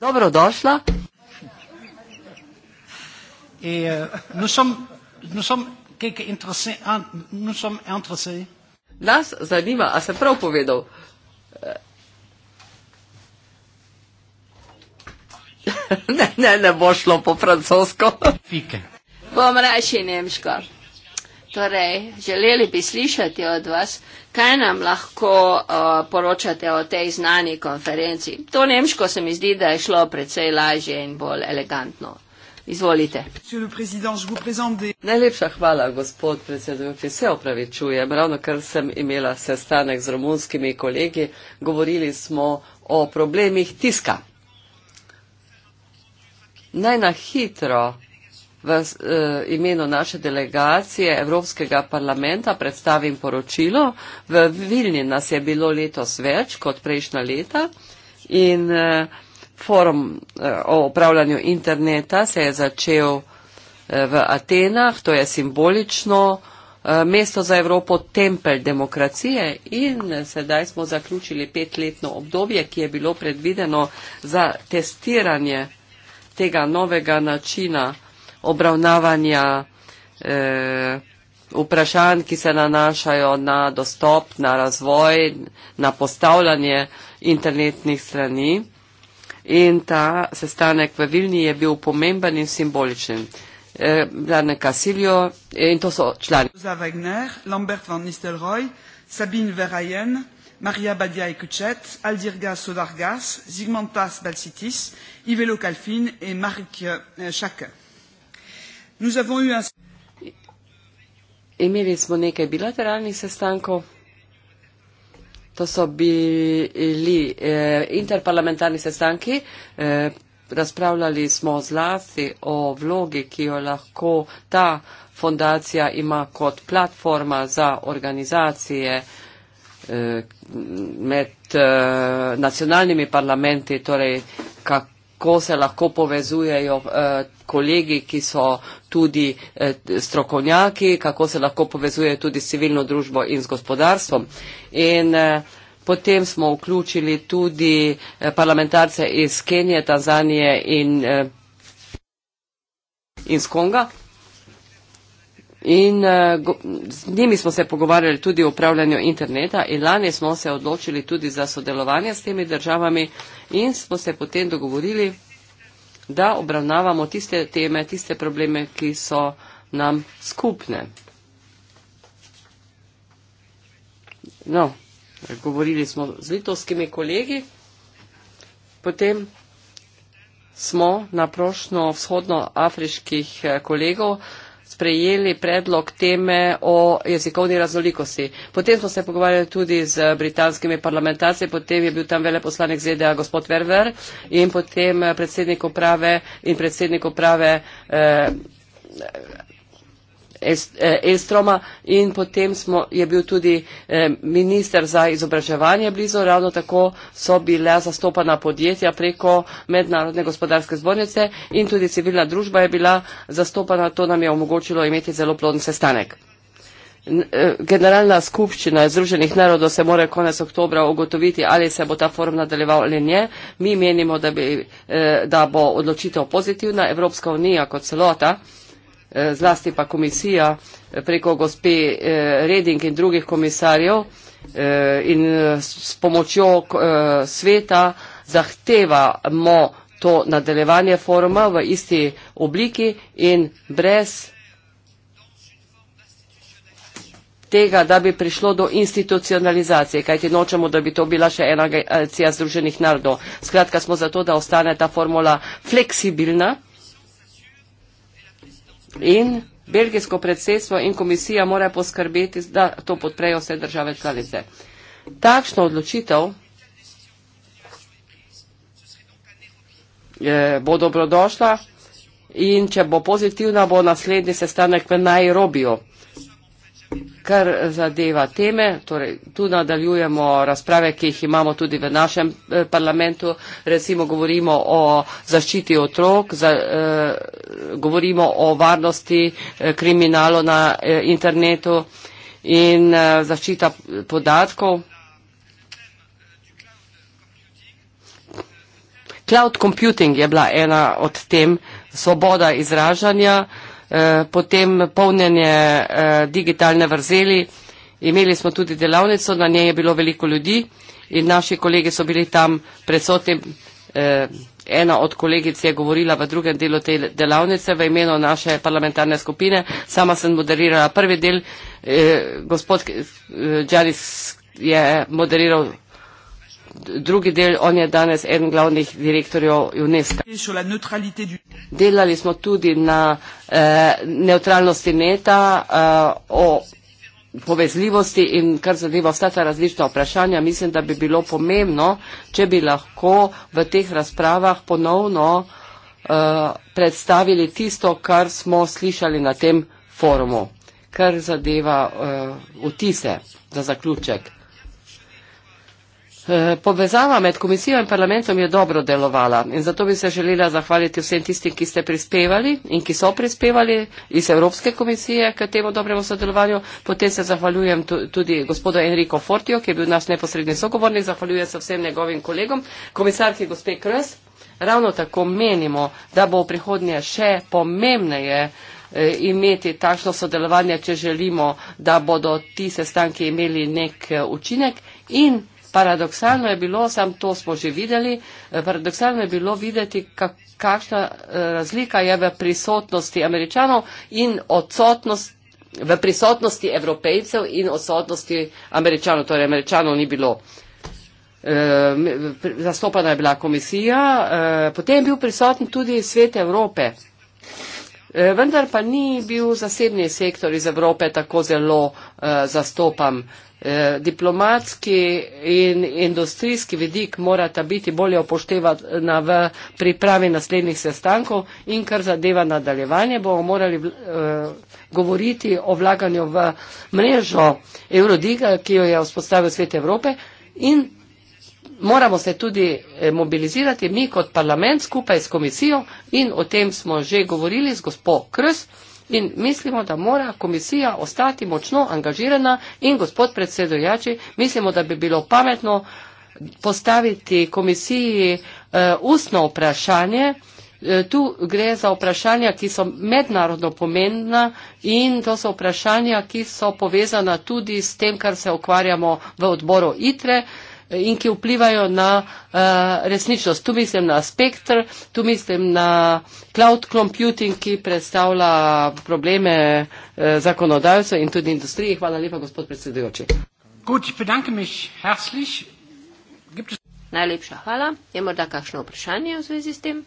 Dobrodošla. Et euh, nous sommes, nous sommes quelques intéressés, nous sommes intéressés. Nas zanima, a sem prav povedal? [laughs] Ne, ne, ne bo šlo po francosko. Fike. Bom reči nemško. Torej, želeli bi slišati od vas, kaj nam lahko uh, poročate o tej znani konferenci. To nemško se mi zdi, da je šlo precej lažje in bolj elegantno. Izvolite. Najlepša hvala, gospod predsedujoči. Se opravičujem, ravno kar sem imela sestanek z romunskimi kolegi, govorili smo o problemih tiska. Naj na hitro v uh, imenu naše delegacije Evropskega parlamenta predstavim poročilo. V Vilni nas je bilo letos več kot prejšnja leta in uh, forum uh, o upravljanju interneta se je začel uh, v Atenah, to je simbolično mesto za Evropo, tempelj demokracije in sedaj smo zaključili petletno obdobje, ki je bilo predvideno za testiranje tega novega načina obravnavanja eh, vprašanj, ki se nanašajo na dostop, na razvoj, na postavljanje internetnih strani. In ta sestanek v Vilni je bil pomemben in simboličen. Vlade eh, Kasiljo eh, in to so člani. Zuza Wagner, Lambert van Nistelrooy, Sabine Verajen, Maria Badiaj Kučet, Aldirga Sodargas, Zigmantas Balsitis, Ivelo Kalfin in Marik Šake. Uh, Imeli smo nekaj bilateralnih sestankov. To so bili eh, interparlamentarni sestanki. Eh, Razpravljali smo zlasti o vlogi, ki jo lahko ta fondacija ima kot platforma za organizacije eh, med eh, nacionalnimi parlamenti, torej kak, kako se lahko povezujejo eh, kolegi, ki so tudi eh, strokovnjaki, kako se lahko povezuje tudi civilno družbo in z gospodarstvom. In, eh, Potem smo vključili tudi eh, parlamentarce iz Kenije, Tanzanije in, eh, in z Konga. In uh, go, z njimi smo se pogovarjali tudi o upravljanju interneta in lani smo se odločili tudi za sodelovanje s temi državami in smo se potem dogovorili, da obravnavamo tiste teme, tiste probleme, ki so nam skupne. No, govorili smo z litovskimi kolegi, potem smo na prošno vzhodnoafriških eh, kolegov, sprejeli predlog teme o jezikovni raznolikosti. Potem smo se pogovarjali tudi z britanskimi parlamentarci, potem je bil tam veleposlanik ZDA gospod Verver in potem predsednik uprave in predsednik uprave eh, Eh, Elstroma in potem smo, je bil tudi eh, minister za izobraževanje blizu, ravno tako so bila zastopana podjetja preko mednarodne gospodarske zbornice in tudi civilna družba je bila zastopana, to nam je omogočilo imeti zelo ploden sestanek. Eh, generalna skupščina Združenih narodov se mora konec oktobra ogotoviti, ali se bo ta forum nadaljeval ali ne. Mi menimo, da, bi, da bo odločitev pozitivna. Evropska unija kot celota Eh, zlasti pa komisija eh, preko gospe eh, Reding in drugih komisarjev in s pomočjo sveta zahtevamo to nadaljevanje foruma v isti obliki in brez tega, da bi prišlo do institucionalizacije, kajti nočemo, da bi to bila še ena agencija Združenih narodov. Skratka smo zato, da ostane ta formula fleksibilna. In belgijsko predsedstvo in komisija morajo poskrbeti, da to podprejo vse države članice. Takšno odločitev eh, bo dobrodošla in če bo pozitivna, bo naslednji sestanek v Nairobiju kar zadeva teme, torej tu nadaljujemo razprave, ki jih imamo tudi v našem eh, parlamentu, recimo govorimo o zaščiti otrok, za, eh, govorimo o varnosti eh, kriminalo na eh, internetu in eh, zaščita podatkov. Cloud computing je bila ena od tem, svoboda izražanja. Eh, Eh, potem polnjenje eh, digitalne vrzeli. Imeli smo tudi delavnico, na njej je bilo veliko ljudi in naši kolegi so bili tam predsotni. Eh, ena od kolegic je govorila v drugem delu te delavnice v imenu naše parlamentarne skupine. Sama sem moderirala prvi del. Gospod Džanis je moderiral drugi del, on je danes eden glavnih direktorjev UNESCO. Delali smo tudi na eh, neutralnosti meta, eh, o povezljivosti in kar zadeva vsa ta različna vprašanja. Mislim, da bi bilo pomembno, če bi lahko v teh razpravah ponovno eh, predstavili tisto, kar smo slišali na tem forumu, kar zadeva eh, vtise za zaključek. Eh, povezava med komisijo in parlamentom je dobro delovala in zato bi se želela zahvaliti vsem tistim, ki ste prispevali in ki so prispevali iz Evropske komisije k temu dobremu sodelovanju. Potem se zahvaljujem tudi gospodu Enrico Fortio, ki je bil naš neposredni sogovornik, zahvaljujem se vsem njegovim kolegom, komisarki gospe Kres. Ravno tako menimo, da bo v prihodnje še pomembneje eh, imeti takšno sodelovanje, če želimo, da bodo ti sestanki imeli nek eh, učinek in Paradoksalno je bilo, sam to smo že videli, eh, paradoksalno je bilo videti, kakšna eh, razlika je v prisotnosti američanov in odsotnosti v prisotnosti evropejcev in odsotnosti američanov. Torej, američanov ni bilo. E, zastopana je bila komisija, e, potem je bil prisoten tudi svet Evrope. E, vendar pa ni bil zasebni sektor iz Evrope tako zelo e, zastopan eh, diplomatski in industrijski vidik morata biti bolje upoštevana v pripravi naslednjih sestankov in kar zadeva nadaljevanje, bomo morali eh, govoriti o vlaganju v mrežo Eurodiga, ki jo je vzpostavil svet Evrope in moramo se tudi eh, mobilizirati mi kot parlament skupaj s komisijo in o tem smo že govorili z gospod Krs in mislimo, da mora komisija ostati močno angažirana in gospod predsedojači, mislimo, da bi bilo pametno postaviti komisiji uh, ustno vprašanje. Eh, tu gre za vprašanja, ki so mednarodno pomembna in to so vprašanja, ki so povezana tudi s tem, kar se okvarjamo v odboru ITRE. Uh, in ki vplivajo na uh, resničnost. Tu mislim na spektr, tu mislim na cloud computing, ki predstavlja probleme uh, eh, zakonodajstva in tudi industriji. Hvala lepa, gospod predsedujoči. Najlepša hvala. Je morda kakšno vprašanje v zvezi s tem?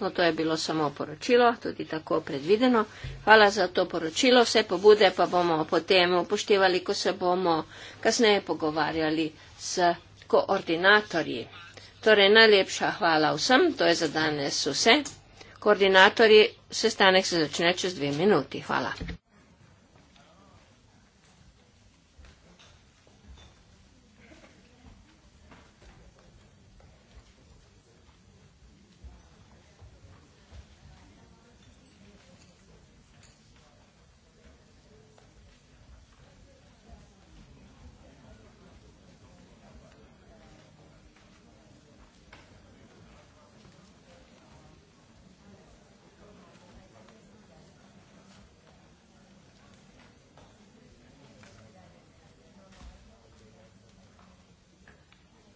No, to je bilo samo poročilo, tudi tako predvideno. Hvala za to poročilo. Vse pobude pa bomo potem upoštevali, ko se bomo kasneje pogovarjali s koordinatorji. Torej, najlepša hvala vsem. To je za danes vse. Koordinatorji, sestanek se začne čez dve minuti. Hvala.